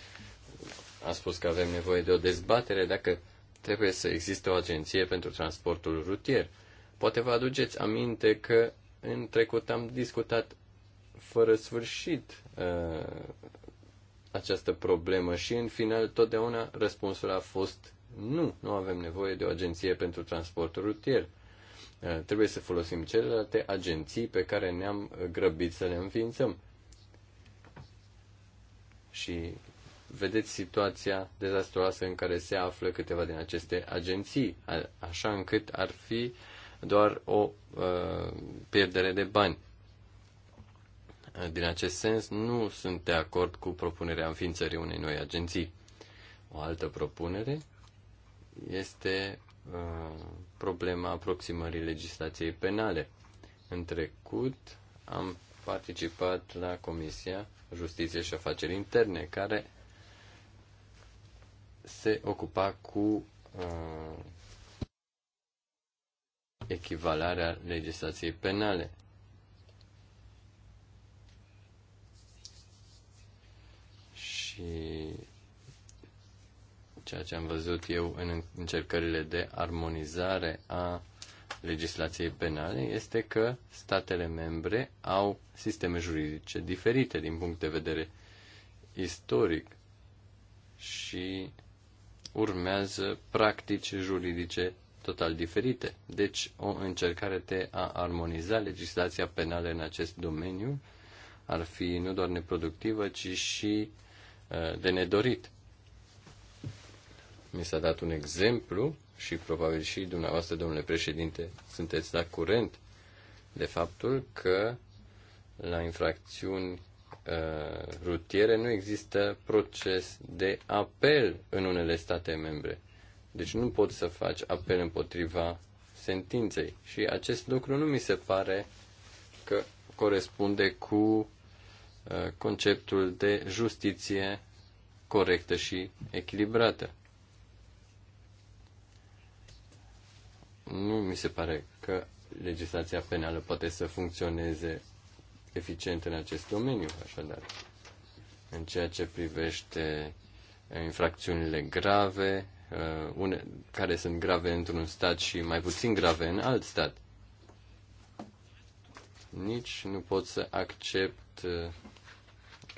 a spus că avem nevoie de o dezbatere dacă trebuie să existe o agenție pentru transportul rutier. Poate vă aduceți aminte că în trecut am discutat fără sfârșit uh, această problemă și în final totdeauna răspunsul a fost nu, nu avem nevoie de o agenție pentru transportul rutier. Eh, trebuie să folosim celelalte agenții pe care ne-am grăbit să le înființăm. Și vedeți situația dezastroasă în care se află câteva din aceste agenții, așa încât ar fi doar o uh, pierdere de bani. Eh, din acest sens, nu sunt de acord cu propunerea înființării unei noi agenții. O altă propunere este Uh, problema aproximării legislației penale. În trecut am participat la Comisia Justiție și Afaceri Interne, care se ocupa cu uh, echivalarea legislației penale. Și ceea ce am văzut eu în încercările de armonizare a legislației penale este că statele membre au sisteme juridice diferite din punct de vedere istoric și urmează practici juridice total diferite. Deci, o încercare de a armoniza legislația penală în acest domeniu ar fi nu doar neproductivă, ci și uh, de nedorit mi s-a dat un exemplu și probabil și dumneavoastră, domnule președinte, sunteți la curent de faptul că la infracțiuni uh, rutiere nu există proces de apel în unele state membre. Deci nu poți să faci apel împotriva sentinței. Și acest lucru nu mi se pare că corespunde cu uh, conceptul de justiție corectă și echilibrată. Nu mi se pare că legislația penală poate să funcționeze eficient în acest domeniu, așadar. În ceea ce privește eh, infracțiunile grave, eh, une, care sunt grave într-un stat și mai puțin grave în alt stat. Nici nu pot să accept eh,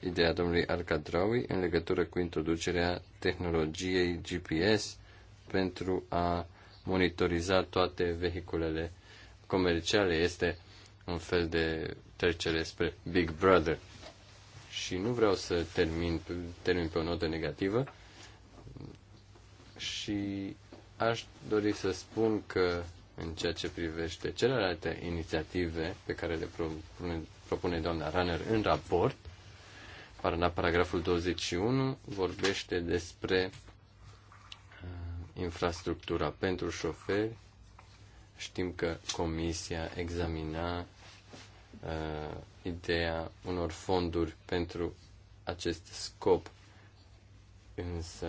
ideea domnului Arcadraui în legătură cu introducerea tehnologiei GPS pentru a monitoriza toate vehiculele comerciale. Este un fel de trecere spre Big Brother. Și nu vreau să termin, termin pe o notă negativă. Și aș dori să spun că în ceea ce privește celelalte inițiative pe care le propune, propune doamna Runner în raport, paragraful 21 vorbește despre infrastructura pentru șoferi. Știm că Comisia examina uh, ideea unor fonduri pentru acest scop. Însă,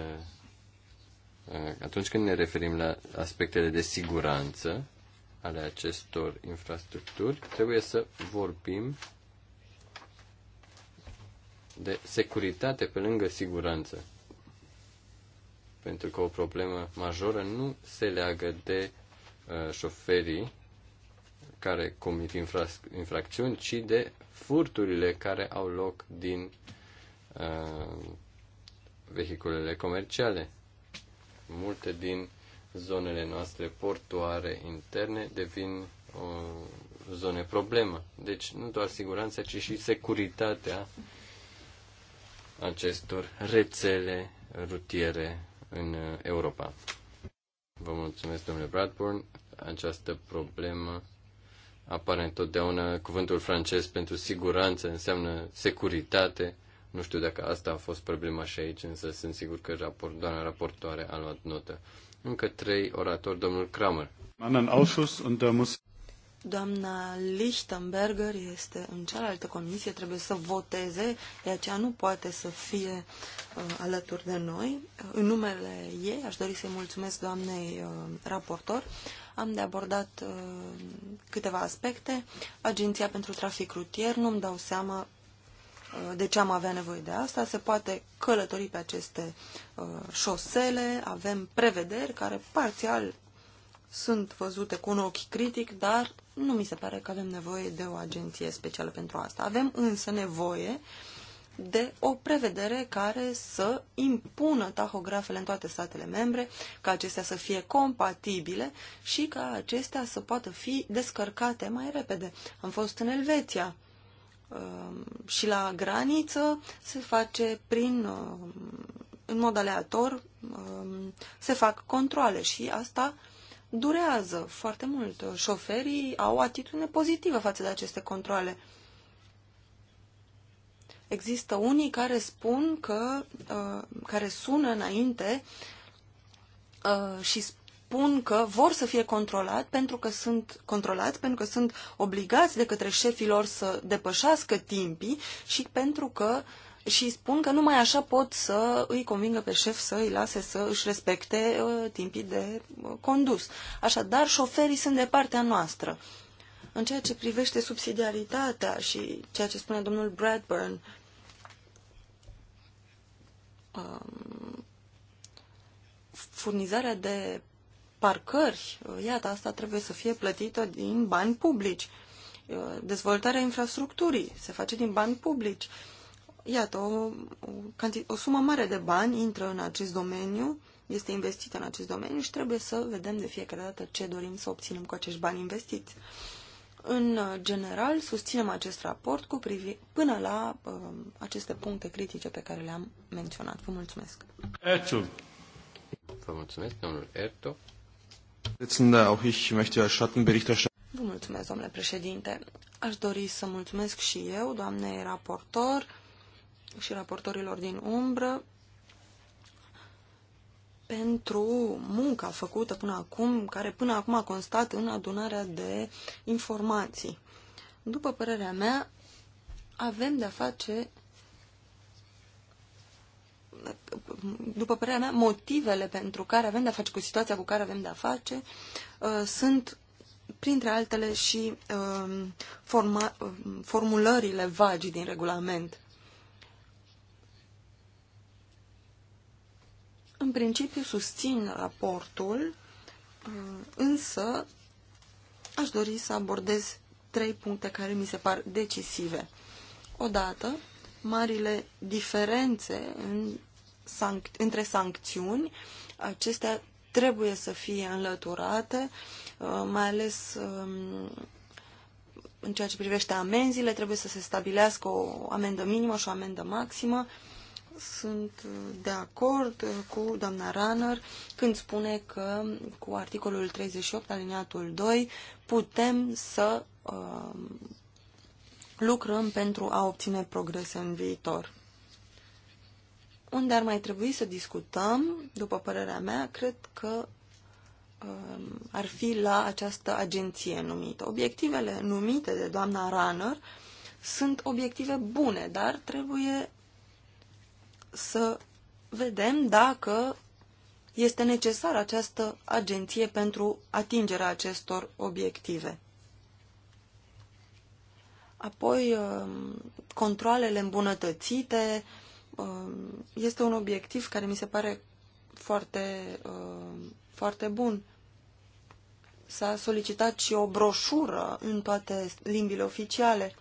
uh, atunci când ne referim la aspectele de siguranță ale acestor infrastructuri, trebuie să vorbim de securitate pe lângă siguranță pentru că o problemă majoră nu se leagă de uh, șoferii care comit infra- infracțiuni, ci de furturile care au loc din uh, vehiculele comerciale. Multe din zonele noastre portoare interne devin o uh, zone problemă. Deci nu doar siguranța, ci și securitatea acestor rețele rutiere în uh, Europa. Vă mulțumesc, domnule Bradburn. Această problemă apare întotdeauna. Cuvântul francez pentru siguranță înseamnă securitate. Nu știu dacă asta a fost problema și aici, însă sunt sigur că raport, doamna raportoare a luat notă. Încă trei oratori, domnul Kramer. Doamna Lichtenberger este în cealaltă comisie, trebuie să voteze, de aceea nu poate să fie uh, alături de noi. În numele ei aș dori să-i mulțumesc doamnei uh, raportor. Am de abordat uh, câteva aspecte. Agenția pentru trafic rutier, nu-mi dau seama uh, de ce am avea nevoie de asta. Se poate călători pe aceste uh, șosele, avem prevederi care parțial sunt văzute cu un ochi critic, dar nu mi se pare că avem nevoie de o agenție specială pentru asta. Avem însă nevoie de o prevedere care să impună tahografele în toate statele membre, ca acestea să fie compatibile și ca acestea să poată fi descărcate mai repede. Am fost în Elveția um, și la graniță se face prin, um, în mod aleator, um, se fac controle și asta durează foarte mult. Șoferii au o atitudine pozitivă față de aceste controle. Există unii care spun că, uh, care sună înainte uh, și spun că vor să fie controlați pentru că sunt controlați pentru că sunt obligați de către șefii lor să depășească timpii și pentru că uh, și spun că numai așa pot să îi convingă pe șef să îi lase să își respecte uh, timpii de uh, condus. Așadar, șoferii sunt de partea noastră. În ceea ce privește subsidiaritatea și ceea ce spune domnul Bradburn, um, furnizarea de parcări, uh, iată, asta trebuie să fie plătită din bani publici. Dezvoltarea infrastructurii se face din bani publici. Uh, iată, o, o, o sumă mare de bani intră în acest domeniu, este investită în acest domeniu și trebuie să vedem de fiecare dată ce dorim să obținem cu acești bani investiți. În general, susținem acest raport cu privi, până la uh, aceste puncte critice pe care le-am menționat. Vă mulțumesc! Ertu. Vă mulțumesc, domnul Erto. Vă mulțumesc, domnule președinte. Aș dori să mulțumesc și eu, doamnei raportor, și raportorilor din umbră pentru munca făcută până acum, care până acum a constat în adunarea de informații. După părerea mea, avem de-a face după părerea mea, motivele pentru care avem de-a face cu situația cu care avem de-a face uh, sunt, printre altele, și uh, forma, uh, formulările vagi din regulament. În principiu susțin raportul, uh, însă aș dori să abordez trei puncte care mi se par decisive. Odată, marile diferențe în sanct între sancțiuni, acestea trebuie să fie înlăturate, uh, mai ales um, în ceea ce privește amenziile, trebuie să se stabilească o amendă minimă și o amendă maximă sunt uh, de acord uh, cu doamna Runner când spune că cu articolul 38 alineatul 2 putem să uh, lucrăm pentru a obține progrese în viitor. Unde ar mai trebui să discutăm, după părerea mea, cred că uh, ar fi la această agenție numită. Obiectivele numite de doamna Runner sunt obiective bune, dar trebuie să vedem dacă este necesară această agenție pentru atingerea acestor obiective. Apoi, um, controlele îmbunătățite um, este un obiectiv care mi se pare foarte, um, foarte bun. S-a solicitat și o broșură în toate limbile oficiale.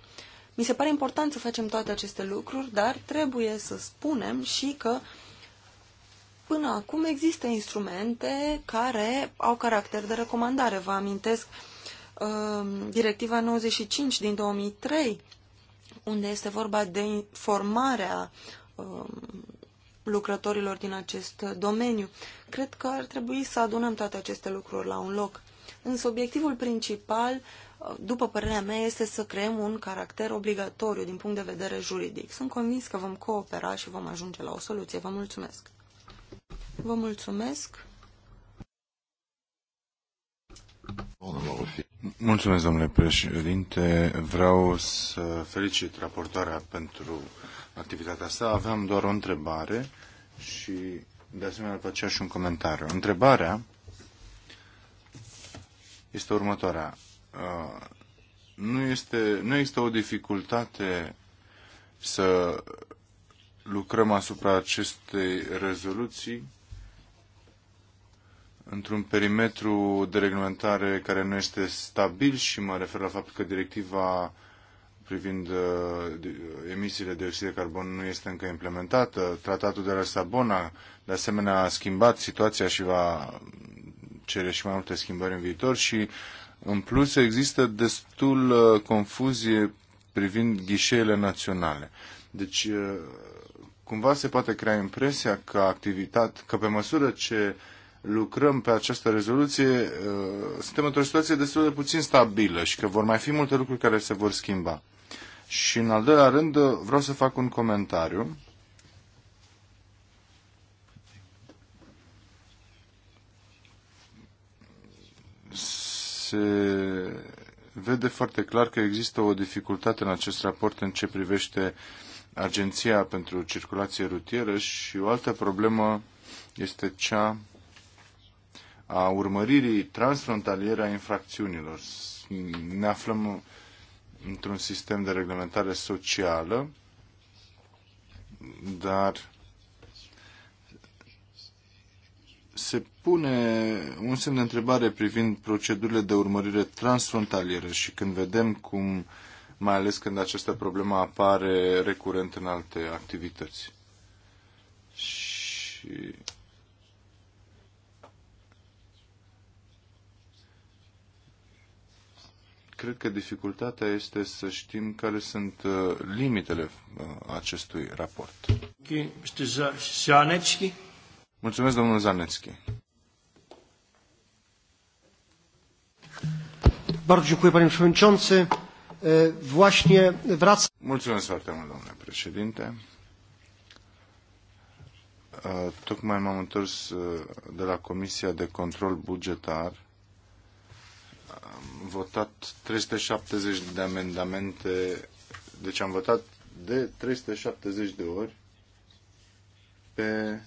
Mi se pare important să facem toate aceste lucruri, dar trebuie să spunem și că până acum există instrumente care au caracter de recomandare. Vă amintesc um, Directiva 95 din 2003, unde este vorba de formarea um, lucrătorilor din acest domeniu. Cred că ar trebui să adunăm toate aceste lucruri la un loc. Însă obiectivul principal după părerea mea, este să creăm un caracter obligatoriu din punct de vedere juridic. Sunt convins că vom coopera și vom ajunge la o soluție. Vă mulțumesc! Vă mulțumesc! Mulțumesc, domnule președinte. Vreau să felicit raportoarea pentru activitatea sa. Aveam doar o întrebare și, de asemenea, făcea și un comentariu. Întrebarea este următoarea. Uh, nu, este, nu există o dificultate să lucrăm asupra acestei rezoluții într-un perimetru de reglementare care nu este stabil și mă refer la faptul că directiva privind uh, emisiile de oxid de carbon nu este încă implementată. Tratatul de la Sabona, de asemenea, a schimbat situația și va cere și mai multe schimbări în viitor și în plus, există destul uh, confuzie privind ghișeele naționale. Deci, uh, cumva se poate crea impresia că activitate, că pe măsură ce lucrăm pe această rezoluție, uh, suntem într-o situație destul de puțin stabilă și că vor mai fi multe lucruri care se vor schimba. Și în al doilea rând, vreau să fac un comentariu se vede foarte clar că există o dificultate în acest raport în ce privește Agenția pentru Circulație Rutieră și o altă problemă este cea a urmăririi transfrontaliere a infracțiunilor. Ne aflăm într-un sistem de reglementare socială, dar se pune un semn de întrebare privind procedurile de urmărire transfrontalieră și când vedem cum, mai ales când această problemă apare recurent în alte activități. Și cred că dificultatea este să știm care sunt uh, limitele uh, acestui raport. Știți, Mulțumesc, domnul Zanetski. Bardzo dziękuję, panie przewodniczący. Właśnie wracam. Mulțumesc foarte mult, domnule președinte. Tocmai m-am întors de la Comisia de Control Bugetar. Am votat 370 de amendamente, deci am votat de 370 de ori pe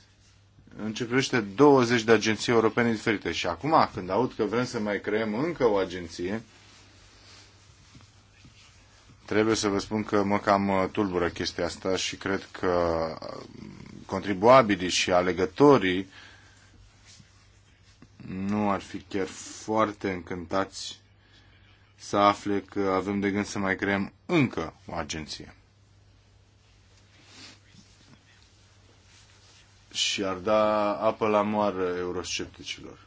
în ce privește 20 de agenții europene diferite. Și acum, când aud că vrem să mai creăm încă o agenție, trebuie să vă spun că mă cam uh, tulbură chestia asta și cred că uh, contribuabilii și alegătorii nu ar fi chiar foarte încântați să afle că avem de gând să mai creăm încă o agenție. și ar da apă la moară euroscepticilor.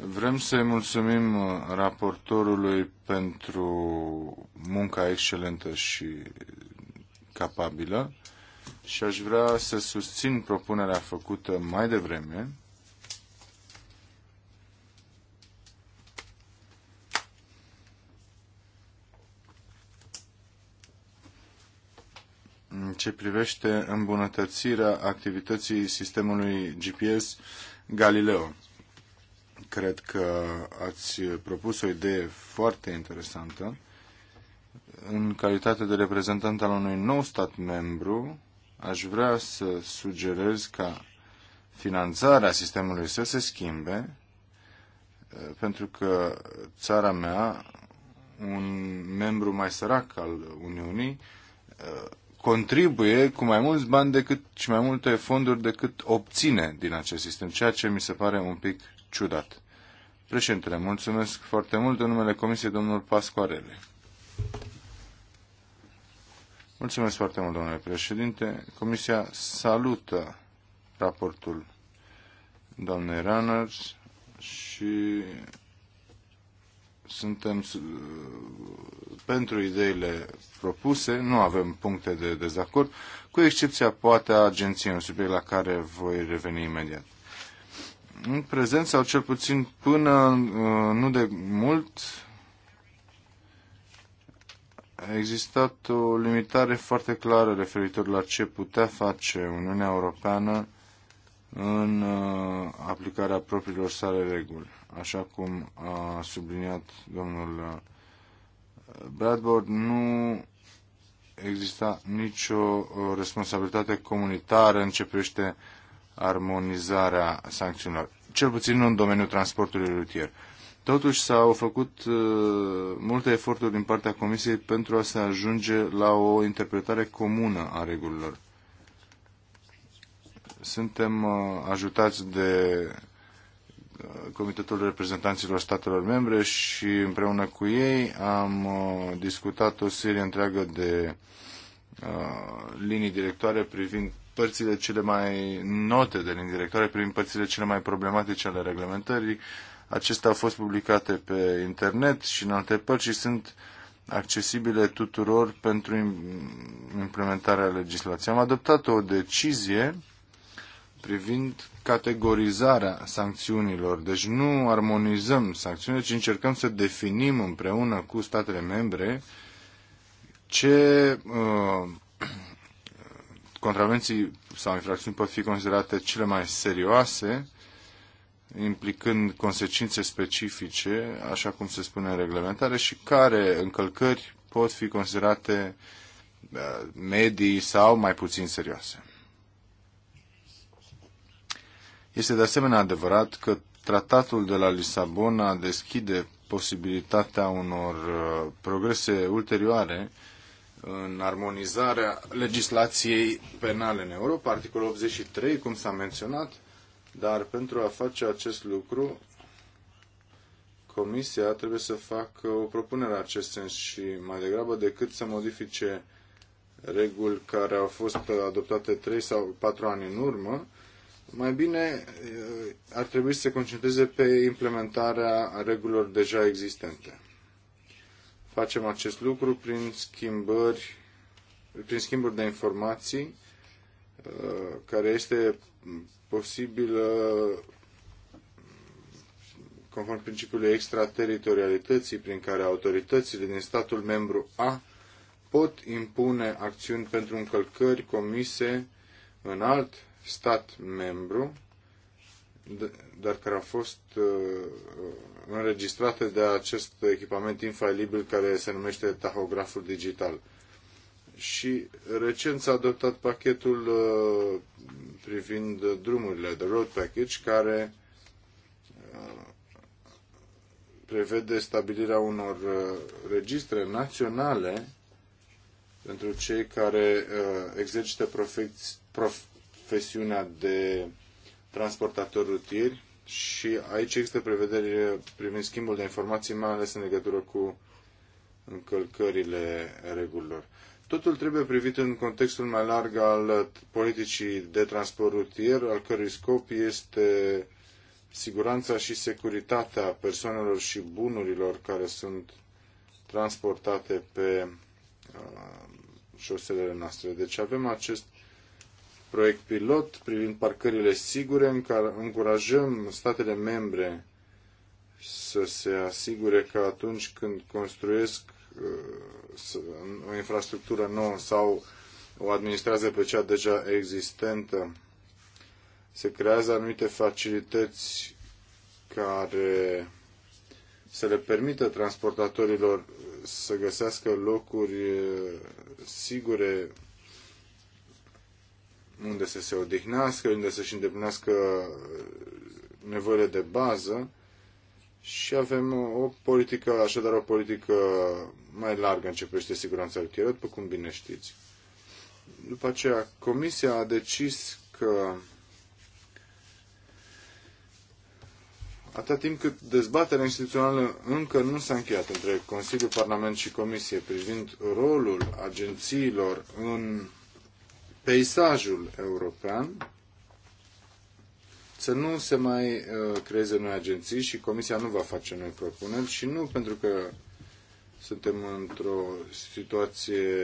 Vrem să-i mulțumim uh, raportorului pentru munca excelentă și capabilă și aș vrea să susțin propunerea făcută mai devreme ce privește îmbunătățirea activității sistemului GPS Galileo. Cred că ați propus o idee foarte interesantă. În calitate de reprezentant al unui nou stat membru, aș vrea să sugerez ca finanțarea sistemului să se schimbe, pentru că țara mea, un membru mai sărac al Uniunii, contribuie cu mai mulți bani decât și mai multe fonduri decât obține din acest sistem, ceea ce mi se pare un pic ciudat. Președintele, mulțumesc foarte mult în numele Comisiei domnul Pascoarele. Mulțumesc foarte mult, domnule președinte. Comisia salută raportul doamnei Runners și suntem uh, pentru ideile propuse, nu avem puncte de dezacord, cu excepția poate a agenției, un subiect la care voi reveni imediat. În prezent, sau cel puțin până uh, nu de mult, a existat o limitare foarte clară referitor la ce putea face Uniunea Europeană în uh, aplicarea propriilor sale reguli, așa cum a subliniat domnul uh, Bradford, nu exista nicio uh, responsabilitate comunitară în ce privește armonizarea sancțiunilor, cel puțin nu în domeniul transportului rutier. Totuși s-au făcut uh, multe eforturi din partea Comisiei pentru a se ajunge la o interpretare comună a regulilor. Suntem uh, ajutați de uh, Comitetul Reprezentanților Statelor Membre și împreună cu ei am uh, discutat o serie întreagă de linii directoare privind părțile cele mai note de linii directoare, privind părțile cele mai problematice ale reglementării. Acestea au fost publicate pe internet și în alte părți și sunt accesibile tuturor pentru implementarea legislației. Am adoptat o decizie privind categorizarea sancțiunilor. Deci nu armonizăm sancțiunile, ci încercăm să definim împreună cu statele membre ce uh, *clears throat* contravenții sau infracțiuni pot fi considerate cele mai serioase, implicând consecințe specifice, așa cum se spune în reglementare, și care încălcări pot fi considerate uh, medii sau mai puțin serioase. Este de asemenea adevărat că tratatul de la Lisabona deschide posibilitatea unor uh, progrese ulterioare în armonizarea legislației penale în Europa, articolul 83, cum s-a menționat, dar pentru a face acest lucru, Comisia trebuie să facă o propunere în acest sens și mai degrabă decât să modifice reguli care au fost adoptate 3 sau 4 ani în urmă, mai bine eh, ar trebui să se concentreze pe implementarea regulilor deja existente. Facem acest lucru prin schimbări, prin schimburi de informații, eh, care este posibilă conform principiului extrateritorialității, prin care autoritățile din statul membru A pot impune acțiuni pentru încălcări comise în alt stat membru, dar care au fost uh, uh, înregistrate de acest echipament infailibil care se numește tahograful digital. Și recent s-a adoptat pachetul uh, privind drumurile, The Road Package, care prevede stabilirea unor registre naționale pentru cei care exercită profesiunea de transportator rutier și aici există prevederi privind schimbul de informații, mai ales în legătură cu încălcările regulilor. Totul trebuie privit în contextul mai larg al politicii de transport rutier, al cărui scop este siguranța și securitatea persoanelor și bunurilor care sunt transportate pe uh, șoselele noastre. Deci avem acest proiect pilot privind parcările sigure, în care încurajăm statele membre să se asigure că atunci când construiesc uh, o infrastructură nouă sau o administrează pe cea deja existentă, se creează anumite facilități care să le permită transportatorilor să găsească locuri uh, sigure unde să se odihnească, unde să-și îndeplinească uh, nevoile de bază și avem o politică, așadar o politică mai largă în ce privește siguranța rutieră, după cum bine știți. După aceea, Comisia a decis că atâta timp cât dezbaterea instituțională încă nu s-a încheiat între Consiliul, Parlament și Comisie privind rolul agențiilor în peisajul european, să nu se mai uh, creeze noi agenții și Comisia nu va face noi propuneri și nu pentru că suntem într-o situație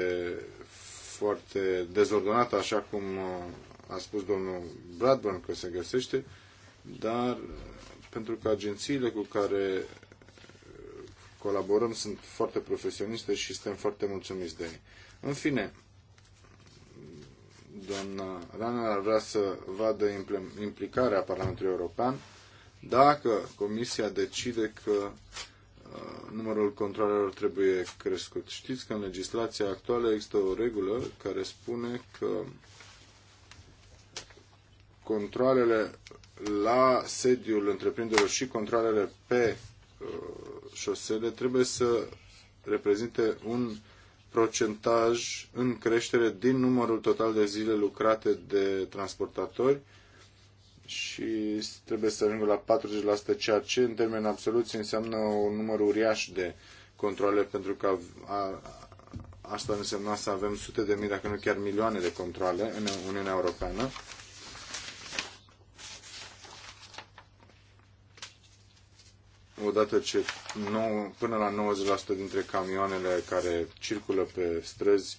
foarte dezordonată, așa cum uh, a spus domnul Bradburn că se găsește, dar pentru că agențiile cu care uh, colaborăm sunt foarte profesioniste și suntem foarte mulțumiți de ei. În fine, doamna Rana ar vrea să vadă implicarea Parlamentului European dacă Comisia decide că uh, numărul controlelor trebuie crescut. Știți că în legislația actuală există o regulă care spune că controlele la sediul întreprinderilor și controlele pe uh, șosele trebuie să reprezinte un procentaj în creștere din numărul total de zile lucrate de transportatori și trebuie să ajungă la 40%, ceea ce în termeni absoluți înseamnă un număr uriaș de controle, pentru că a, asta însemna să avem sute de mii, dacă nu chiar milioane de controle în Uniunea Europeană. odată ce nou, până la 90% dintre camioanele care circulă pe străzi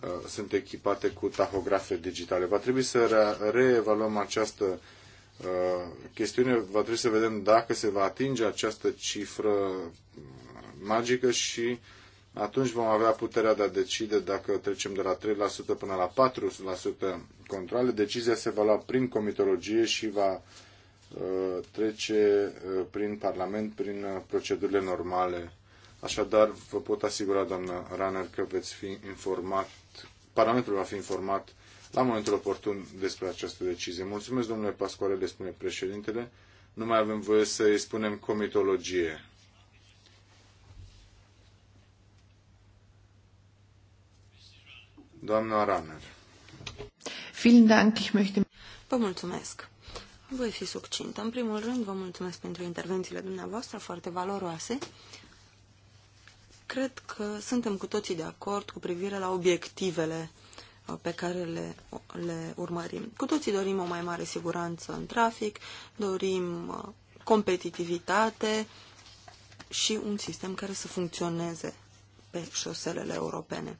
uh, sunt echipate cu tahografe digitale. Va trebui să reevaluăm această uh, chestiune, va trebui să vedem dacă se va atinge această cifră magică și atunci vom avea puterea de a decide dacă trecem de la 3% până la 4% controle. Decizia se va lua prin comitologie și va uh, Uh, trece uh, prin Parlament, prin uh, procedurile normale. Așadar, vă pot asigura, doamnă Runner, că veți fi informat, Parlamentul va fi informat la momentul oportun despre această decizie. Mulțumesc, domnule Pascoare, le spune președintele. Nu mai avem voie să îi spunem comitologie. Doamna Runner. Vielen Dank, ich möchte... Vă mulțumesc. Voi fi succintă. În primul rând, vă mulțumesc pentru intervențiile dumneavoastră foarte valoroase. Cred că suntem cu toții de acord cu privire la obiectivele uh, pe care le, le urmărim. Cu toții dorim o mai mare siguranță în trafic, dorim uh, competitivitate și un sistem care să funcționeze pe șoselele europene.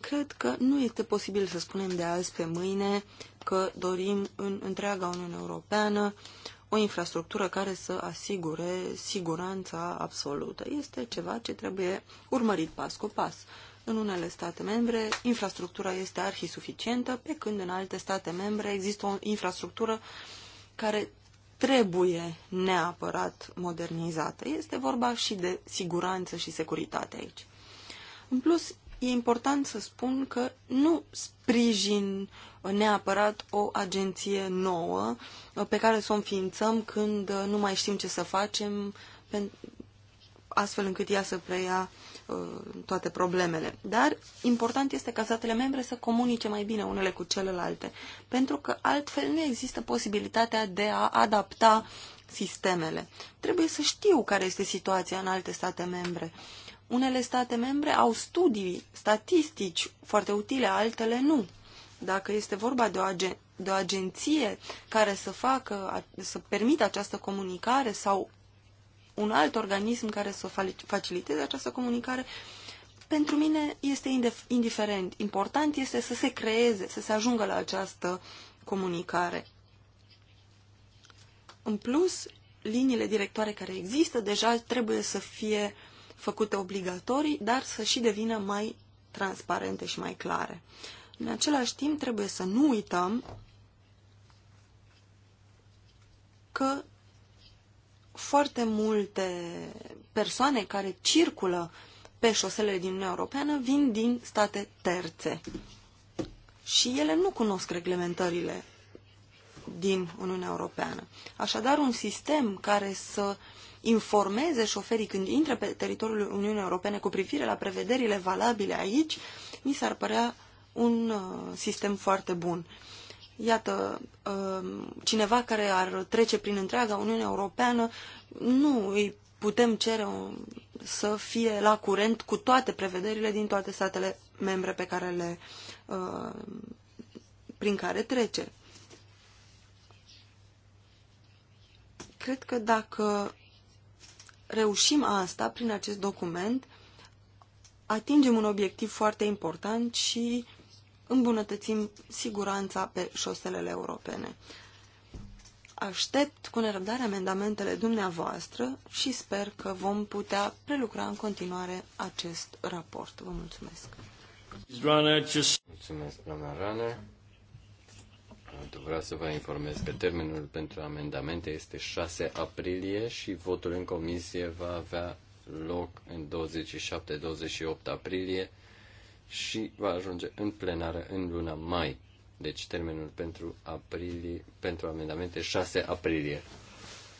Cred că nu este posibil să spunem de azi pe mâine că dorim în întreaga Uniune Europeană o infrastructură care să asigure siguranța absolută. Este ceva ce trebuie urmărit pas cu pas. În unele state membre, infrastructura este arhisuficientă, pe când în alte state membre există o infrastructură care trebuie neapărat modernizată. Este vorba și de siguranță și securitate aici. În plus, e important să spun că nu sprijin neapărat o agenție nouă uh, pe care să o înființăm când uh, nu mai știm ce să facem astfel încât ea să preia uh, toate problemele. Dar important este ca statele membre să comunice mai bine unele cu celelalte, pentru că altfel nu există posibilitatea de a adapta sistemele. Trebuie să știu care este situația în alte state membre unele state membre au studii statistici foarte utile, altele nu. Dacă este vorba de o, agen- de o agenție care să facă, să permită această comunicare sau un alt organism care să faciliteze această comunicare, pentru mine este indiferent. Important este să se creeze, să se ajungă la această comunicare. În plus, liniile directoare care există deja trebuie să fie făcute obligatorii, dar să și devină mai transparente și mai clare. În același timp, trebuie să nu uităm că foarte multe persoane care circulă pe șosele din Uniunea Europeană vin din state terțe. Și ele nu cunosc reglementările din Uniunea Europeană. Așadar, un sistem care să informeze șoferii când intră pe teritoriul Uniunii Europene cu privire la prevederile valabile aici, mi s-ar părea un uh, sistem foarte bun. Iată, uh, cineva care ar trece prin întreaga Uniune Europeană, nu îi putem cere uh, să fie la curent cu toate prevederile din toate statele membre pe care le, prin care trece. Cred că dacă reușim asta prin acest document, atingem un obiectiv foarte important și îmbunătățim siguranța pe șoselele europene. Aștept cu nerăbdare amendamentele dumneavoastră și sper că vom putea prelucra în continuare acest raport. Vă mulțumesc! Mulțumesc, doamna Rane. Parlamentul. Vreau să vă informez că termenul pentru amendamente este 6 aprilie și votul în comisie va avea loc în 27-28 aprilie și va ajunge în plenară în luna mai. Deci termenul pentru, aprilie, pentru amendamente 6 aprilie.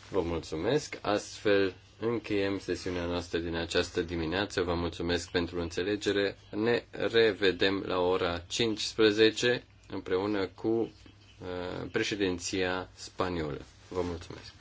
Vă mulțumesc. Astfel încheiem sesiunea noastră din această dimineață. Vă mulțumesc pentru înțelegere. Ne revedem la ora 15 împreună cu președinția spaniolă. Vă mulțumesc.